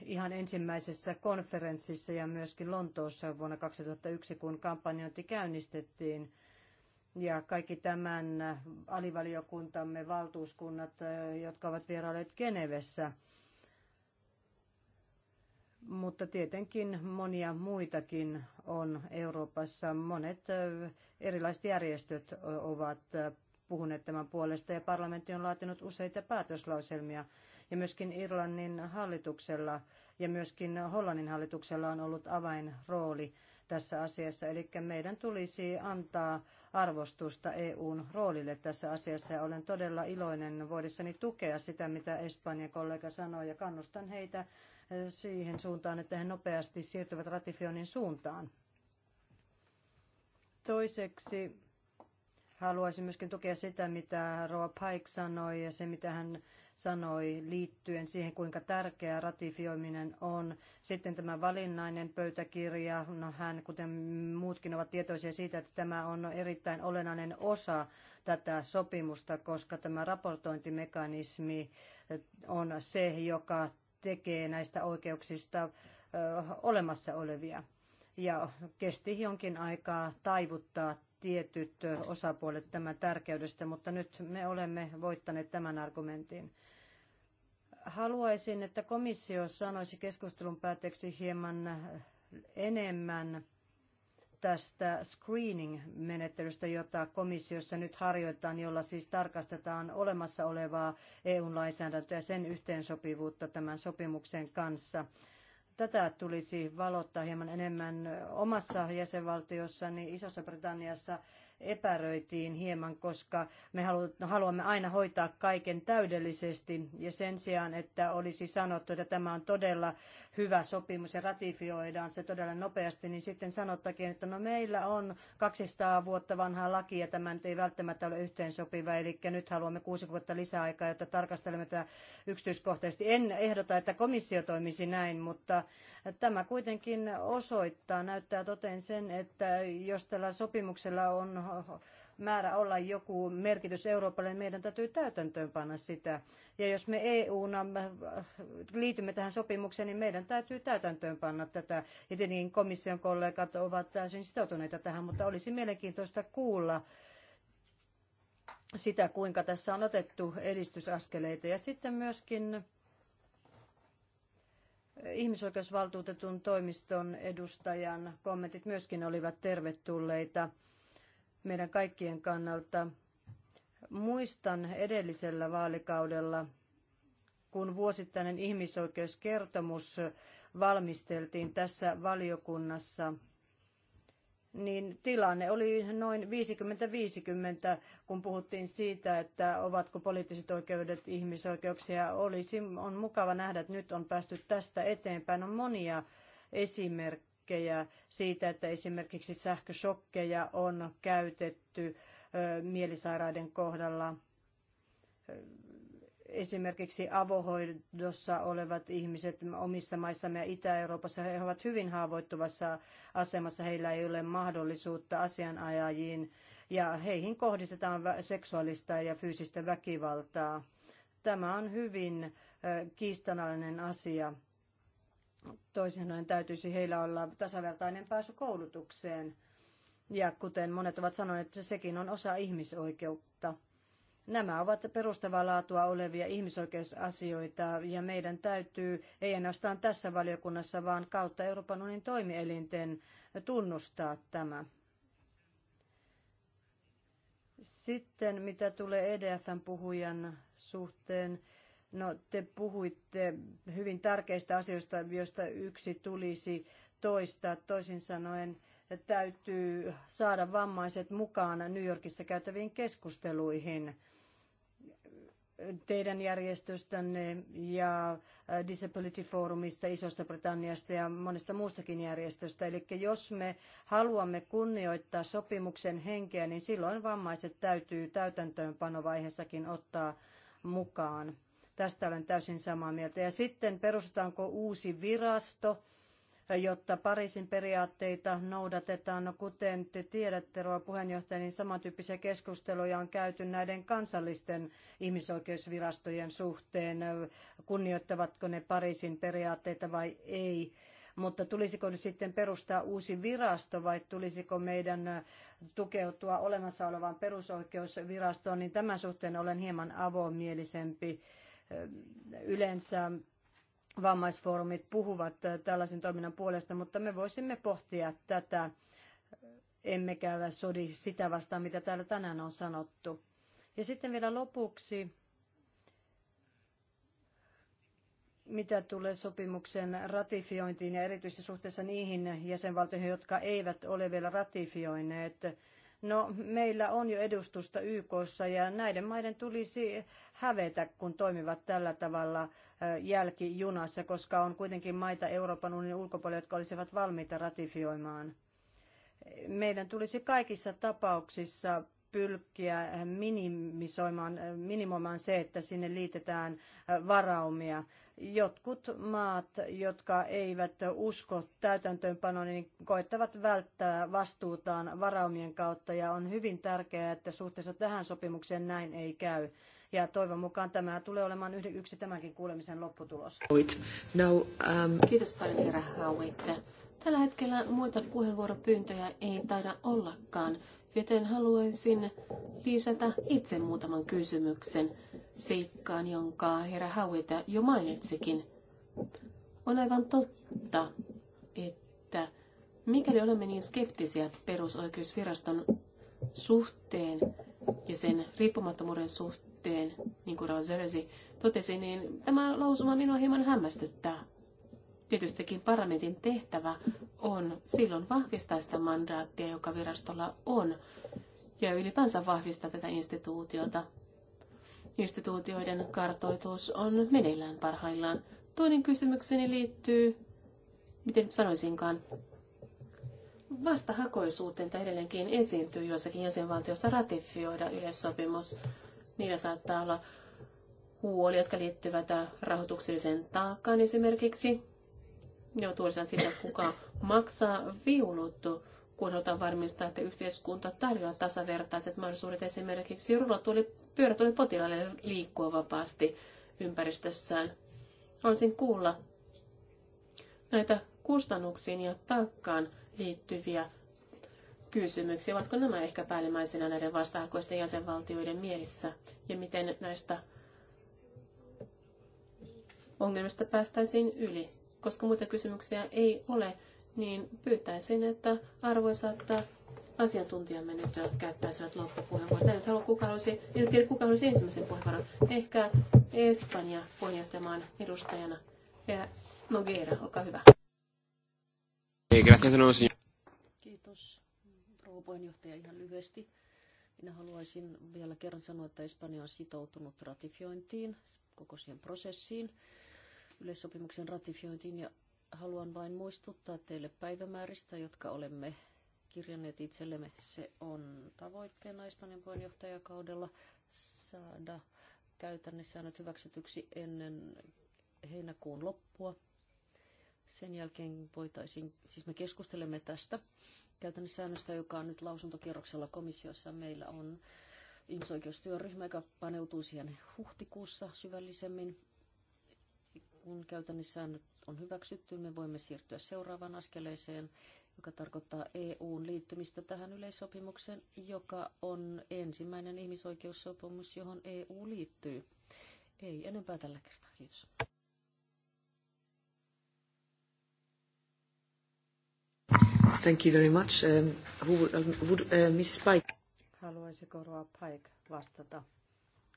ihan ensimmäisessä konferenssissa ja myöskin Lontoossa vuonna 2001, kun kampanjointi käynnistettiin. Ja kaikki tämän alivaliokuntamme valtuuskunnat, äh, jotka ovat vierailleet Genevessä – mutta tietenkin monia muitakin on Euroopassa. Monet erilaiset järjestöt ovat puhuneet tämän puolesta ja parlamentti on laatinut useita päätöslauselmia. Ja myöskin Irlannin hallituksella ja myöskin Hollannin hallituksella on ollut avainrooli tässä asiassa. Eli meidän tulisi antaa arvostusta EUn roolille tässä asiassa ja olen todella iloinen voidessani tukea sitä, mitä Espanjan kollega sanoi ja kannustan heitä siihen suuntaan, että he nopeasti siirtyvät ratifioinnin suuntaan. Toiseksi haluaisin myöskin tukea sitä, mitä Roa Pike sanoi ja se, mitä hän sanoi liittyen siihen, kuinka tärkeää ratifioiminen on. Sitten tämä valinnainen pöytäkirja, no hän kuten muutkin ovat tietoisia siitä, että tämä on erittäin olennainen osa tätä sopimusta, koska tämä raportointimekanismi on se, joka tekee näistä oikeuksista olemassa olevia. Ja kesti jonkin aikaa taivuttaa tietyt osapuolet tämän tärkeydestä, mutta nyt me olemme voittaneet tämän argumentin. Haluaisin, että komissio sanoisi keskustelun päätteeksi hieman enemmän tästä screening-menettelystä, jota komissiossa nyt harjoitetaan, jolla siis tarkastetaan olemassa olevaa EU-lainsäädäntöä ja sen yhteensopivuutta tämän sopimuksen kanssa. Tätä tulisi valottaa hieman enemmän omassa jäsenvaltiossani Isossa-Britanniassa epäröitiin hieman, koska me haluamme aina hoitaa kaiken täydellisesti ja sen sijaan, että olisi sanottu, että tämä on todella hyvä sopimus ja ratifioidaan se todella nopeasti, niin sitten sanottakin, että no meillä on 200 vuotta vanhaa laki ja tämä nyt ei välttämättä ole yhteensopiva, eli nyt haluamme kuusi vuotta lisäaikaa, jotta tarkastelemme tätä yksityiskohtaisesti. En ehdota, että komissio toimisi näin, mutta tämä kuitenkin osoittaa, näyttää toteen sen, että jos tällä sopimuksella on määrä olla joku merkitys Euroopalle, niin meidän täytyy täytäntöönpanna sitä. Ja jos me EUna äh, liitymme tähän sopimukseen, niin meidän täytyy täytäntöönpanna tätä. Ja tietenkin komission kollegat ovat täysin sitoutuneita tähän, mutta olisi mielenkiintoista kuulla, sitä, kuinka tässä on otettu edistysaskeleita. Ja sitten myöskin ihmisoikeusvaltuutetun toimiston edustajan kommentit myöskin olivat tervetulleita meidän kaikkien kannalta. Muistan edellisellä vaalikaudella, kun vuosittainen ihmisoikeuskertomus valmisteltiin tässä valiokunnassa, niin tilanne oli noin 50-50, kun puhuttiin siitä, että ovatko poliittiset oikeudet ihmisoikeuksia olisi. On mukava nähdä, että nyt on päästy tästä eteenpäin. On monia esimerkkejä esimerkkejä siitä, että esimerkiksi sähkösokkeja on käytetty mielisairaiden kohdalla. Esimerkiksi avohoidossa olevat ihmiset omissa maissamme ja Itä-Euroopassa, he ovat hyvin haavoittuvassa asemassa, heillä ei ole mahdollisuutta asianajajiin ja heihin kohdistetaan seksuaalista ja fyysistä väkivaltaa. Tämä on hyvin kiistanalainen asia Toisin sanoen täytyisi heillä olla tasavertainen pääsy koulutukseen. Ja kuten monet ovat sanoneet, että sekin on osa ihmisoikeutta. Nämä ovat perustavaa laatua olevia ihmisoikeusasioita ja meidän täytyy, ei ainoastaan tässä valiokunnassa, vaan kautta Euroopan unionin toimielinten tunnustaa tämä. Sitten mitä tulee EDFn puhujan suhteen, No, te puhuitte hyvin tärkeistä asioista, joista yksi tulisi toistaa. Toisin sanoen täytyy saada vammaiset mukaan New Yorkissa käytäviin keskusteluihin teidän järjestöstänne ja Disability Forumista, Isosta Britanniasta ja monesta muustakin järjestöstä. Eli jos me haluamme kunnioittaa sopimuksen henkeä, niin silloin vammaiset täytyy täytäntöönpanovaiheessakin ottaa mukaan. Tästä olen täysin samaa mieltä. Ja sitten perustetaanko uusi virasto, jotta Pariisin periaatteita noudatetaan. No, kuten te tiedätte, rouva puheenjohtaja, niin samantyyppisiä keskusteluja on käyty näiden kansallisten ihmisoikeusvirastojen suhteen, kunnioittavatko ne Pariisin periaatteita vai ei mutta tulisiko nyt sitten perustaa uusi virasto vai tulisiko meidän tukeutua olemassa olevaan perusoikeusvirastoon, niin tämän suhteen olen hieman avomielisempi. Yleensä vammaisfoorumit puhuvat äh, tällaisen toiminnan puolesta, mutta me voisimme pohtia tätä, emmekä sodi sitä vastaan, mitä täällä tänään on sanottu. Ja sitten vielä lopuksi, mitä tulee sopimuksen ratifiointiin ja erityisesti suhteessa niihin jäsenvaltioihin, jotka eivät ole vielä ratifioineet, No, meillä on jo edustusta YKssa ja näiden maiden tulisi hävetä, kun toimivat tällä tavalla jälkijunassa, koska on kuitenkin maita Euroopan unionin ulkopuolella, jotka olisivat valmiita ratifioimaan. Meidän tulisi kaikissa tapauksissa pyrkiä minimisoimaan, minimoimaan se, että sinne liitetään varaumia. Jotkut maat, jotka eivät usko täytäntöönpanoon, niin koettavat välttää vastuutaan varaumien kautta ja on hyvin tärkeää, että suhteessa tähän sopimukseen näin ei käy. Ja toivon mukaan tämä tulee olemaan yksi tämänkin kuulemisen lopputulos. No, um... Kiitos paljon herra Howitt. Tällä hetkellä muita puheenvuoropyyntöjä ei taida ollakaan, joten haluaisin lisätä itse muutaman kysymyksen seikkaan, jonka herra Haueta jo mainitsikin. On aivan totta, että mikäli olemme niin skeptisiä perusoikeusviraston suhteen ja sen riippumattomuuden suhteen, niin kuin Raul totesi, niin tämä lausuma minua hieman hämmästyttää. Tietystikin parlamentin tehtävä on silloin vahvistaa sitä mandaattia, joka virastolla on, ja ylipäänsä vahvistaa tätä instituutiota. Instituutioiden kartoitus on meneillään parhaillaan. Toinen kysymykseni liittyy, miten nyt sanoisinkaan, vastahakoisuuteen tai edelleenkin esiintyy jossakin jäsenvaltiossa ratifioida yleissopimus. Niillä saattaa olla huoli, jotka liittyvät rahoitukselliseen taakkaan esimerkiksi joutuisaa sitä, kuka maksaa viulut, kun halutaan varmistaa, että yhteiskunta tarjoaa tasavertaiset mahdollisuudet esimerkiksi rullatuoli, pyörätuoli potilaille liikkua vapaasti ympäristössään. Olisin kuulla näitä kustannuksiin ja taakkaan liittyviä kysymyksiä. Ovatko nämä ehkä päällimmäisenä näiden vasta jäsenvaltioiden mielissä? Ja miten näistä ongelmista päästäisiin yli? koska muita kysymyksiä ei ole, niin pyytäisin, että arvoisat asiantuntijamme nyt käyttäisivät loppupuheenvuoron. nyt haluan, kuka halusi, en tiedä kuka halusi ensimmäisen puheenvuoron. Ehkä Espanja puheenjohtajamaan edustajana. Ja Nogueira, olkaa hyvä. Kiitos, rouva puheenjohtaja, ihan lyhyesti. Minä haluaisin vielä kerran sanoa, että Espanja on sitoutunut ratifiointiin, koko siihen prosessiin yleissopimuksen ratifiointiin ja haluan vain muistuttaa teille päivämääristä, jotka olemme kirjanneet itsellemme. Se on tavoitteena Espanjan puheenjohtajakaudella saada käytännössäännöt hyväksytyksi ennen heinäkuun loppua. Sen jälkeen voitaisiin, siis me keskustelemme tästä käytännössäännöstä, joka on nyt lausuntokierroksella komissiossa. Meillä on ihmisoikeustyöryhmä, joka paneutuu siihen huhtikuussa syvällisemmin kun käytännön on hyväksytty, me voimme siirtyä seuraavaan askeleeseen, joka tarkoittaa EUn liittymistä tähän yleissopimukseen, joka on ensimmäinen ihmisoikeussopimus, johon EU liittyy. Ei enempää tällä kertaa. Kiitos. Thank you very much. Um, who would, um, would, uh, Mrs. Pike. Haluaisiko Roa Pike vastata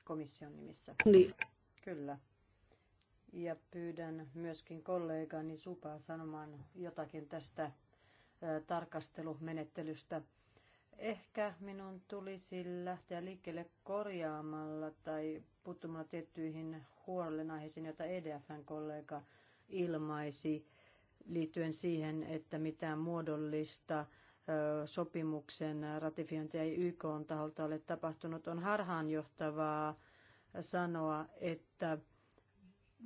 komission nimissä? Niin. Kyllä ja pyydän myöskin kollegani Supaa sanomaan jotakin tästä tarkastelumenettelystä. Ehkä minun tulisi lähteä liikkeelle korjaamalla tai puuttumalla tiettyihin huolenaiheisiin, joita EDFn kollega ilmaisi liittyen siihen, että mitään muodollista sopimuksen ratifiointia ei YK on taholta ole tapahtunut. On harhaanjohtavaa sanoa, että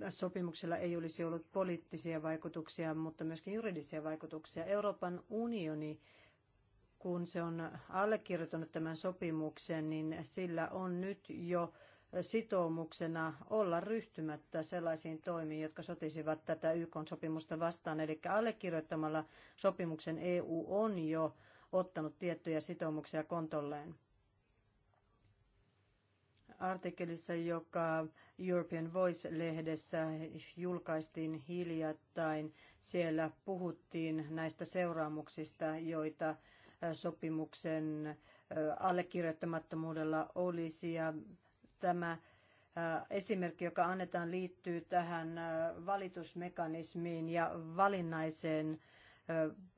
sopimuksella ei olisi ollut poliittisia vaikutuksia, mutta myöskin juridisia vaikutuksia. Euroopan unioni, kun se on allekirjoittanut tämän sopimuksen, niin sillä on nyt jo sitoumuksena olla ryhtymättä sellaisiin toimiin, jotka sotisivat tätä YK-sopimusta vastaan. Eli allekirjoittamalla sopimuksen EU on jo ottanut tiettyjä sitoumuksia kontolleen artikkelissa, joka European Voice-lehdessä julkaistiin hiljattain. Siellä puhuttiin näistä seuraamuksista, joita äh, sopimuksen äh, allekirjoittamattomuudella olisi. Ja tämä äh, esimerkki, joka annetaan, liittyy tähän valitusmekanismiin ja valinnaiseen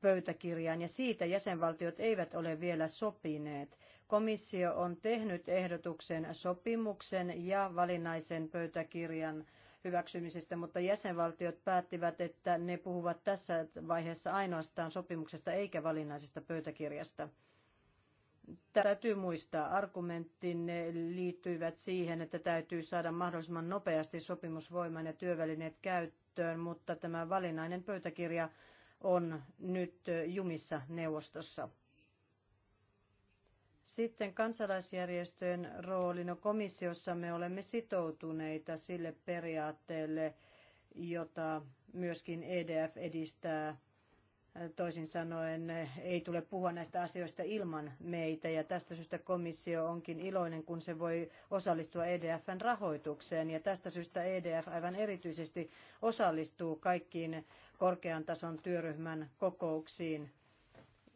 pöytäkirjaan, ja siitä jäsenvaltiot eivät ole vielä sopineet. Komissio on tehnyt ehdotuksen sopimuksen ja valinnaisen pöytäkirjan hyväksymisestä, mutta jäsenvaltiot päättivät, että ne puhuvat tässä vaiheessa ainoastaan sopimuksesta eikä valinnaisesta pöytäkirjasta. Täytyy muistaa, argumenttinne liittyivät siihen, että täytyy saada mahdollisimman nopeasti sopimusvoiman ja työvälineet käyttöön, mutta tämä valinnainen pöytäkirja on nyt jumissa neuvostossa. Sitten kansalaisjärjestöjen rooli. No komissiossa me olemme sitoutuneita sille periaatteelle, jota myöskin EDF edistää. Toisin sanoen ei tule puhua näistä asioista ilman meitä ja tästä syystä komissio onkin iloinen, kun se voi osallistua EDFn rahoitukseen ja tästä syystä EDF aivan erityisesti osallistuu kaikkiin korkean tason työryhmän kokouksiin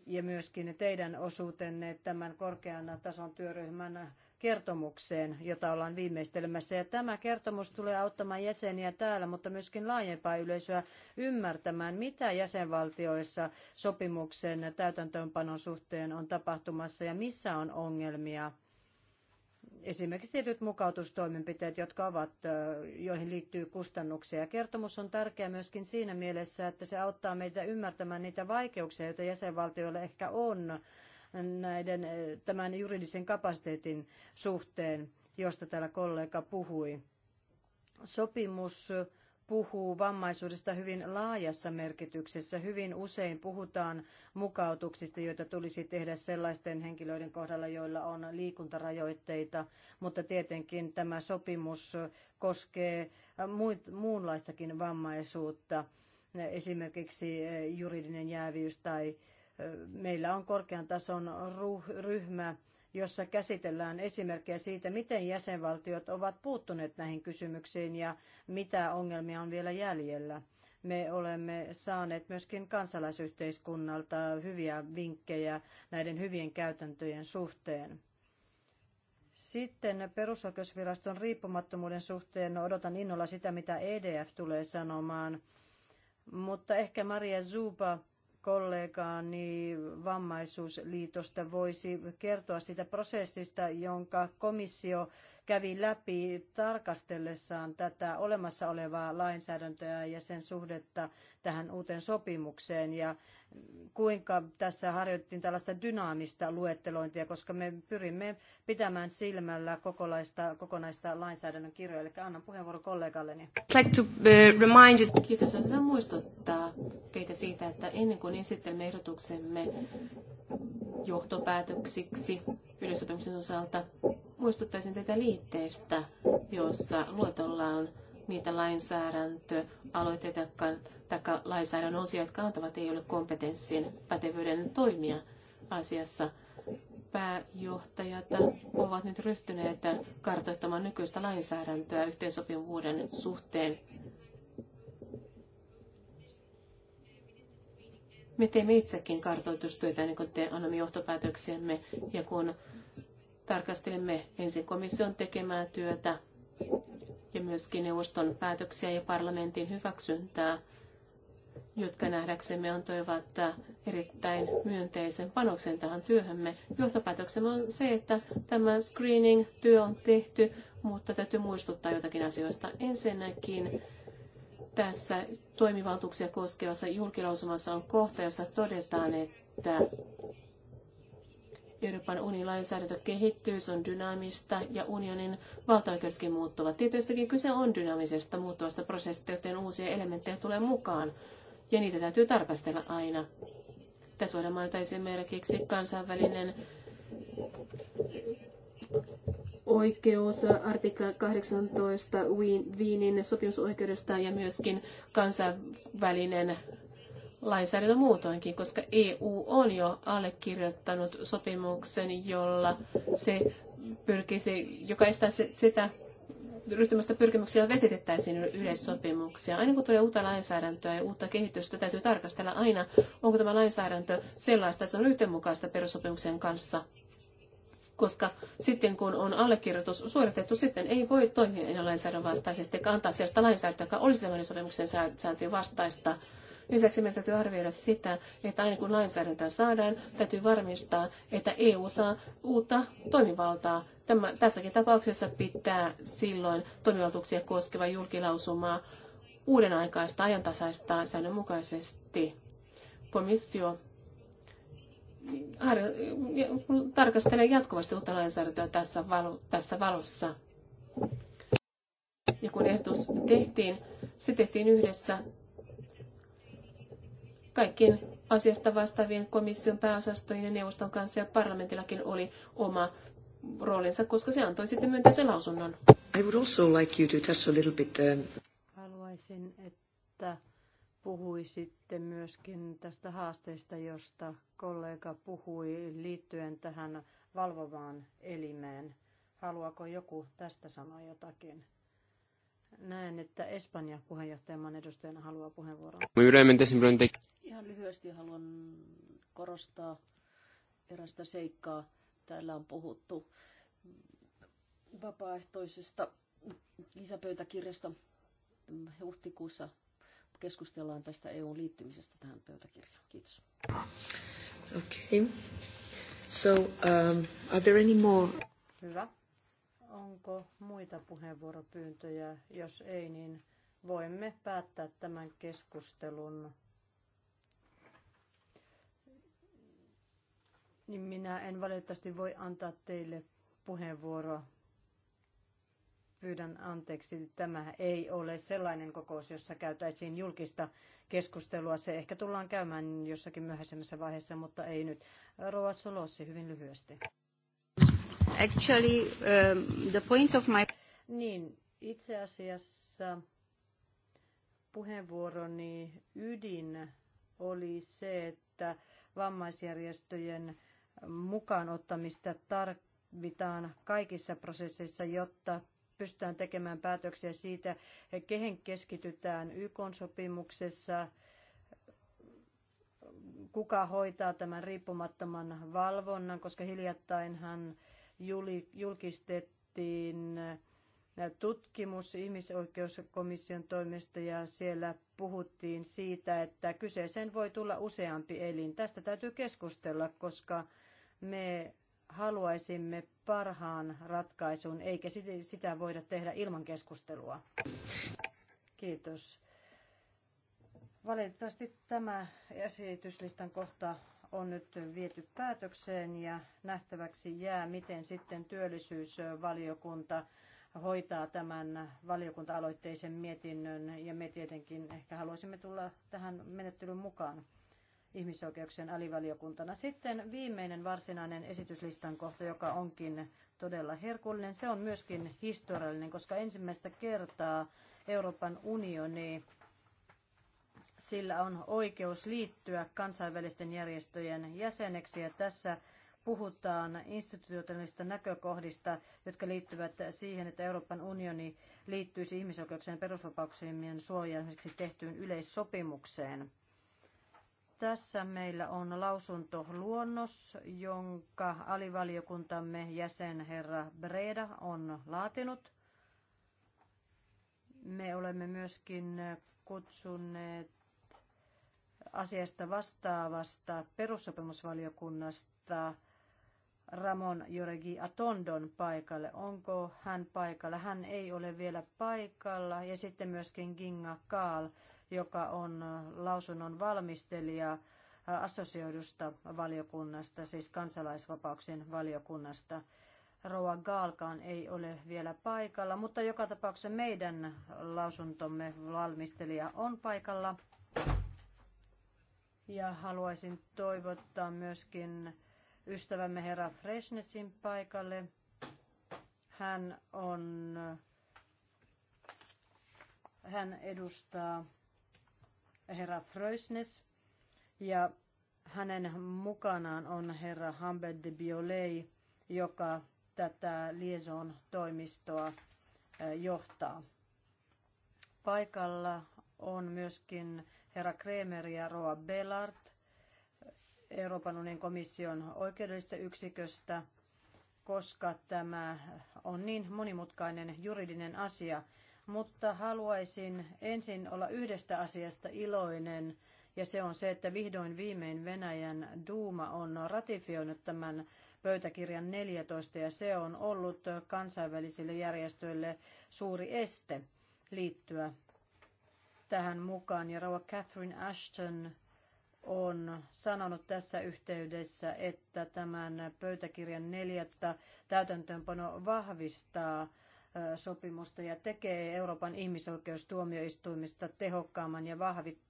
ja myöskin teidän osuutenne tämän korkean tason työryhmän kertomukseen, jota ollaan viimeistelemässä. Ja tämä kertomus tulee auttamaan jäseniä täällä, mutta myöskin laajempaa yleisöä ymmärtämään, mitä jäsenvaltioissa sopimuksen täytäntöönpanon suhteen on tapahtumassa ja missä on ongelmia esimerkiksi tietyt mukautustoimenpiteet, jotka ovat, joihin liittyy kustannuksia. Kertomus on tärkeä myöskin siinä mielessä, että se auttaa meitä ymmärtämään niitä vaikeuksia, joita jäsenvaltioilla ehkä on näiden, tämän juridisen kapasiteetin suhteen, josta täällä kollega puhui. Sopimus puhuu vammaisuudesta hyvin laajassa merkityksessä. Hyvin usein puhutaan mukautuksista, joita tulisi tehdä sellaisten henkilöiden kohdalla, joilla on liikuntarajoitteita, mutta tietenkin tämä sopimus koskee muunlaistakin vammaisuutta, esimerkiksi eh, juridinen jäävyys tai eh, meillä on korkean tason ryhmä, jossa käsitellään esimerkkejä siitä, miten jäsenvaltiot ovat puuttuneet näihin kysymyksiin ja mitä ongelmia on vielä jäljellä. Me olemme saaneet myöskin kansalaisyhteiskunnalta hyviä vinkkejä näiden hyvien käytäntöjen suhteen. Sitten perusoikeusviraston riippumattomuuden suhteen odotan innolla sitä, mitä EDF tulee sanomaan. Mutta ehkä Maria Zuba kollegaani Vammaisuusliitosta voisi kertoa siitä prosessista, jonka komissio kävi läpi tarkastellessaan tätä olemassa olevaa lainsäädäntöä ja sen suhdetta tähän uuteen sopimukseen. Ja kuinka tässä harjoitettiin tällaista dynaamista luettelointia, koska me pyrimme pitämään silmällä kokonaista, kokonaista lainsäädännön kirjoja. Eli annan puheenvuoron kollegalleni. Like to uh, remind you. Kiitos. Haluan muistuttaa teitä siitä, että ennen kuin esittelemme ehdotuksemme johtopäätöksiksi yleissopimuksen osalta, muistuttaisin teitä liitteestä, jossa luetellaan niitä lainsäädäntöaloitteita tai lainsäädännön osia, jotka antavat ei ole kompetenssien pätevyyden toimia asiassa. Pääjohtajat ovat nyt ryhtyneet kartoittamaan nykyistä lainsäädäntöä yhteensopivuuden suhteen. Me teemme itsekin kartoitustyötä niin kuin te annamme johtopäätöksiämme ja kun tarkastelemme ensin komission tekemää työtä ja myöskin neuvoston päätöksiä ja parlamentin hyväksyntää, jotka nähdäksemme antoivat erittäin myönteisen panoksen tähän työhömme. Johtopäätöksemme on se, että tämä screening-työ on tehty, mutta täytyy muistuttaa jotakin asioista. Ensinnäkin tässä toimivaltuuksia koskevassa julkilausumassa on kohta, jossa todetaan, että Euroopan unionin lainsäädäntö kehittyy, se on dynaamista ja unionin valtaoikeudetkin muuttuvat. Tietystikin kyse on dynaamisesta muuttuvasta prosessista, joten uusia elementtejä tulee mukaan ja niitä täytyy tarkastella aina. Tässä voidaan mainita esimerkiksi kansainvälinen oikeus, artikla 18 Viinin sopimusoikeudesta ja myöskin kansainvälinen lainsäädäntö muutoinkin, koska EU on jo allekirjoittanut sopimuksen, jolla se pyrkisi, joka estää sitä ryhtymästä pyrkimyksiä vesitettäisiin yleissopimuksia. Aina kun tulee uutta lainsäädäntöä ja uutta kehitystä, täytyy tarkastella aina, onko tämä lainsäädäntö sellaista, että se on yhdenmukaista perussopimuksen kanssa. Koska sitten kun on allekirjoitus suoritettu, sitten ei voi toimia enää lainsäädännön vastaisesti, antaa sellaista lainsäädäntöä, joka olisi tämän sopimuksen sääntöjen vastaista Lisäksi meidän täytyy arvioida sitä, että aina kun lainsäädäntöä saadaan, täytyy varmistaa, että EU saa uutta toimivaltaa. Tämä, tässäkin tapauksessa pitää silloin toimivaltuuksia koskeva julkilausumaa uuden aikaista ajantasaista säännönmukaisesti. Komissio tarkastelee jatkuvasti uutta lainsäädäntöä tässä, valo, tässä valossa. Ja kun ehdotus tehtiin, se tehtiin yhdessä kaikkien asiasta vastaavien komission pääosastojen ja neuvoston kanssa ja parlamentillakin oli oma roolinsa, koska se antoi sitten myönteisen lausunnon. I would also like you to touch a little bit, um... Haluaisin, että puhuisitte myöskin tästä haasteesta, josta kollega puhui liittyen tähän valvovaan elimeen. Haluaako joku tästä sanoa jotakin? Näen, että Espanja puheenjohtajan edustajana haluaa puheenvuoron. Ihan lyhyesti haluan korostaa erästä seikkaa. Täällä on puhuttu vapaaehtoisesta lisäpöytäkirjasta huhtikuussa keskustellaan tästä EUn liittymisestä tähän pöytäkirjaan. Kiitos. Okay. So, um, are there any more? Hyvä. Onko muita puheenvuoropyyntöjä? Jos ei, niin voimme päättää tämän keskustelun. niin minä en valitettavasti voi antaa teille puheenvuoroa. Pyydän anteeksi, tämä ei ole sellainen kokous, jossa käytäisiin julkista keskustelua. Se ehkä tullaan käymään jossakin myöhäisemmässä vaiheessa, mutta ei nyt. Roa Solossi, hyvin lyhyesti. Actually, um, the point of my... Niin, itse asiassa puheenvuoroni ydin oli se, että vammaisjärjestöjen mukaan ottamista tarvitaan kaikissa prosesseissa, jotta pystytään tekemään päätöksiä siitä, kehen keskitytään YK-sopimuksessa, kuka hoitaa tämän riippumattoman valvonnan, koska hiljattainhan julkistettiin tutkimus ihmisoikeuskomission toimesta ja siellä puhuttiin siitä, että kyseeseen voi tulla useampi elin. Tästä täytyy keskustella, koska me haluaisimme parhaan ratkaisun, eikä sitä voida tehdä ilman keskustelua. Kiitos. Valitettavasti tämä esityslistan kohta on nyt viety päätökseen ja nähtäväksi jää, miten sitten työllisyysvaliokunta hoitaa tämän valiokunta-aloitteisen mietinnön ja me tietenkin ehkä haluaisimme tulla tähän menettelyyn mukaan ihmisoikeuksien alivaliokuntana. Sitten viimeinen varsinainen esityslistan kohta, joka onkin todella herkullinen. Se on myöskin historiallinen, koska ensimmäistä kertaa Euroopan unioni sillä on oikeus liittyä kansainvälisten järjestöjen jäseneksi ja tässä puhutaan institutionaalisista näkökohdista, jotka liittyvät siihen, että Euroopan unioni liittyisi ihmisoikeuksien perusvapauksien suojaamiseksi tehtyyn yleissopimukseen. Tässä meillä on lausuntoluonnos, jonka alivaliokuntamme jäsen herra Breda on laatinut. Me olemme myöskin kutsuneet asiasta vastaavasta perussopimusvaliokunnasta Ramon Joregi Atondon paikalle. Onko hän paikalla? Hän ei ole vielä paikalla. Ja sitten myöskin Ginga Kaal joka on äh, lausunnon valmistelija äh, assosioidusta valiokunnasta, siis kansalaisvapauksien valiokunnasta. Roa Gaalkaan ei ole vielä paikalla, mutta joka tapauksessa meidän lausuntomme valmistelija on paikalla. Ja haluaisin toivottaa myöskin ystävämme herra Fresnesin paikalle. Hän on, äh, hän edustaa herra Frösnes ja hänen mukanaan on herra Humbert de Biolay, joka tätä Liaison toimistoa johtaa. Paikalla on myöskin herra Kremer ja Roa Bellart Euroopan unionin komission oikeudellisesta yksiköstä, koska tämä on niin monimutkainen juridinen asia, mutta haluaisin ensin olla yhdestä asiasta iloinen, ja se on se, että vihdoin viimein Venäjän Duuma on ratifioinut tämän pöytäkirjan 14, ja se on ollut kansainvälisille järjestöille suuri este liittyä tähän mukaan. Ja rouva Catherine Ashton on sanonut tässä yhteydessä, että tämän pöytäkirjan neljättä täytäntöönpano vahvistaa sopimusta ja tekee Euroopan ihmisoikeustuomioistuimista tehokkaamman ja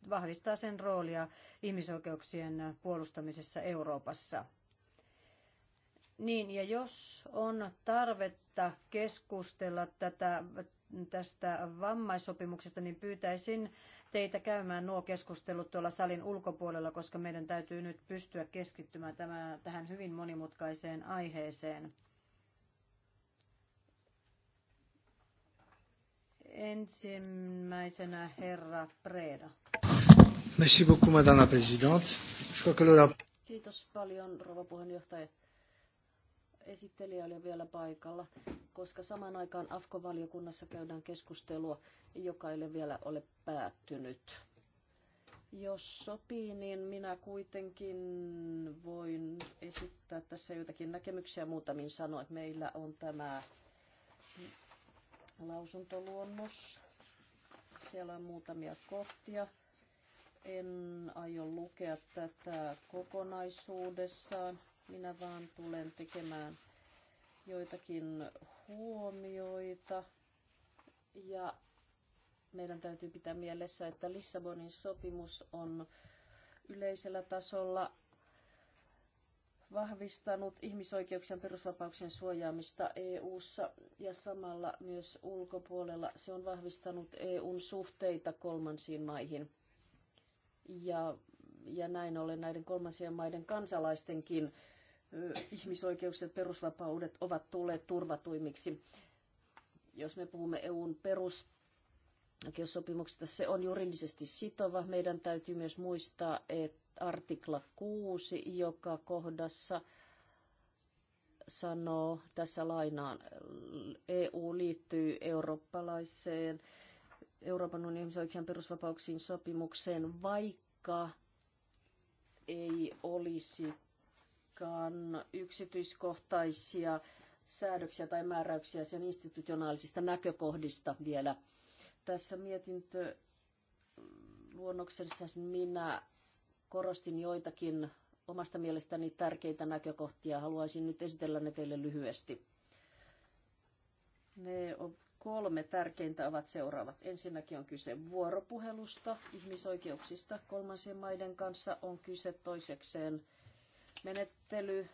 vahvistaa sen roolia ihmisoikeuksien puolustamisessa Euroopassa. Niin, ja jos on tarvetta keskustella tätä, tästä vammaisopimuksesta, niin pyytäisin teitä käymään nuo keskustelut tuolla salin ulkopuolella, koska meidän täytyy nyt pystyä keskittymään tämän, tähän hyvin monimutkaiseen aiheeseen. Ensimmäisenä herra Preda. Merci beaucoup, madame la présidente. Kiitos paljon, rouva puheenjohtaja. Esittelijä oli vielä paikalla, koska samaan aikaan AFKO-valiokunnassa käydään keskustelua, joka ei ole vielä ole päättynyt. Jos sopii, niin minä kuitenkin voin esittää tässä joitakin näkemyksiä muutamin sanoin. Meillä on tämä lausuntoluonnos. Siellä on muutamia kohtia. En aio lukea tätä kokonaisuudessaan. Minä vaan tulen tekemään joitakin huomioita. Ja meidän täytyy pitää mielessä, että Lissabonin sopimus on yleisellä tasolla vahvistanut ihmisoikeuksien perusvapauksien suojaamista EU:ssa ja samalla myös ulkopuolella. Se on vahvistanut EUn suhteita kolmansiin maihin. Ja, ja näin ollen näiden kolmansien maiden kansalaistenkin ihmisoikeukset ja perusvapaudet ovat tulleet turvatuimmiksi. Jos me puhumme EUn perus se on juridisesti sitova. Meidän täytyy myös muistaa, että artikla 6, joka kohdassa sanoo, tässä lainaan, EU liittyy eurooppalaiseen Euroopan unionin ihmisoikeuksien perusvapauksiin sopimukseen, vaikka ei olisikaan yksityiskohtaisia säädöksiä tai määräyksiä sen institutionaalisista näkökohdista vielä. Tässä mietintö luonnoksessa siis minä korostin joitakin omasta mielestäni tärkeitä näkökohtia. Haluaisin nyt esitellä ne teille lyhyesti. Ne on kolme tärkeintä ovat seuraavat. Ensinnäkin on kyse vuoropuhelusta, ihmisoikeuksista kolmansien maiden kanssa. On kyse toisekseen menettely,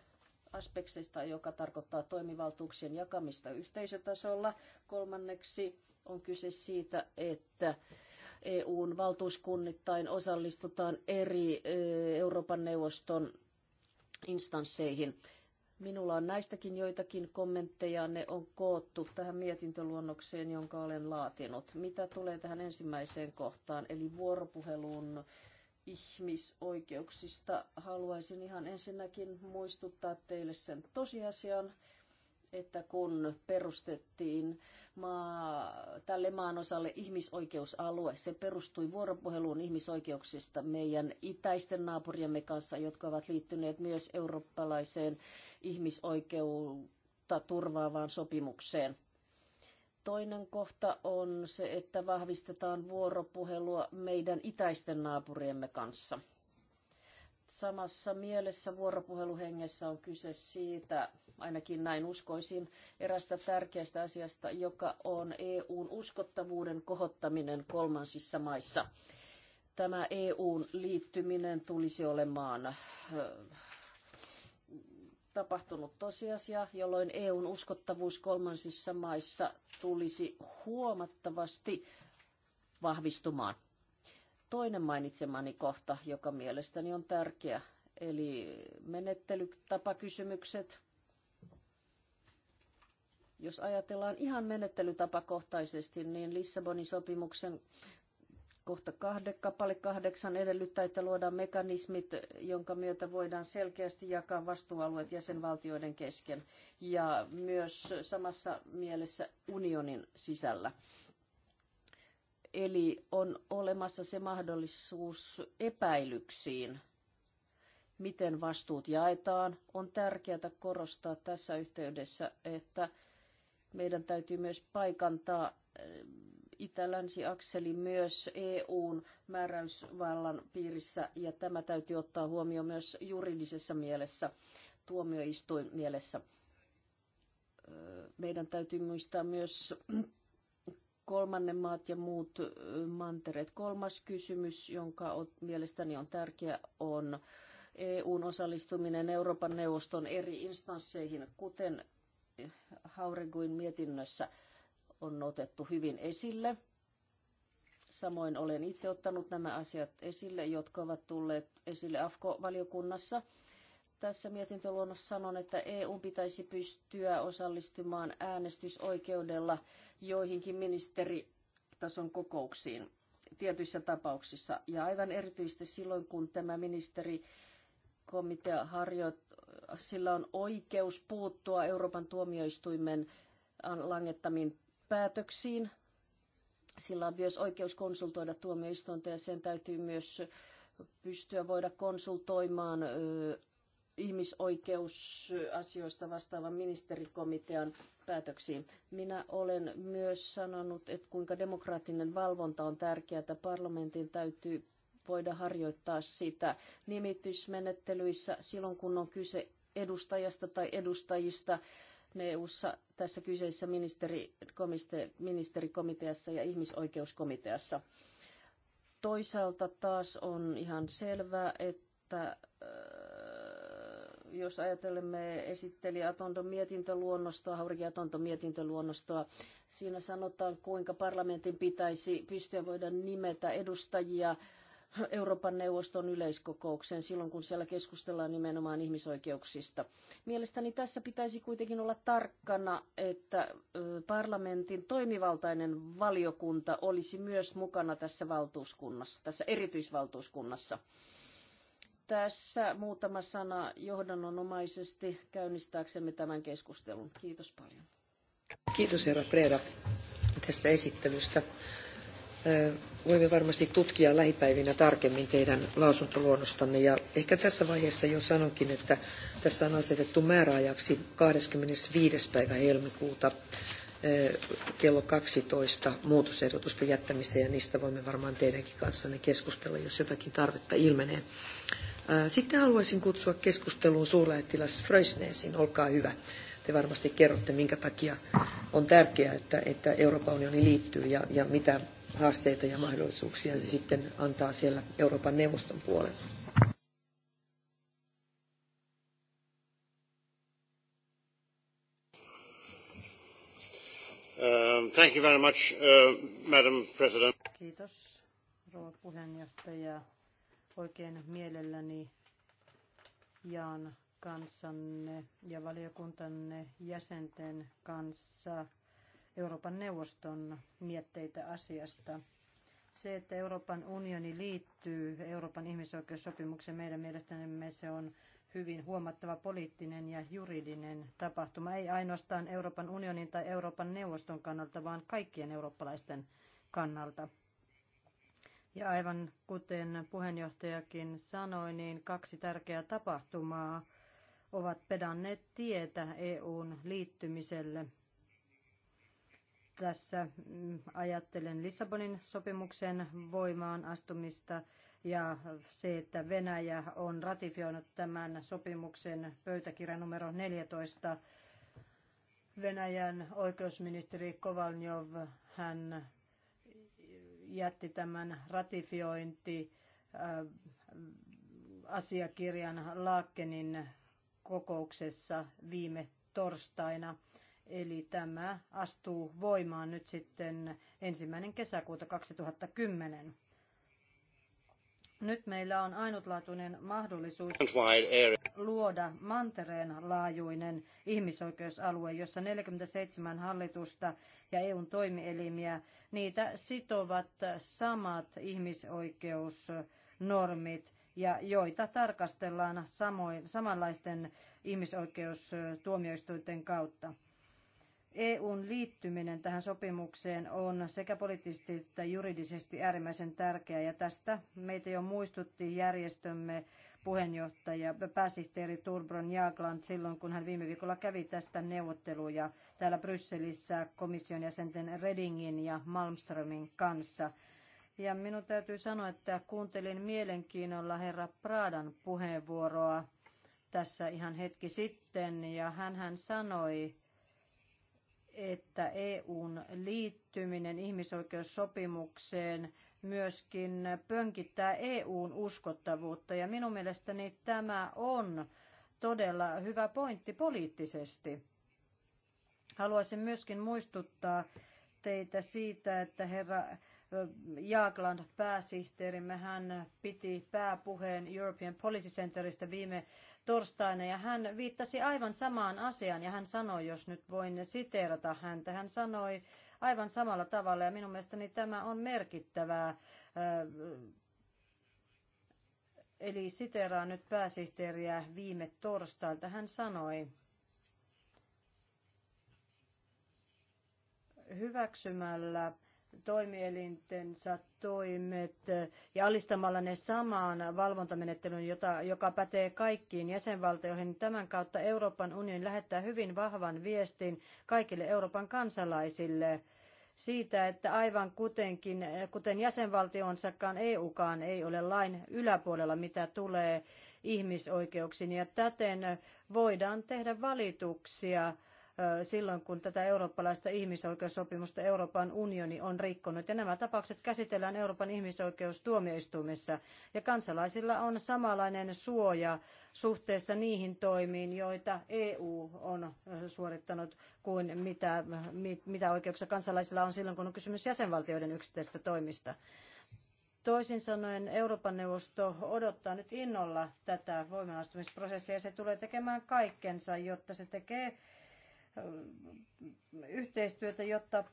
aspekseista, joka tarkoittaa toimivaltuuksien jakamista yhteisötasolla. Kolmanneksi on kyse siitä, että EUn valtuuskunnittain osallistutaan eri Euroopan neuvoston instansseihin. Minulla on näistäkin joitakin kommentteja, ne on koottu tähän mietintöluonnokseen, jonka olen laatinut. Mitä tulee tähän ensimmäiseen kohtaan, eli vuoropuheluun ihmisoikeuksista, haluaisin ihan ensinnäkin muistuttaa teille sen tosiasian, että kun perustettiin maa, tälle maan osalle ihmisoikeusalue, se perustui vuoropuheluun ihmisoikeuksista meidän itäisten naapuriemme kanssa, jotka ovat liittyneet myös eurooppalaiseen ihmisoikeutta turvaavaan sopimukseen. Toinen kohta on se, että vahvistetaan vuoropuhelua meidän itäisten naapuriemme kanssa – samassa mielessä vuoropuheluhengessä on kyse siitä, ainakin näin uskoisin, erästä tärkeästä asiasta, joka on EUn uskottavuuden kohottaminen kolmansissa maissa. Tämä EUn liittyminen tulisi olemaan tapahtunut tosiasia, jolloin EUn uskottavuus kolmansissa maissa tulisi huomattavasti vahvistumaan toinen mainitsemani kohta, joka mielestäni on tärkeä, eli menettelytapakysymykset. Jos ajatellaan ihan menettelytapakohtaisesti, niin Lissabonin sopimuksen kohta kahde, kappale kahdeksan edellyttää, että luodaan mekanismit, jonka myötä voidaan selkeästi jakaa vastuualueet jäsenvaltioiden kesken ja myös samassa mielessä unionin sisällä. Eli on olemassa se mahdollisuus epäilyksiin, miten vastuut jaetaan. On tärkeää korostaa tässä yhteydessä, että meidän täytyy myös paikantaa eh, Itä-Länsi-akseli myös EUn määräysvallan piirissä, ja tämä täytyy ottaa huomioon myös juridisessa mielessä, tuomioistuin mielessä. Eh, meidän täytyy muistaa myös kolmannen maat ja muut mantereet. Kolmas kysymys, jonka on, mielestäni on tärkeä, on EUn osallistuminen Euroopan neuvoston eri instansseihin, kuten eh, Haureguin mietinnössä on otettu hyvin esille. Samoin olen itse ottanut nämä asiat esille, jotka ovat tulleet esille AFKO-valiokunnassa tässä mietintöluonnossa sanon, että EU pitäisi pystyä osallistumaan äänestysoikeudella joihinkin ministeritason kokouksiin tietyissä tapauksissa. Ja aivan erityisesti silloin, kun tämä ministerikomitea harjoittaa, sillä on oikeus puuttua Euroopan tuomioistuimen langettamiin päätöksiin. Sillä on myös oikeus konsultoida tuomioistuinta ja sen täytyy myös pystyä voida konsultoimaan ihmisoikeusasioista vastaavan ministerikomitean päätöksiin. Minä olen myös sanonut, että kuinka demokraattinen valvonta on tärkeää, että parlamentin täytyy voida harjoittaa sitä nimitysmenettelyissä silloin, kun on kyse edustajasta tai edustajista EU-ssa e tässä kyseisessä ministerikomiteassa ja ihmisoikeuskomiteassa. Toisaalta taas on ihan selvää, että jos ajatelemme esittelijä Atondon mietintöluonnostoa, Hauriki Atondon mietintöluonnostoa, siinä sanotaan, kuinka parlamentin pitäisi pystyä voida nimetä edustajia Euroopan neuvoston yleiskokoukseen silloin, kun siellä keskustellaan nimenomaan ihmisoikeuksista. Mielestäni tässä pitäisi kuitenkin olla tarkkana, että parlamentin toimivaltainen valiokunta olisi myös mukana tässä valtuuskunnassa, tässä erityisvaltuuskunnassa tässä muutama sana johdannonomaisesti käynnistääksemme tämän keskustelun. Kiitos paljon. Kiitos herra Preda tästä esittelystä. Voimme varmasti tutkia lähipäivinä tarkemmin teidän lausuntoluonnostanne ja ehkä tässä vaiheessa jo sanonkin, että tässä on asetettu määräajaksi 25. päivä helmikuuta kello 12 muutosehdotusta jättämiseen ja niistä voimme varmaan teidänkin kanssanne keskustella, jos jotakin tarvetta ilmenee. Äh, sitten haluaisin kutsua keskusteluun suurlähettiläs Frösnesin. Olkaa hyvä. Te varmasti kerrotte, minkä takia on tärkeää, että, että Euroopan unioni liittyy ja, ja mitä haasteita ja mahdollisuuksia se sitten antaa siellä Euroopan neuvoston puolella. Um, thank you very much, uh, Madam President. Kiitos, rouva puheenjohtaja. Oikein mielelläni jaan kanssanne ja valiokuntanne jäsenten kanssa Euroopan neuvoston mietteitä asiasta. Se, että Euroopan unioni liittyy Euroopan ihmisoikeussopimukseen, meidän mielestämme se on hyvin huomattava poliittinen ja juridinen tapahtuma, ei ainoastaan Euroopan unionin tai Euroopan neuvoston kannalta, vaan kaikkien eurooppalaisten kannalta. Ja aivan kuten puheenjohtajakin sanoi, niin kaksi tärkeää tapahtumaa ovat pedanneet tietä EUn liittymiselle. Tässä mm, ajattelen Lissabonin sopimuksen voimaan astumista ja se, että Venäjä on ratifioinut tämän sopimuksen pöytäkirjan numero 14. Venäjän oikeusministeri Kovalnjov, hän jätti tämän ratifiointi äh, asiakirjan Laakkenin kokouksessa viime torstaina. Eli tämä astuu voimaan nyt sitten ensimmäinen kesäkuuta 2010. Nyt meillä on ainutlaatuinen mahdollisuus luoda mantereen laajuinen ihmisoikeusalue, jossa 47 hallitusta ja EUn toimielimiä, niitä sitovat samat ihmisoikeusnormit ja joita tarkastellaan samoin, samanlaisten ihmisoikeustuomioistuinten kautta. EUn liittyminen tähän sopimukseen on sekä poliittisesti että juridisesti äärimmäisen tärkeää ja tästä meitä jo muistutti järjestömme puheenjohtaja, pääsihteeri Turbron Jaagland silloin, kun hän viime viikolla kävi tästä neuvotteluja täällä Brysselissä komission jäsenten Redingin ja Malmströmin kanssa. Ja minun täytyy sanoa, että kuuntelin mielenkiinnolla herra Pradan puheenvuoroa tässä ihan hetki sitten ja hän sanoi, että EUn liittyminen ihmisoikeussopimukseen myöskin pönkittää EUn uskottavuutta. Ja minun mielestäni tämä on todella hyvä pointti poliittisesti. Haluaisin myöskin muistuttaa teitä siitä, että herra Jaakland pääsihteerimme, hän piti pääpuheen European Policy Centerista viime torstaina ja hän viittasi aivan samaan asiaan ja hän sanoi, jos nyt voin siteerata häntä, hän sanoi aivan samalla tavalla ja minun mielestäni tämä on merkittävää. Eli siteeraan nyt pääsihteeriä viime torstailta. Hän sanoi, hyväksymällä toimielintensä toimet ja alistamalla ne samaan valvontamenettelyyn, jota, joka pätee kaikkiin jäsenvaltioihin. Tämän kautta Euroopan unioni lähettää hyvin vahvan viestin kaikille Euroopan kansalaisille siitä, että aivan kutenkin, kuten jäsenvaltionsakaan EUkaan ei ole lain yläpuolella, mitä tulee ihmisoikeuksiin. Ja täten voidaan tehdä valituksia silloin, kun tätä eurooppalaista ihmisoikeussopimusta Euroopan unioni on rikkonut. Ja nämä tapaukset käsitellään Euroopan ihmisoikeustuomioistuimessa. Ja kansalaisilla on samanlainen suoja suhteessa niihin toimiin, joita EU on suorittanut, kuin mitä, mitä oikeuksia kansalaisilla on silloin, kun on kysymys jäsenvaltioiden yksittäisistä toimista. Toisin sanoen Euroopan neuvosto odottaa nyt innolla tätä voimanaastumisprosessia ja se tulee tekemään kaikkensa, jotta se tekee yhteistyötä, jotta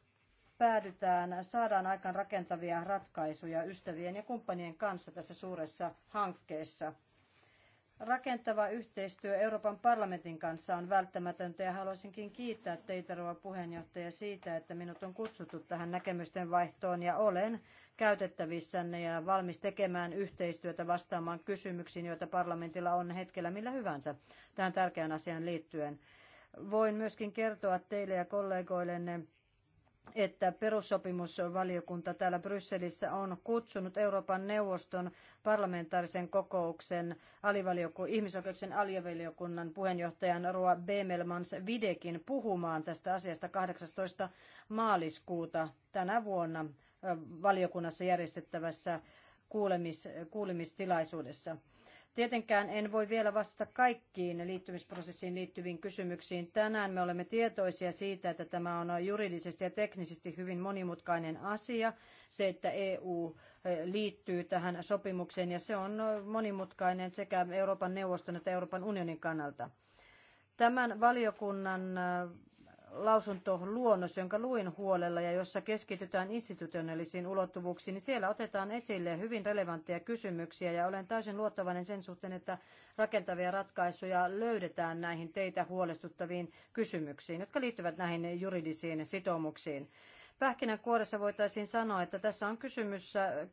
päädytään, saadaan aikaan rakentavia ratkaisuja ystävien ja kumppanien kanssa tässä suuressa hankkeessa. Rakentava yhteistyö Euroopan parlamentin kanssa on välttämätöntä ja haluaisinkin kiittää teitä, rouva puheenjohtaja, siitä, että minut on kutsuttu tähän näkemysten vaihtoon ja olen käytettävissänne ja valmis tekemään yhteistyötä vastaamaan kysymyksiin, joita parlamentilla on hetkellä millä hyvänsä tähän tärkeään asiaan liittyen. Voin myöskin kertoa teille ja kollegoillenne, että perussopimusvaliokunta täällä Brysselissä on kutsunut Euroopan neuvoston parlamentaarisen kokouksen alivalioku- ihmisoikeuksien alivaliokunnan puheenjohtajan Roa Bemelmans Videkin puhumaan tästä asiasta 18. maaliskuuta tänä vuonna valiokunnassa järjestettävässä kuulemis- kuulemistilaisuudessa. Tietenkään en voi vielä vastata kaikkiin liittymisprosessiin liittyviin kysymyksiin. Tänään me olemme tietoisia siitä, että tämä on juridisesti ja teknisesti hyvin monimutkainen asia. Se, että EU eh, liittyy tähän sopimukseen ja se on monimutkainen sekä Euroopan neuvoston että Euroopan unionin kannalta. Tämän valiokunnan eh, lausuntoluonnos, jonka luin huolella ja jossa keskitytään institutionaalisiin ulottuvuuksiin, niin siellä otetaan esille hyvin relevantteja kysymyksiä ja olen täysin luottavainen sen suhteen, että rakentavia ratkaisuja löydetään näihin teitä huolestuttaviin kysymyksiin, jotka liittyvät näihin juridisiin sitoumuksiin. kuoressa voitaisiin sanoa, että tässä on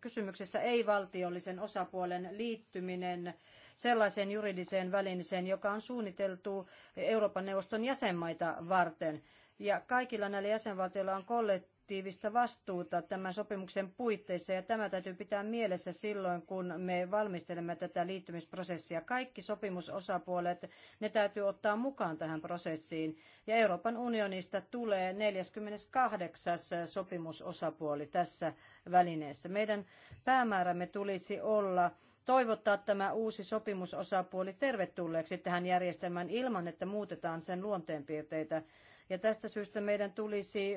kysymyksessä ei-valtiollisen osapuolen liittyminen sellaiseen juridiseen välineeseen, joka on suunniteltu Euroopan neuvoston jäsenmaita varten. Ja kaikilla näillä jäsenvaltioilla on kollektiivista vastuuta tämän sopimuksen puitteissa, ja tämä täytyy pitää mielessä silloin, kun me valmistelemme tätä liittymisprosessia. Kaikki sopimusosapuolet, ne täytyy ottaa mukaan tähän prosessiin, ja Euroopan unionista tulee 48. sopimusosapuoli tässä välineessä. Meidän päämäärämme tulisi olla toivottaa tämä uusi sopimusosapuoli tervetulleeksi tähän järjestelmään ilman, että muutetaan sen luonteenpiirteitä. Ja tästä syystä meidän tulisi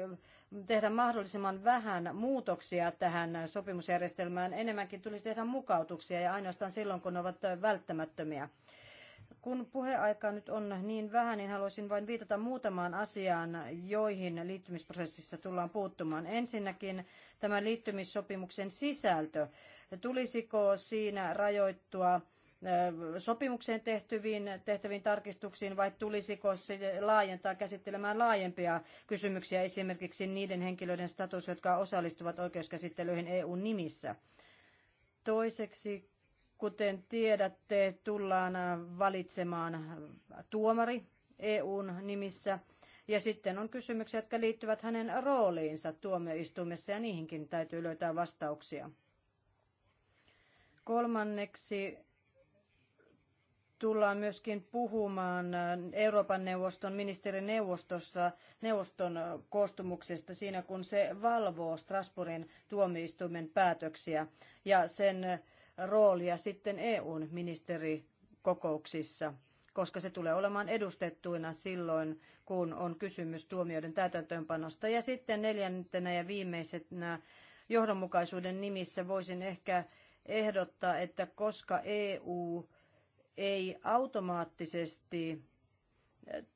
tehdä mahdollisimman vähän muutoksia tähän sopimusjärjestelmään. Enemmänkin tulisi tehdä mukautuksia ja ainoastaan silloin, kun ne ovat välttämättömiä. Kun puheaika nyt on niin vähän, niin haluaisin vain viitata muutamaan asiaan, joihin liittymisprosessissa tullaan puuttumaan. Ensinnäkin tämä liittymissopimuksen sisältö. Tulisiko siinä rajoittua sopimukseen tehtyviin tehtäviin tarkistuksiin vai tulisiko se laajentaa käsittelemään laajempia kysymyksiä, esimerkiksi niiden henkilöiden status, jotka osallistuvat oikeuskäsittelyihin EUn nimissä? Toiseksi, kuten tiedätte, tullaan valitsemaan tuomari EUn nimissä. Ja sitten on kysymyksiä, jotka liittyvät hänen rooliinsa tuomioistuimessa ja niihinkin täytyy löytää vastauksia. Kolmanneksi tullaan myöskin puhumaan Euroopan neuvoston ministerineuvostossa neuvoston koostumuksesta siinä, kun se valvoo Strasbourgin tuomioistuimen päätöksiä ja sen roolia sitten EUn ministerikokouksissa koska se tulee olemaan edustettuina silloin, kun on kysymys tuomioiden täytäntöönpanosta. Ja sitten neljäntenä ja viimeisenä johdonmukaisuuden nimissä voisin ehkä ehdottaa, että koska EU ei automaattisesti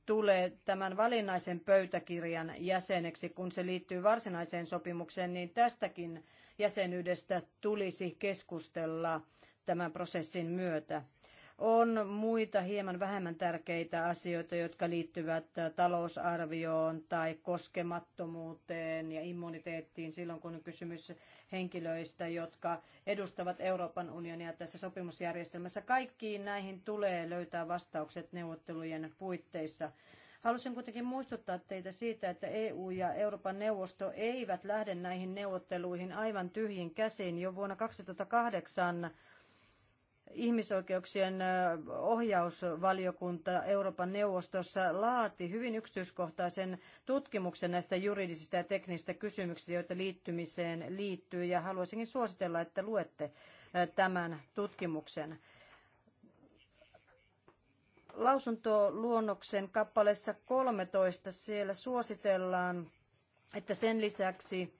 tule tämän valinnaisen pöytäkirjan jäseneksi, kun se liittyy varsinaiseen sopimukseen, niin tästäkin jäsenyydestä tulisi keskustella tämän prosessin myötä. On muita hieman vähemmän tärkeitä asioita, jotka liittyvät talousarvioon tai koskemattomuuteen ja immuniteettiin silloin, kun on kysymys henkilöistä, jotka edustavat Euroopan unionia tässä sopimusjärjestelmässä. Kaikkiin näihin tulee löytää vastaukset neuvottelujen puitteissa. Halusin kuitenkin muistuttaa teitä siitä, että EU ja Euroopan neuvosto eivät lähde näihin neuvotteluihin aivan tyhjin käsin. Jo vuonna 2008 ihmisoikeuksien ohjausvaliokunta Euroopan neuvostossa laati hyvin yksityiskohtaisen tutkimuksen näistä juridisista ja teknisistä kysymyksistä, joita liittymiseen liittyy, ja haluaisinkin suositella, että luette tämän tutkimuksen. Lausuntoluonnoksen kappaleessa 13 siellä suositellaan, että sen lisäksi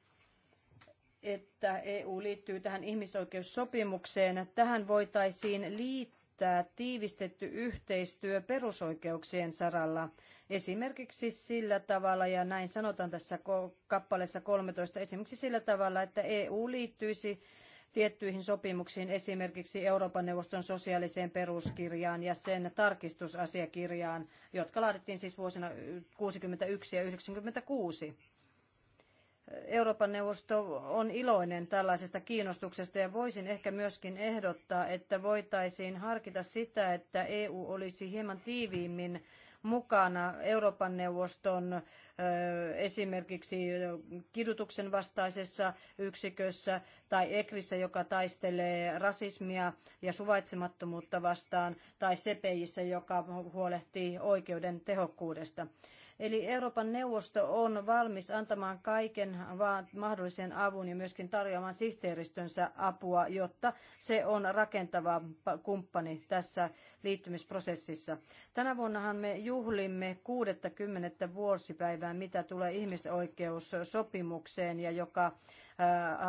että EU liittyy tähän ihmisoikeussopimukseen. Tähän voitaisiin liittää tiivistetty yhteistyö perusoikeuksien saralla. Esimerkiksi sillä tavalla, ja näin sanotaan tässä kappaleessa 13, esimerkiksi sillä tavalla, että EU liittyisi tiettyihin sopimuksiin, esimerkiksi Euroopan neuvoston sosiaaliseen peruskirjaan ja sen tarkistusasiakirjaan, jotka laadittiin siis vuosina 1961 ja 1996. Euroopan neuvosto on iloinen tällaisesta kiinnostuksesta ja voisin ehkä myöskin ehdottaa, että voitaisiin harkita sitä, että EU olisi hieman tiiviimmin mukana Euroopan neuvoston esimerkiksi kidutuksen vastaisessa yksikössä tai ECRissä, joka taistelee rasismia ja suvaitsemattomuutta vastaan, tai CEPEIssä, joka huolehtii oikeuden tehokkuudesta. Eli Euroopan neuvosto on valmis antamaan kaiken mahdollisen avun ja myöskin tarjoamaan sihteeristönsä apua, jotta se on rakentava kumppani tässä liittymisprosessissa. Tänä vuonnahan me juhlimme 60. vuosipäivää, mitä tulee ihmisoikeussopimukseen ja joka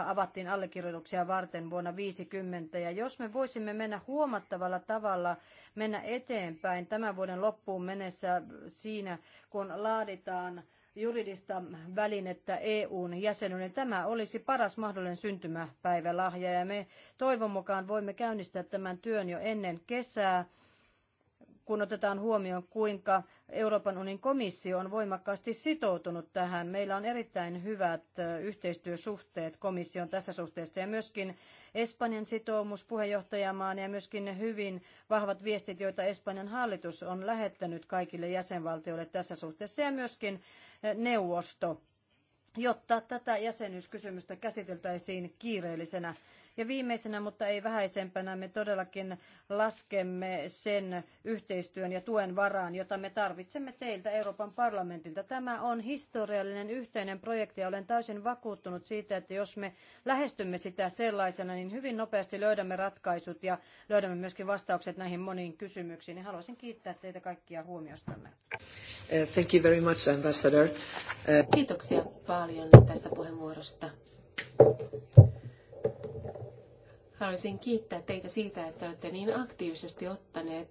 avattiin allekirjoituksia varten vuonna 50. Ja jos me voisimme mennä huomattavalla tavalla mennä eteenpäin tämän vuoden loppuun mennessä siinä, kun laaditaan juridista välinettä EUn jäsenyyden. Niin tämä olisi paras mahdollinen syntymäpäivälahja ja me toivon mukaan voimme käynnistää tämän työn jo ennen kesää kun otetaan huomioon, kuinka Euroopan unionin komissio on voimakkaasti sitoutunut tähän. Meillä on erittäin hyvät yhteistyösuhteet komission tässä suhteessa ja myöskin Espanjan sitoumus puheenjohtajamaana ja myöskin hyvin vahvat viestit, joita Espanjan hallitus on lähettänyt kaikille jäsenvaltioille tässä suhteessa ja myöskin neuvosto jotta tätä jäsenyyskysymystä käsiteltäisiin kiireellisenä ja viimeisenä, mutta ei vähäisempänä, me todellakin laskemme sen yhteistyön ja tuen varaan, jota me tarvitsemme teiltä Euroopan parlamentilta. Tämä on historiallinen yhteinen projekti ja olen täysin vakuuttunut siitä, että jos me lähestymme sitä sellaisena, niin hyvin nopeasti löydämme ratkaisut ja löydämme myöskin vastaukset näihin moniin kysymyksiin. Ja haluaisin kiittää teitä kaikkia huomiostanne. Eh, thank you very much, Ambassador. Eh, Kiitoksia paljon tästä puheenvuorosta. Haluaisin kiittää teitä siitä, että olette niin aktiivisesti ottaneet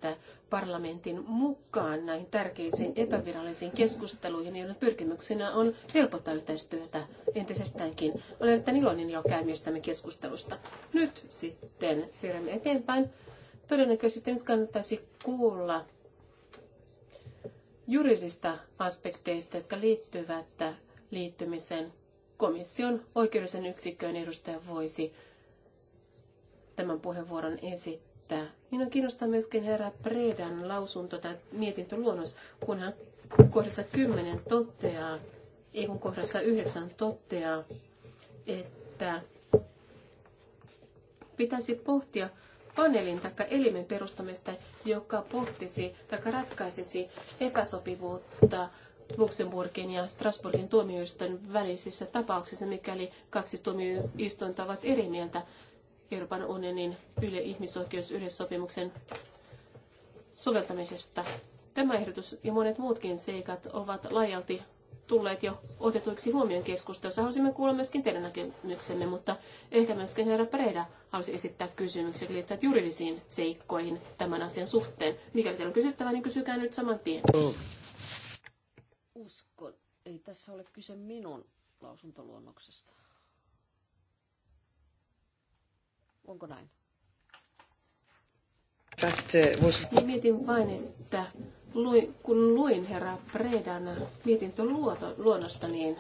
parlamentin mukaan näihin tärkeisiin epävirallisiin keskusteluihin, joiden pyrkimyksenä on helpottaa yhteistyötä entisestäänkin. Olen erittäin iloinen jo käymistämme keskustelusta. Nyt sitten siirrymme eteenpäin. Todennäköisesti nyt kannattaisi kuulla juridisista aspekteista, jotka liittyvät liittymisen komission oikeudellisen yksikön edustaja voisi tämän puheenvuoron esittää. Minua kiinnostaa myöskin herra Predan lausunto tai mietintöluonnos, kun hän kohdassa 10 toteaa, ei kun kohdassa 9 toteaa, että pitäisi pohtia paneelin tai elimen perustamista, joka pohtisi tai ratkaisisi epäsopivuutta Luxemburgin ja Strasbourgin tuomioistuin välisissä tapauksissa, mikäli kaksi tuomioistuinta ovat eri mieltä Euroopan unionin yle ihmisoikeusyleissopimuksen soveltamisesta. Tämä ehdotus ja monet muutkin seikat ovat laajalti tulleet jo otetuiksi huomioon keskustelussa. Haluaisimme kuulla myöskin teidän näkemyksenne, mutta ehkä myöskin herra Preda halusi esittää kysymyksiä liittyen juridisiin seikkoihin tämän asian suhteen. Mikäli teillä on kysyttävää, niin kysykää nyt saman tien. Uskon. Ei tässä ole kyse minun lausuntoluonnoksesta. Onko näin? Niin mietin vain, että luin, kun luin herra Predan luonnosta, niin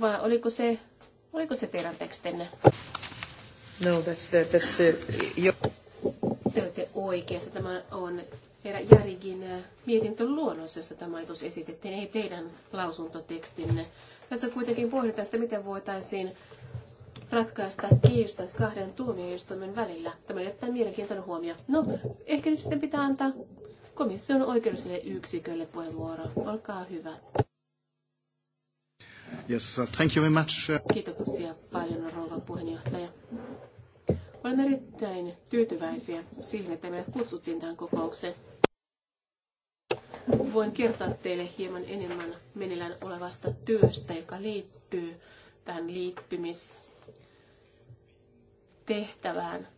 vai oliko se, oliko se teidän tekstinne? No, that's the, that's the, jo. Te olette oikeassa. Tämä on herra mietintö mietintöluonnos, jossa tämä ajatus esitettiin, ei teidän lausuntotekstinne. Tässä kuitenkin pohditaan sitä, miten voitaisiin ratkaista kiista kahden tuomioistuimen välillä. Tämä on erittäin mielenkiintoinen huomio. No, ehkä nyt sitten pitää antaa komission oikeudelliselle yksikölle puheenvuoro. Olkaa hyvä. Yes, thank you very much. Uh, Kiitoksia paljon, rouva puheenjohtaja. Olen erittäin tyytyväisiä siihen, että meidät kutsuttiin tähän kokoukseen. Voin kertoa teille hieman enemmän meneillään olevasta työstä, joka liittyy tähän liittymis- tehtävään.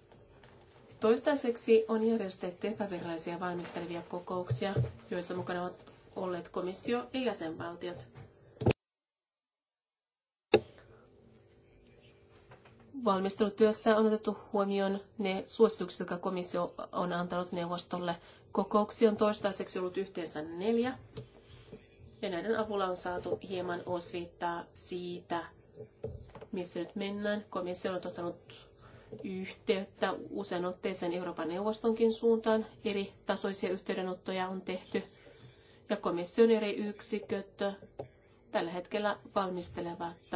Toistaiseksi on järjestetty epävirallisia valmistelevia kokouksia, joissa mukana ovat olleet komissio ja jäsenvaltiot. Valmistelutyössä on otettu huomioon ne suositukset, jotka komissio on antanut neuvostolle. Kokouksia on toistaiseksi ollut yhteensä neljä. Ja näiden avulla on saatu hieman osviittaa siitä, missä nyt mennään. Komissio on ottanut yhteyttä usein otteeseen Euroopan neuvostonkin suuntaan. Eri tasoisia yhteydenottoja on tehty ja komission eri yksiköt tällä hetkellä valmistelevat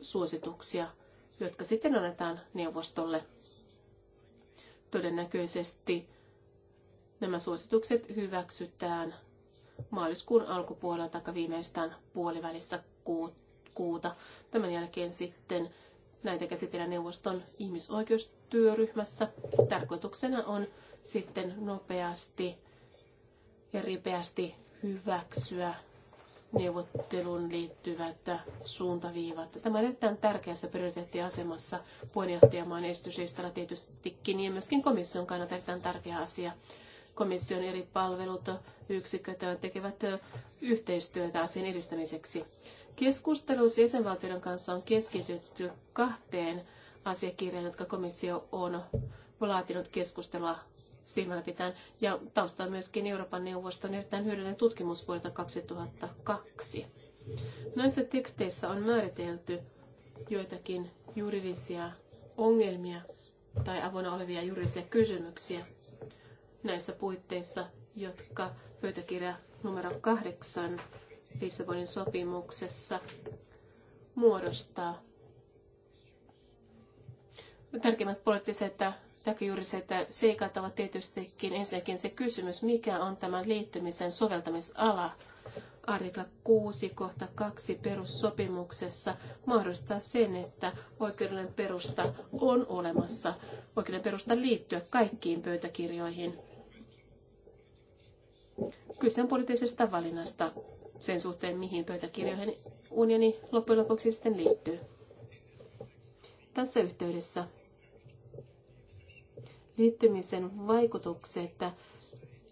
suosituksia, jotka sitten annetaan neuvostolle. Todennäköisesti nämä suositukset hyväksytään maaliskuun alkupuolella tai viimeistään puolivälissä kuuta. Tämän jälkeen sitten Näitä käsitellään neuvoston ihmisoikeustyöryhmässä. Tarkoituksena on sitten nopeasti ja ripeästi hyväksyä neuvotteluun liittyvät suuntaviivat. Tämä on erittäin tärkeässä prioriteettiasemassa puheenjohtajamaan esityslistalla tietystikin ja myöskin komission kannalta erittäin tärkeä asia komission eri palvelut, yksiköt tekevät yhteistyötä asian edistämiseksi. Keskusteluissa siis jäsenvaltioiden kanssa on keskitytty kahteen asiakirjaan, jotka komissio on laatinut keskustelua silmällä pitäen. Ja tausta on myöskin Euroopan neuvoston erittäin hyödyllinen tutkimus vuodelta 2002. Näissä teksteissä on määritelty joitakin juridisia ongelmia tai avoinna olevia juridisia kysymyksiä näissä puitteissa, jotka pöytäkirja numero kahdeksan Lissabonin sopimuksessa muodostaa. Tärkeimmät poliittiset näköjuuriset seikat ovat tietystikin ensinnäkin se kysymys, mikä on tämän liittymisen soveltamisala. Artikla 6, kohta 2 perussopimuksessa mahdollistaa sen, että oikeudellinen perusta on olemassa, oikeuden perusta liittyä kaikkiin pöytäkirjoihin. Kyse on poliittisesta valinnasta sen suhteen, mihin pöytäkirjoihin unioni loppujen lopuksi sitten liittyy. Tässä yhteydessä liittymisen vaikutukset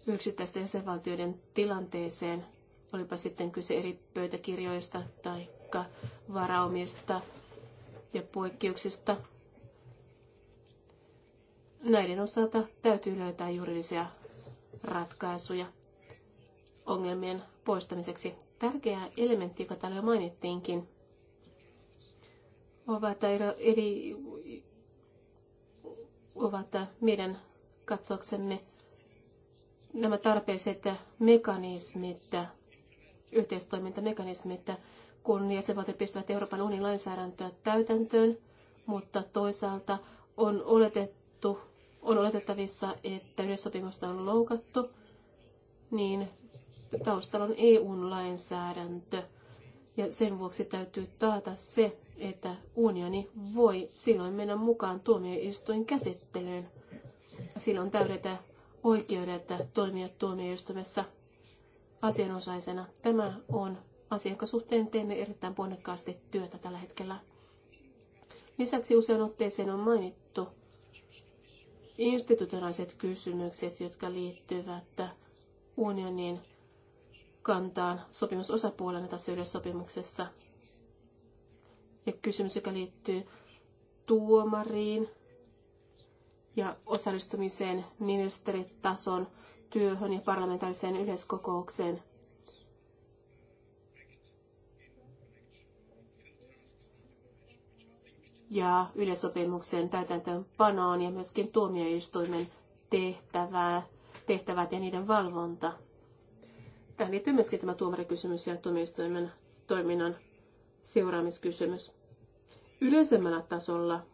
yksittäisten jäsenvaltioiden tilanteeseen, olipa sitten kyse eri pöytäkirjoista tai varaumista ja poikkeuksista, näiden osalta täytyy löytää juridisia ratkaisuja ongelmien poistamiseksi. Tärkeä elementti, joka täällä jo mainittiinkin, ovat, eri, ovat meidän katsoksemme nämä tarpeiset mekanismit, yhteistoimintamekanismit, kun jäsenvaltiot pistävät Euroopan unionin lainsäädäntöä täytäntöön, mutta toisaalta on oletettu, on oletettavissa, että sopimusta on loukattu, niin taustalla on eu lainsäädäntö ja sen vuoksi täytyy taata se, että unioni voi silloin mennä mukaan tuomioistuin käsittelyyn. Silloin täydetä oikeudet toimia tuomioistuimessa asianosaisena. Tämä on asia, jonka suhteen teemme erittäin ponnekkaasti työtä tällä hetkellä. Lisäksi usein otteeseen on mainittu institutionaaliset kysymykset, jotka liittyvät unionin kantaan sopimusosapuolena tässä yleissopimuksessa. Ja kysymys, joka liittyy tuomariin ja osallistumiseen ministeritason työhön ja parlamentaariseen yleiskokoukseen. Ja yleissopimuksen täytäntöönpanoon ja myöskin tuomioistuimen tehtävää, tehtävät ja niiden valvonta. Tähän liittyy myöskin tämä tuomarikysymys ja tuomioistuimen toiminnan seuraamiskysymys. Yleisemmällä tasolla,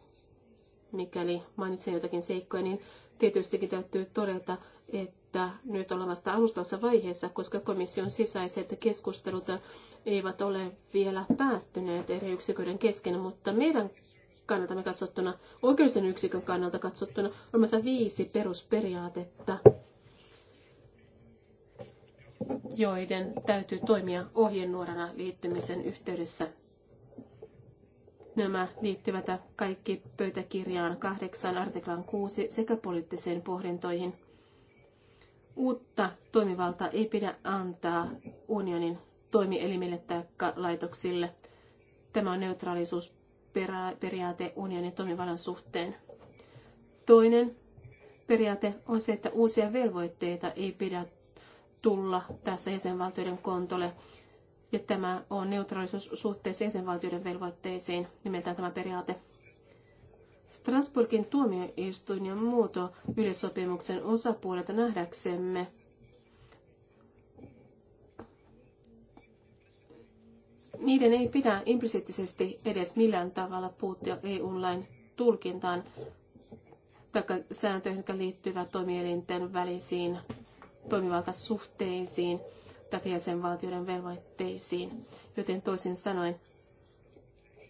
mikäli mainitsen jotakin seikkoja, niin tietystikin täytyy todeta, että nyt ollaan vasta alustavassa vaiheessa, koska komission sisäiset keskustelut eivät ole vielä päättyneet eri yksiköiden kesken, mutta meidän kannaltamme katsottuna, oikeudellisen yksikön kannalta katsottuna, on viisi perusperiaatetta, joiden täytyy toimia ohjenuorana liittymisen yhteydessä. Nämä liittyvät kaikki pöytäkirjaan 8 artiklan 6 sekä poliittisiin pohdintoihin. Uutta toimivaltaa ei pidä antaa unionin toimielimille tai laitoksille. Tämä on neutraalisuusperiaate unionin toimivallan suhteen. Toinen periaate on se, että uusia velvoitteita ei pidä tulla tässä jäsenvaltioiden kontolle. Ja tämä on neutraalisuus suhteessa jäsenvaltioiden velvoitteisiin, nimeltään tämä periaate. Strasbourgin tuomioistuin ja muuto yleissopimuksen osapuolet nähdäksemme niiden ei pidä implisiittisesti edes millään tavalla puuttua EU-lain tulkintaan tai sääntöihin, jotka liittyvät toimielinten välisiin toimivaltasuhteisiin tai jäsenvaltioiden velvoitteisiin. Joten toisin sanoen,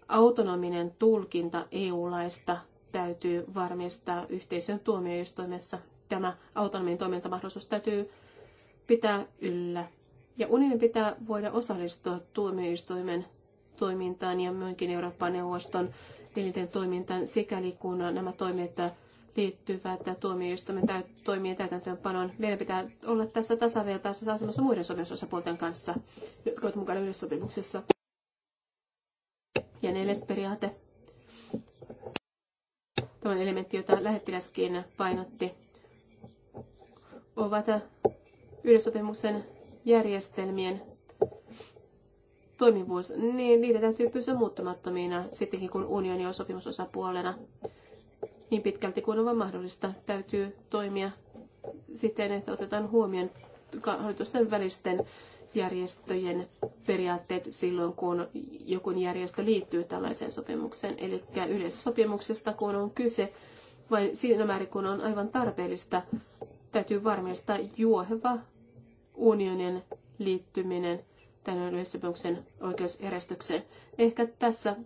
autonominen tulkinta EU-laista täytyy varmistaa yhteisön tuomioistuimessa. Tämä autonominen toimintamahdollisuus täytyy pitää yllä. Ja unionin pitää voida osallistua tuomioistuimen toimintaan ja myöskin Euroopan neuvoston tilinten toimintaan sikäli kun nämä toimet liittyvät tuomioistuimen toimien täytäntöönpanoon. Meidän pitää olla tässä tasavertaisessa asemassa muiden sopimusosapuolten kanssa, jotka ovat mukana yhdessä sopimuksessa. Ja neljäs periaate. Tämä on elementti, jota lähettiläskin painotti. Ovat yhdessopimuksen järjestelmien toimivuus, niin niitä täytyy pysyä muuttumattomina sittenkin, kun unioni on sopimusosapuolena niin pitkälti kuin on mahdollista, täytyy toimia siten, että otetaan huomioon hallitusten välisten järjestöjen periaatteet silloin, kun joku järjestö liittyy tällaiseen sopimukseen. Eli yleissopimuksesta, kun on kyse, vain siinä määrin, kun on aivan tarpeellista, täytyy varmistaa juoheva unionin liittyminen tämän yleissopimuksen oikeusjärjestykseen. Ehkä tässä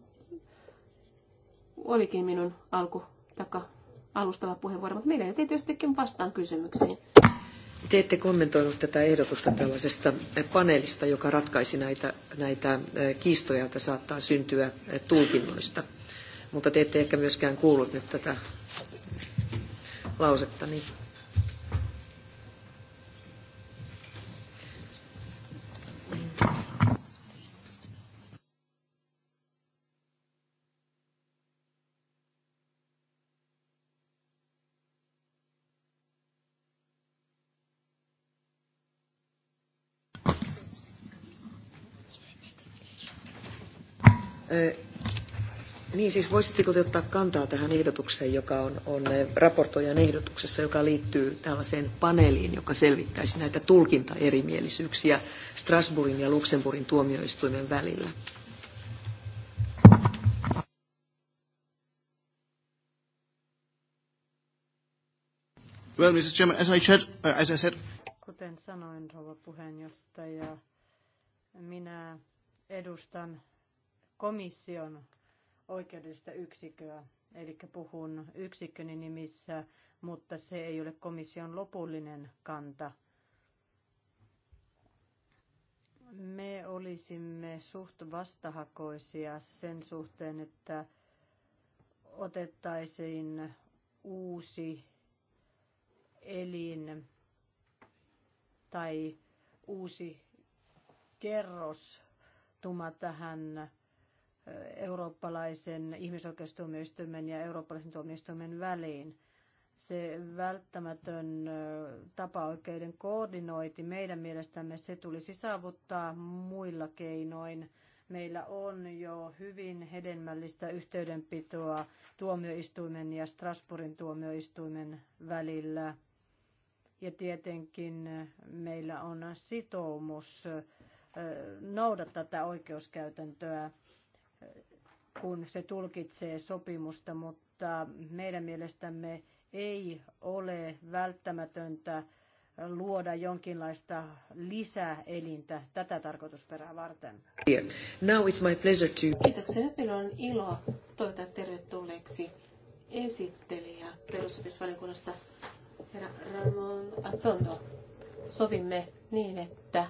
olikin minun alku taikka alustava puheenvuoro, mutta mielelläni tietystikin vastaan kysymyksiin. Te ette kommentoinut tätä ehdotusta tällaisesta paneelista, joka ratkaisi näitä, näitä kiistoja, joita saattaa syntyä tulkinnoista. Mutta te ette ehkä myöskään kuullut nyt tätä lausetta Niin Niin, siis voisitteko te ottaa kantaa tähän ehdotukseen, joka on, on eh, raportoijan ehdotuksessa, joka liittyy tällaiseen paneeliin, joka selvittäisi näitä tulkintaerimielisyyksiä Strasbourgin ja Luxemburgin tuomioistuimen välillä? Well, Mr. Chairman, as I said, uh, as I said... Kuten sanoin, rouva puheenjohtaja, minä edustan komission oikeudellista yksikköä. Eli puhun yksikköni nimissä, mutta se ei ole komission lopullinen kanta. Me olisimme suht vastahakoisia sen suhteen, että otettaisiin uusi elin tai uusi kerros tuma tähän eurooppalaisen ihmisoikeustuomioistuimen ja eurooppalaisen tuomioistuimen väliin. Se välttämätön tapaoikeuden koordinointi meidän mielestämme se tulisi saavuttaa muilla keinoin. Meillä on jo hyvin hedelmällistä yhteydenpitoa tuomioistuimen ja Strasbourgin tuomioistuimen välillä. Ja tietenkin meillä on sitoumus noudattaa tätä oikeuskäytäntöä kun se tulkitsee sopimusta, mutta meidän mielestämme ei ole välttämätöntä luoda jonkinlaista lisäelintä tätä tarkoitusperää varten. Now it's my pleasure to... Kiitoksia. Nyt meillä on ilo toivottaa tervetulleeksi esittelijä perusopimusvaliokunnasta herra Ramon Atondo. Sovimme niin, että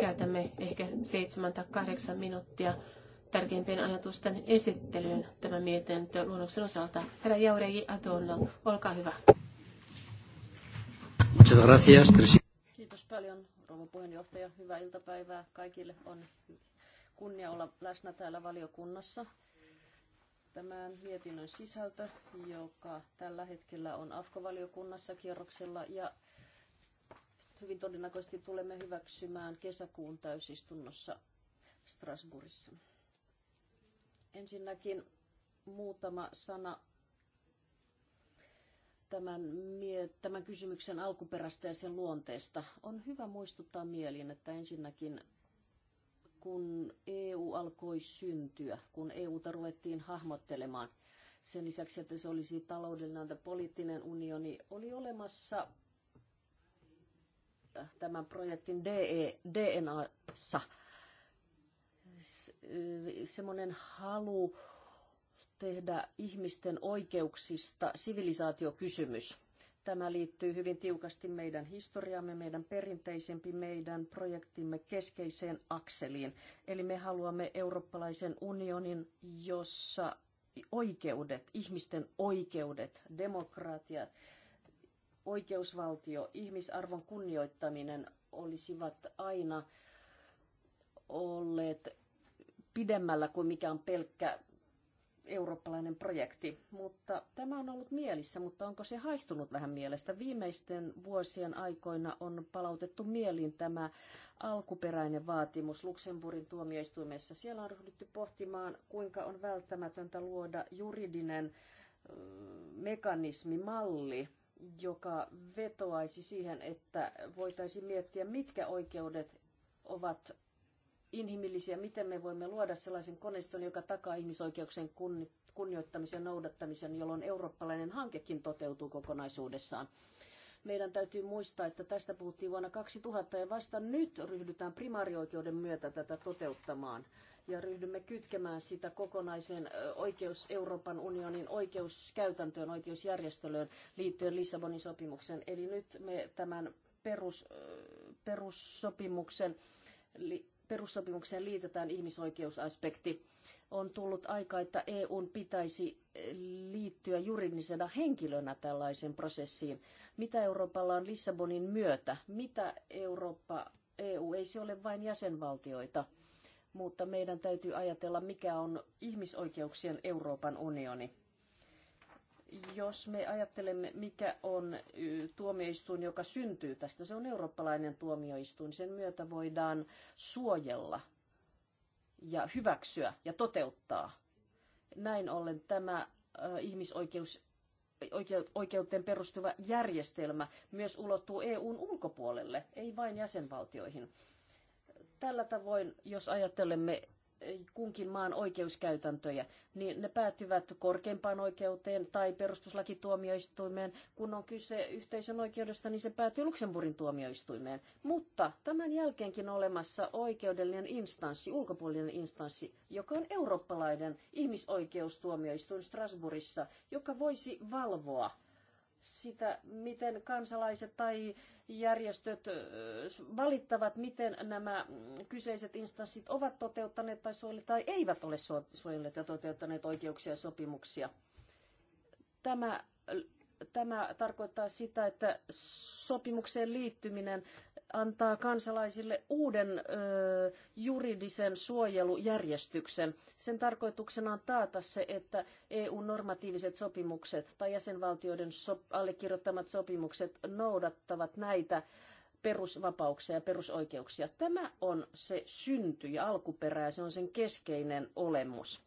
käytämme ehkä seitsemän tai kahdeksan minuuttia tärkeimpien ajatusten esittelyyn tämän mietintö luonnoksen osalta. Herra Jauregi Adorno, olkaa hyvä. Kiitos paljon, rouva puheenjohtaja. Hyvää iltapäivää kaikille. On kunnia olla läsnä täällä valiokunnassa. Tämän mietinnön sisältö, joka tällä hetkellä on AFKO-valiokunnassa kierroksella ja hyvin todennäköisesti tulemme hyväksymään kesäkuun täysistunnossa Strasbourgissa. Ensinnäkin muutama sana tämän, tämän kysymyksen alkuperästä ja sen luonteesta. On hyvä muistuttaa mieliin, että ensinnäkin kun EU alkoi syntyä, kun EUta ruvettiin hahmottelemaan, sen lisäksi, että se olisi taloudellinen ja poliittinen unioni, oli olemassa tämän projektin DE, DNAssa – semmoinen halu tehdä ihmisten oikeuksista sivilisaatiokysymys. Tämä liittyy hyvin tiukasti meidän historiamme, meidän perinteisempi, meidän projektimme keskeiseen akseliin. Eli me haluamme eurooppalaisen unionin, jossa oikeudet, ihmisten oikeudet, demokratia, oikeusvaltio, ihmisarvon kunnioittaminen olisivat aina olleet pidemmällä kuin mikä on pelkkä eurooppalainen projekti, mutta tämä on ollut mielissä, mutta onko se haihtunut vähän mielestä? Viimeisten vuosien aikoina on palautettu mieliin tämä alkuperäinen vaatimus Luxemburgin tuomioistuimessa. Siellä on ryhdytty pohtimaan, kuinka on välttämätöntä luoda juridinen mekanismi, malli, joka vetoaisi siihen, että voitaisiin miettiä, mitkä oikeudet ovat inhimillisiä, miten me voimme luoda sellaisen koneiston, joka takaa ihmisoikeuksien kunnioittamisen ja noudattamisen, jolloin eurooppalainen hankekin toteutuu kokonaisuudessaan. Meidän täytyy muistaa, että tästä puhuttiin vuonna 2000 ja vasta nyt ryhdytään primaarioikeuden myötä tätä toteuttamaan ja ryhdymme kytkemään sitä kokonaisen oikeus Euroopan unionin oikeuskäytäntöön, oikeusjärjestelyyn liittyen Lissabonin sopimukseen. Eli nyt me tämän perus, perussopimuksen li, perussopimukseen liitetään ihmisoikeusaspekti. On tullut aika, että EUn pitäisi liittyä juridisena henkilönä tällaiseen prosessiin. Mitä Euroopalla on Lissabonin myötä? Mitä Eurooppa, EU, ei se ole vain jäsenvaltioita, mutta meidän täytyy ajatella, mikä on ihmisoikeuksien Euroopan unioni. Jos me ajattelemme, mikä on tuomioistuin, joka syntyy tästä, se on eurooppalainen tuomioistuin. Sen myötä voidaan suojella ja hyväksyä ja toteuttaa. Näin ollen tämä ihmisoikeus oikeuteen perustuva järjestelmä myös ulottuu EUn ulkopuolelle, ei vain jäsenvaltioihin. Tällä tavoin, jos ajattelemme kunkin maan oikeuskäytäntöjä, niin ne päätyvät korkeimpaan oikeuteen tai perustuslakituomioistuimeen. Kun on kyse yhteisön oikeudesta, niin se päätyy Luxemburgin tuomioistuimeen. Mutta tämän jälkeenkin on olemassa oikeudellinen instanssi, ulkopuolinen instanssi, joka on eurooppalainen ihmisoikeustuomioistuin Strasbourgissa, joka voisi valvoa sitä, miten kansalaiset tai järjestöt valittavat, miten nämä kyseiset instanssit ovat toteuttaneet tai, suojelle, tai eivät ole suojelleet ja toteuttaneet oikeuksia ja sopimuksia. Tämä Tämä tarkoittaa sitä, että sopimukseen liittyminen antaa kansalaisille uuden ö, juridisen suojelujärjestyksen. Sen tarkoituksena on taata se, että EU-normatiiviset sopimukset tai jäsenvaltioiden sop allekirjoittamat sopimukset noudattavat näitä perusvapauksia ja perusoikeuksia. Tämä on se synty ja alkuperä ja se on sen keskeinen olemus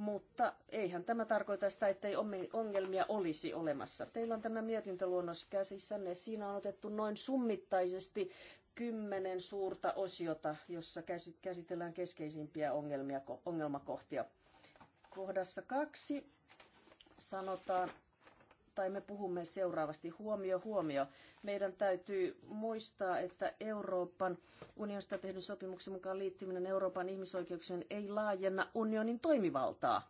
mutta eihän tämä tarkoita sitä, että ei ongelmia olisi olemassa. Teillä on tämä mietintöluonnos käsissänne. Siinä on otettu noin summittaisesti kymmenen suurta osiota, jossa käsitellään keskeisimpiä ongelmia, ongelmakohtia. Kohdassa kaksi sanotaan, tai me puhumme seuraavasti. Huomio, huomio. Meidän täytyy muistaa, että Euroopan unionista tehdyn sopimuksen mukaan liittyminen Euroopan ihmisoikeuksien ei laajenna unionin toimivaltaa,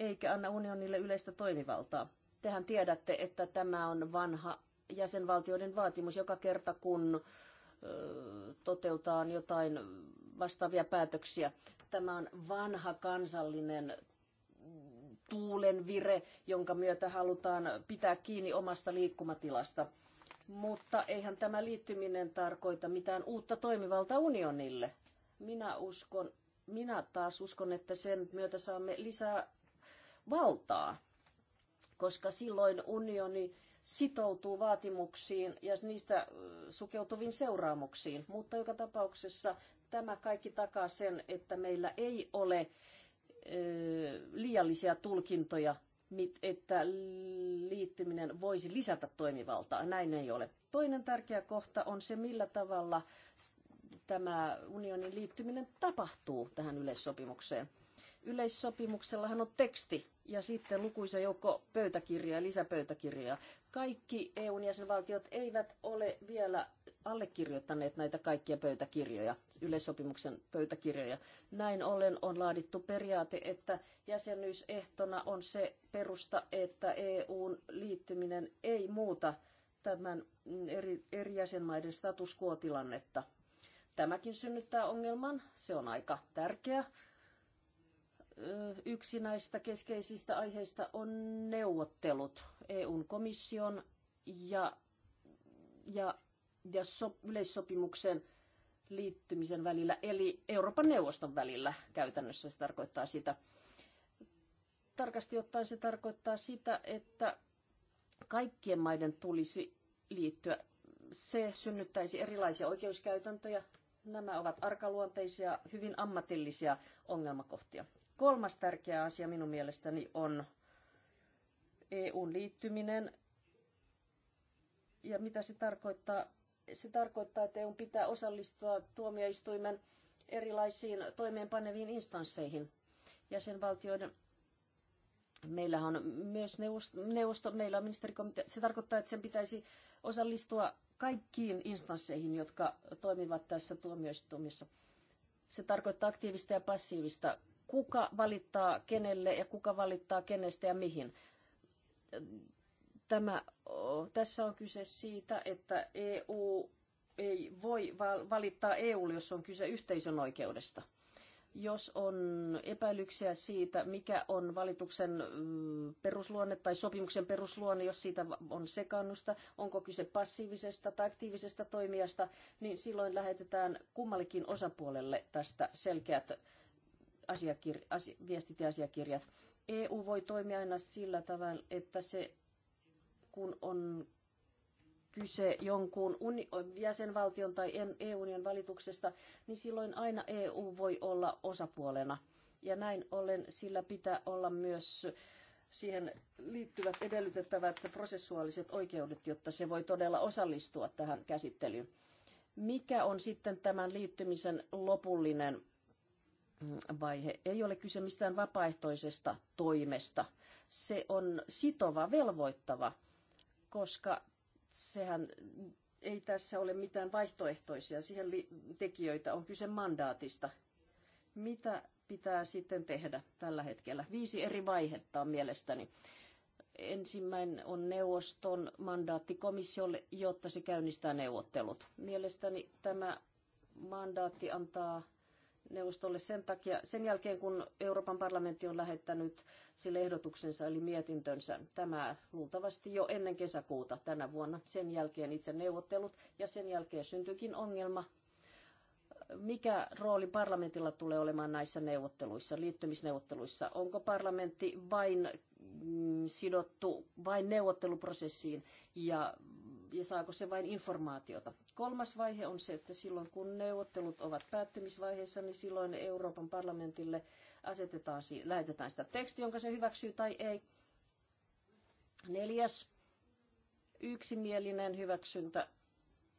eikä anna unionille yleistä toimivaltaa. Tehän tiedätte, että tämä on vanha jäsenvaltioiden vaatimus joka kerta, kun toteutaan jotain vastaavia päätöksiä. Tämä on vanha kansallinen tuulen vire, jonka myötä halutaan pitää kiinni omasta liikkumatilasta. Mutta eihän tämä liittyminen tarkoita mitään uutta toimivalta unionille. Minä uskon, minä taas uskon, että sen myötä saamme lisää valtaa, koska silloin unioni sitoutuu vaatimuksiin ja niistä sukeutuviin seuraamuksiin. Mutta joka tapauksessa tämä kaikki takaa sen, että meillä ei ole liiallisia tulkintoja, että liittyminen voisi lisätä toimivaltaa. Näin ei ole. Toinen tärkeä kohta on se, millä tavalla tämä unionin liittyminen tapahtuu tähän yleissopimukseen. Yleissopimuksellahan on teksti ja sitten lukuisa joukko pöytäkirjaa ja lisäpöytäkirjaa. Kaikki EUn jäsenvaltiot eivät ole vielä allekirjoittaneet näitä kaikkia pöytäkirjoja, yleissopimuksen pöytäkirjoja. Näin ollen on laadittu periaate, että jäsenyysehtona on se perusta, että EUn liittyminen ei muuta tämän eri, eri jäsenmaiden status quo-tilannetta. Tämäkin synnyttää ongelman, se on aika tärkeä Yksi näistä keskeisistä aiheista on neuvottelut EUn komission ja, ja, ja so, yleissopimuksen liittymisen välillä, eli Euroopan neuvoston välillä käytännössä se tarkoittaa sitä. Tarkasti ottaen se tarkoittaa sitä, että kaikkien maiden tulisi liittyä. Se synnyttäisi erilaisia oikeuskäytäntöjä. Nämä ovat arkaluonteisia, hyvin ammatillisia ongelmakohtia. Kolmas tärkeä asia minun mielestäni on EUn liittyminen. Ja mitä se tarkoittaa? Se tarkoittaa, että EUn pitää osallistua tuomioistuimen erilaisiin toimeenpaneviin instansseihin. Jäsenvaltioiden meillä on myös neuvosto, neuvosto meillä on ministerikomitea. Se tarkoittaa, että sen pitäisi osallistua kaikkiin instansseihin, jotka toimivat tässä tuomioistuimissa. Se tarkoittaa aktiivista ja passiivista kuka valittaa kenelle ja kuka valittaa kenestä ja mihin. Tämä, tässä on kyse siitä, että EU ei voi valittaa EUlle, jos on kyse yhteisön oikeudesta. Jos on epäilyksiä siitä, mikä on valituksen mm, perusluonne tai sopimuksen perusluonne, jos siitä on sekannusta, onko kyse passiivisesta tai aktiivisesta toimijasta, niin silloin lähetetään kummallekin osapuolelle tästä selkeät asiakir, as, viestit ja asiakirjat. EU voi toimia aina sillä tavalla, että se, kun on kyse jonkun uni- jäsenvaltion tai EUn e valituksesta, niin silloin aina EU voi olla osapuolena. Ja näin ollen sillä pitää olla myös siihen liittyvät edellytettävät prosessuaaliset oikeudet, jotta se voi todella osallistua tähän käsittelyyn. Mikä on sitten tämän liittymisen lopullinen vaihe. Ei ole kyse mistään vapaaehtoisesta toimesta. Se on sitova, velvoittava, koska sehän ei tässä ole mitään vaihtoehtoisia siihen tekijöitä, on kyse mandaatista. Mitä pitää sitten tehdä tällä hetkellä? Viisi eri vaihetta on mielestäni. Ensimmäinen on neuvoston mandaatti komissiolle, jotta se käynnistää neuvottelut. Mielestäni tämä mandaatti antaa neuvostolle sen takia, sen jälkeen kun Euroopan parlamentti on lähettänyt sille ehdotuksensa eli mietintönsä. Tämä luultavasti jo ennen kesäkuuta tänä vuonna, sen jälkeen itse neuvottelut ja sen jälkeen syntyykin ongelma. Mikä rooli parlamentilla tulee olemaan näissä neuvotteluissa, liittymisneuvotteluissa? Onko parlamentti vain mm, sidottu vain neuvotteluprosessiin ja, ja saako se vain informaatiota? Kolmas vaihe on se, että silloin kun neuvottelut ovat päättymisvaiheessa, niin silloin Euroopan parlamentille asetetaan, lähetetään sitä teksti, jonka se hyväksyy tai ei. Neljäs, yksimielinen hyväksyntä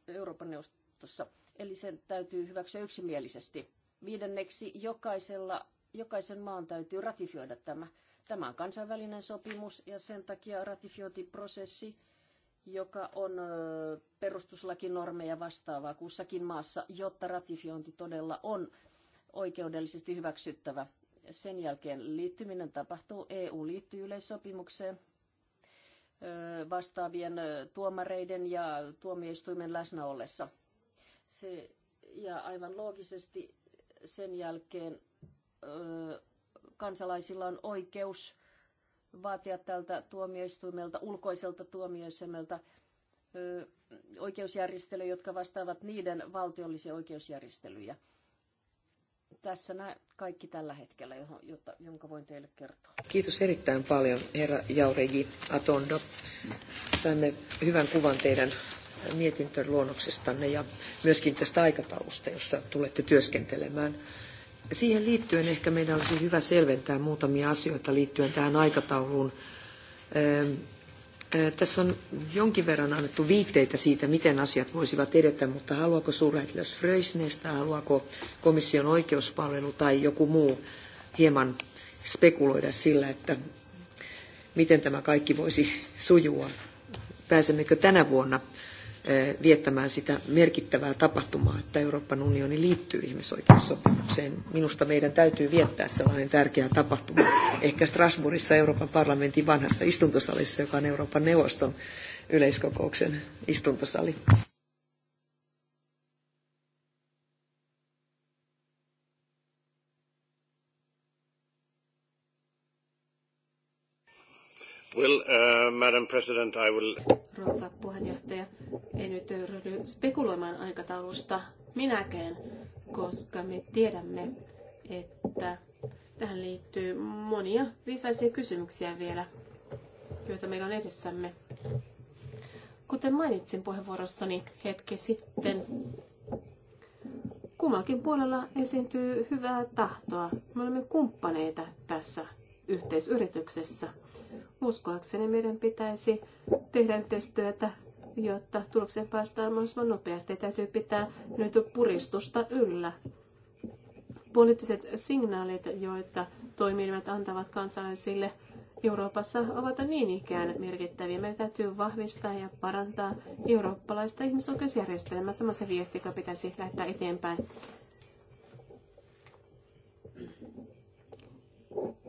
Euroopan neuvostossa, eli sen täytyy hyväksyä yksimielisesti. Viidenneksi, jokaisella, jokaisen maan täytyy ratifioida tämä. Tämä on kansainvälinen sopimus ja sen takia ratifiointiprosessi joka on perustuslakinormeja vastaavaa kussakin maassa, jotta ratifiointi todella on oikeudellisesti hyväksyttävä. Sen jälkeen liittyminen tapahtuu, EU liittyy yleissopimukseen vastaavien tuomareiden ja tuomioistuimen läsnä ollessa. Se, ja aivan loogisesti sen jälkeen kansalaisilla on oikeus vaatia tältä tuomioistuimelta, ulkoiselta tuomioistuimelta oikeusjärjestelyjä, jotka vastaavat niiden valtiollisia oikeusjärjestelyjä. Tässä nämä kaikki tällä hetkellä, jota, jonka voin teille kertoa. Kiitos erittäin paljon, herra Jauregi Atondo. Saimme hyvän kuvan teidän mietintöluonnoksestanne ja myöskin tästä aikataulusta, jossa tulette työskentelemään. Siihen liittyen ehkä meidän olisi hyvä selventää muutamia asioita liittyen tähän aikatauluun. Tässä on jonkin verran annettu viitteitä siitä, miten asiat voisivat edetä, mutta haluaako suurlähettiläs Fröisnestä, haluaako komission oikeuspalvelu tai joku muu hieman spekuloida sillä, että miten tämä kaikki voisi sujua? Pääsemmekö tänä vuonna Eh, viettämään sitä merkittävää tapahtumaa, että Euroopan unioni liittyy ihmisoikeussopimukseen. Minusta meidän täytyy viettää sellainen tärkeä tapahtuma, ehkä Strasbourgissa Euroopan parlamentin vanhassa istuntosalissa, joka on Euroopan neuvoston yleiskokouksen istuntosali. Well, uh, Madam President, I will... Rouva puheenjohtaja, en nyt ryhdy spekuloimaan aikataulusta minäkään, koska me tiedämme, että tähän liittyy monia viisaisia kysymyksiä vielä, joita meillä on edessämme. Kuten mainitsin puheenvuorossani hetki sitten, kummallakin puolella esiintyy hyvää tahtoa. Me olemme kumppaneita tässä yhteisyrityksessä. Uskoakseni meidän pitäisi tehdä yhteistyötä, jotta tulokseen päästään mahdollisimman nopeasti. Täytyy pitää nyt puristusta yllä. Poliittiset signaalit, joita toimijat antavat kansalaisille Euroopassa, ovat niin ikään merkittäviä. Meidän täytyy vahvistaa ja parantaa eurooppalaista ihmisoikeusjärjestelmää. Tämä on se viesti, joka pitäisi lähettää eteenpäin.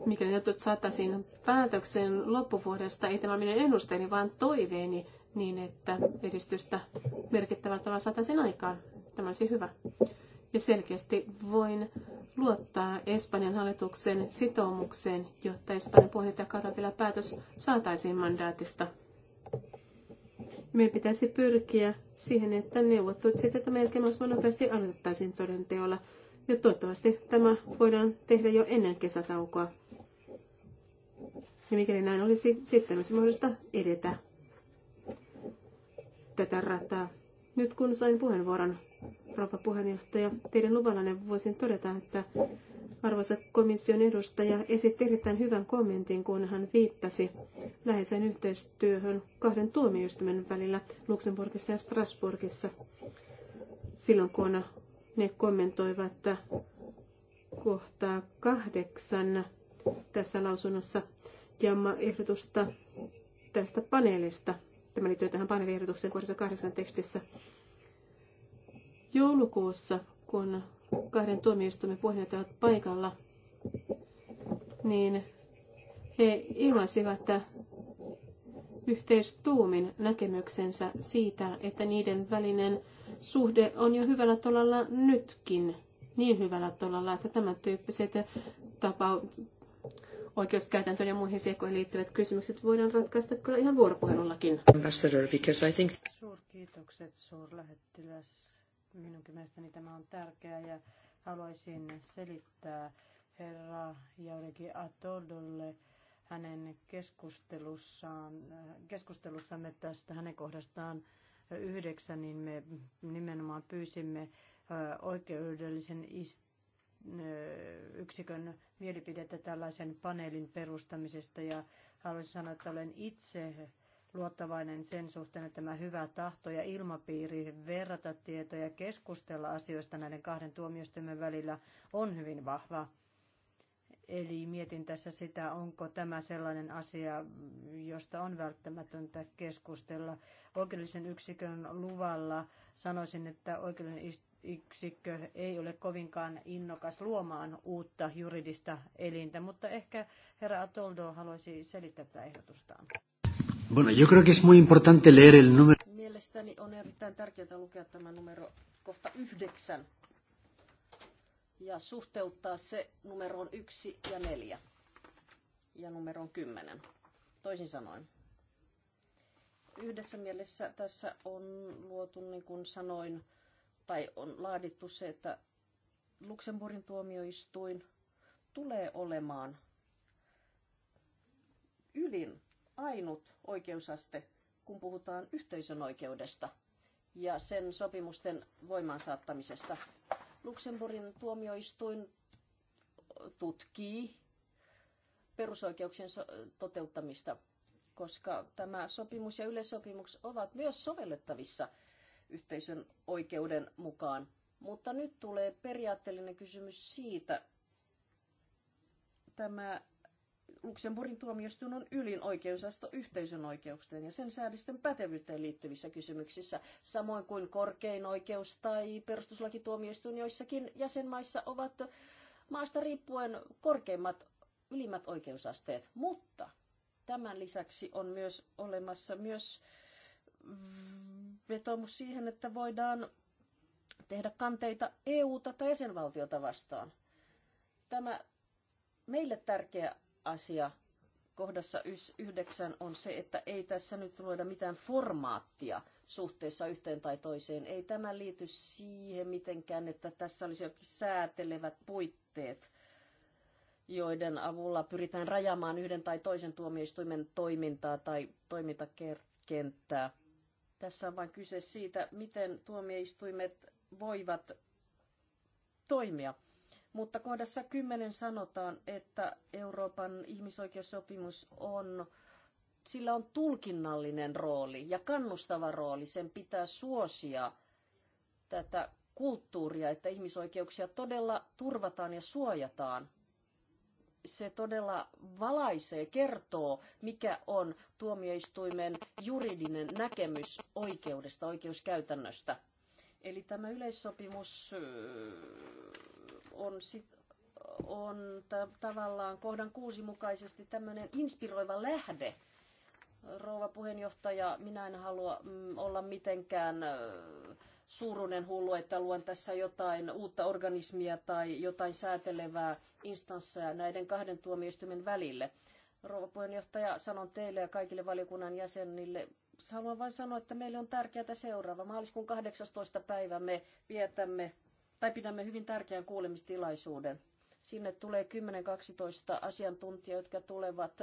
mikäli neuvottelut saataisiin päätöksen loppuvuodesta, ei tämä minun ennusteeni, vaan toiveeni niin, että edistystä merkittävällä tavalla saataisiin aikaan. Tämä olisi hyvä. Ja selkeästi voin luottaa Espanjan hallituksen sitoumukseen, jotta Espanjan puheenjohtajakaudella vielä päätös saataisiin mandaatista. Meidän pitäisi pyrkiä siihen, että neuvottelut siitä, että melkein mahdollisimman nopeasti aloitettaisiin todenteolla. Ja toivottavasti tämä voidaan tehdä jo ennen kesätaukoa. Ja mikäli näin olisi, sitten olisi mahdollista edetä tätä rataa. Nyt kun sain puheenvuoron, rouva puheenjohtaja, teidän luvallanne voisin todeta, että arvoisa komission edustaja esitti erittäin hyvän kommentin, kun hän viittasi läheiseen yhteistyöhön kahden tuomioistuimen välillä Luxemburgissa ja Strasbourgissa. Silloin kun ne kommentoivat että kohtaa kahdeksan tässä lausunnossa poikkeama ehdotusta tästä paneelista. Tämä liittyy tähän paneeliehdotukseen kohdassa kahdeksan tekstissä. Joulukuussa, kun kahden tuomioistuimen puheenjohtajat ovat paikalla, niin he ilmaisivat yhteistuumin näkemyksensä siitä, että niiden välinen suhde on jo hyvällä tolalla nytkin. Niin hyvällä tolalla, että tämän tyyppiset tapa- oikeuskäytäntöön ja muihin seikkoihin liittyvät kysymykset voidaan ratkaista kyllä ihan vuoropuhelullakin. Ambassador, because I think... Suurkiitokset suurlähettiläs. Minunkin mielestäni tämä on tärkeää ja haluaisin selittää herra Jaureki Atodolle hänen keskustelussaan, keskustelussamme tästä hänen kohdastaan yhdeksän, niin me nimenomaan pyysimme oikeudellisen ist- yksikön mielipidettä tällaisen paneelin perustamisesta ja haluaisin sanoa, että olen itse luottavainen sen suhteen, että tämä hyvä tahto ja ilmapiiri verrata tietoja keskustella asioista näiden kahden tuomioistuimen välillä on hyvin vahva. Eli mietin tässä sitä, onko tämä sellainen asia, josta on välttämätöntä keskustella. Oikeudellisen yksikön luvalla sanoisin, että oikeudellinen yksikkö ei ole kovinkaan innokas luomaan uutta juridista elintä, mutta ehkä herra Atoldo haluaisi selittää tätä ehdotustaan. Bueno, yo creo que es muy importante leer el número... Mielestäni on erittäin tärkeää lukea tämä numero kohta yhdeksän ja suhteuttaa se numeroon yksi ja neljä ja numeroon kymmenen. Toisin sanoen, yhdessä mielessä tässä on luotu, niin kuin sanoin, tai on laadittu se, että Luxemburgin tuomioistuin tulee olemaan ylin ainut oikeusaste, kun puhutaan yhteisön oikeudesta ja sen sopimusten voimaan saattamisesta. Luxemburgin tuomioistuin tutkii perusoikeuksien toteuttamista, koska tämä sopimus ja yleissopimus ovat myös sovellettavissa – yhteisön oikeuden mukaan. Mutta nyt tulee periaatteellinen kysymys siitä, tämä Luxemburgin tuomioistuin on ylin oikeusasto yhteisön oikeuksien ja sen säädisten pätevyyteen liittyvissä kysymyksissä, samoin kuin korkein oikeus tai perustuslakituomioistuin joissakin jäsenmaissa ovat maasta riippuen korkeimmat ylimmät oikeusasteet. Mutta tämän lisäksi on myös olemassa myös vetoomus siihen, että voidaan tehdä kanteita EU-ta tai jäsenvaltiota vastaan. Tämä meille tärkeä asia kohdassa yhdeksän on se, että ei tässä nyt luoda mitään formaattia suhteessa yhteen tai toiseen. Ei tämä liity siihen mitenkään, että tässä olisi jokin säätelevät puitteet, joiden avulla pyritään rajamaan yhden tai toisen tuomioistuimen toimintaa tai toimintakenttää tässä on vain kyse siitä, miten tuomioistuimet voivat toimia. Mutta kohdassa 10 sanotaan, että Euroopan ihmisoikeussopimus on, sillä on tulkinnallinen rooli ja kannustava rooli. Sen pitää suosia tätä kulttuuria, että ihmisoikeuksia todella turvataan ja suojataan se todella valaisee, kertoo, mikä on tuomioistuimen juridinen näkemys oikeudesta, oikeuskäytännöstä. Eli tämä yleissopimus äh, on, sit, on tavallaan kohdan kuusi mukaisesti tämmöinen inspiroiva lähde – rouva puheenjohtaja, minä en halua mm, olla mitenkään suurunen hullu, että luon tässä jotain uutta organismia tai jotain säätelevää instanssia näiden kahden tuomioistuimen välille. Rouva puheenjohtaja, sanon teille ja kaikille valiokunnan jäsenille, haluan vain sanoa, että meille on tärkeää seuraava. Maaliskuun 18. päivä me vietämme tai pidämme hyvin tärkeän kuulemistilaisuuden. Sinne tulee 10-12 asiantuntijaa, jotka tulevat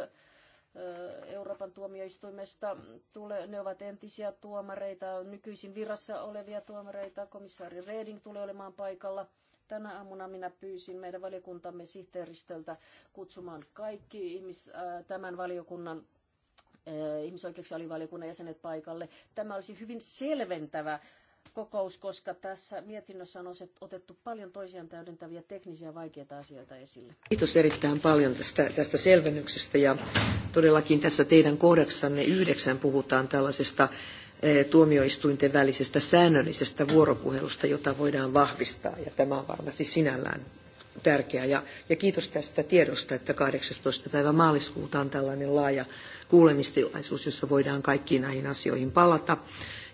Euroopan tuomioistuimesta. Tule, ne ovat entisiä tuomareita, nykyisin virassa olevia tuomareita. Komissaari Reding tulee olemaan paikalla. Tänä aamuna minä pyysin meidän valiokuntamme sihteeristöltä kutsumaan kaikki ihmis, tämän valiokunnan ihmisoikeuksien alivaliokunnan jäsenet paikalle. Tämä olisi hyvin selventävä kokous, koska tässä mietinnössä on otettu paljon toisiaan täydentäviä teknisiä vaikeita asioita esille. Kiitos erittäin paljon tästä, tästä selvennyksestä ja todellakin tässä teidän kohdaksanne yhdeksän puhutaan tällaisesta eh, tuomioistuinten välisestä säännöllisestä vuoropuhelusta, jota voidaan vahvistaa, ja tämä on varmasti sinällään tärkeää. Ja, ja kiitos tästä tiedosta, että 18. päivä maaliskuuta on tällainen laaja kuulemistilaisuus, jossa voidaan kaikkiin näihin asioihin palata.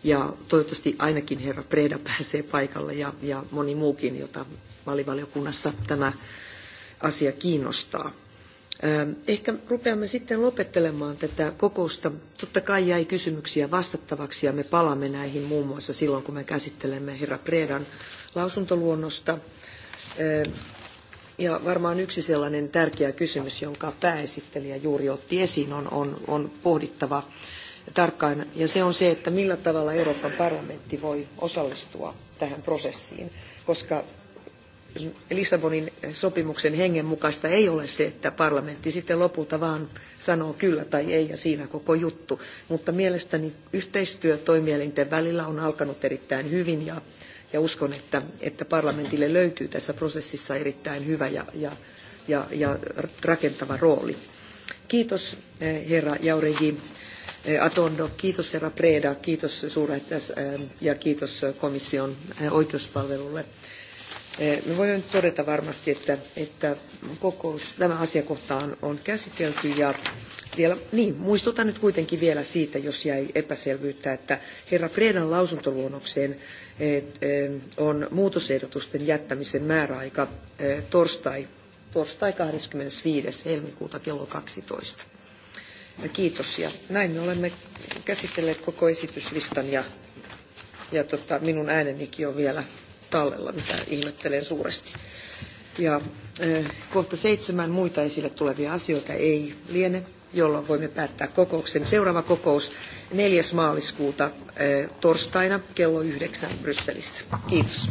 Ja toivottavasti ainakin herra Preda pääsee paikalle ja, ja moni muukin, jota valivaliokunnassa tämä asia kiinnostaa. Ähm, ehkä rupeamme sitten lopettelemaan tätä kokousta. Totta kai jäi kysymyksiä vastattavaksi ja me palaamme näihin muun muassa silloin, kun me käsittelemme herra Predan lausuntoluonnosta. Ähm, ja varmaan yksi sellainen tärkeä kysymys, jonka pääesittelijä juuri otti esiin, on, on, on pohdittava tarkkaan, ja se on se, että millä tavalla Euroopan parlamentti voi osallistua tähän prosessiin, koska Lissabonin sopimuksen hengen mukaista ei ole se, että parlamentti sitten lopulta vaan sanoo kyllä tai ei ja siinä koko juttu. Mutta mielestäni yhteistyö toimielinten välillä on alkanut erittäin hyvin ja, ja uskon, että, että, parlamentille löytyy tässä prosessissa erittäin hyvä ja, ja, ja rakentava rooli. Kiitos eh, herra Jauregi Eh, Atondo. Kiitos herra Preda, kiitos suurlähettiläs eh, ja kiitos eh, komission oikeuspalvelulle. Me voimme nyt todeta varmasti, että, että kokous, tämä asiakohta on, on käsitelty ja vielä, niin, muistutan nyt kuitenkin vielä siitä, jos jäi epäselvyyttä, että herra Predan lausuntoluonnokseen on muutosehdotusten jättämisen määräaika torstai, torstai 25. helmikuuta kello 12. Kiitos ja näin me olemme käsitelleet koko esityslistan ja, ja tota, minun äänenikin on vielä tallella, mitä ihmettelen suuresti. Ja eh, kohta seitsemän muita esille tulevia asioita ei liene, jolloin voimme päättää kokouksen. Seuraava kokous 4. maaliskuuta eh, torstaina kello yhdeksän Brysselissä. Kiitos.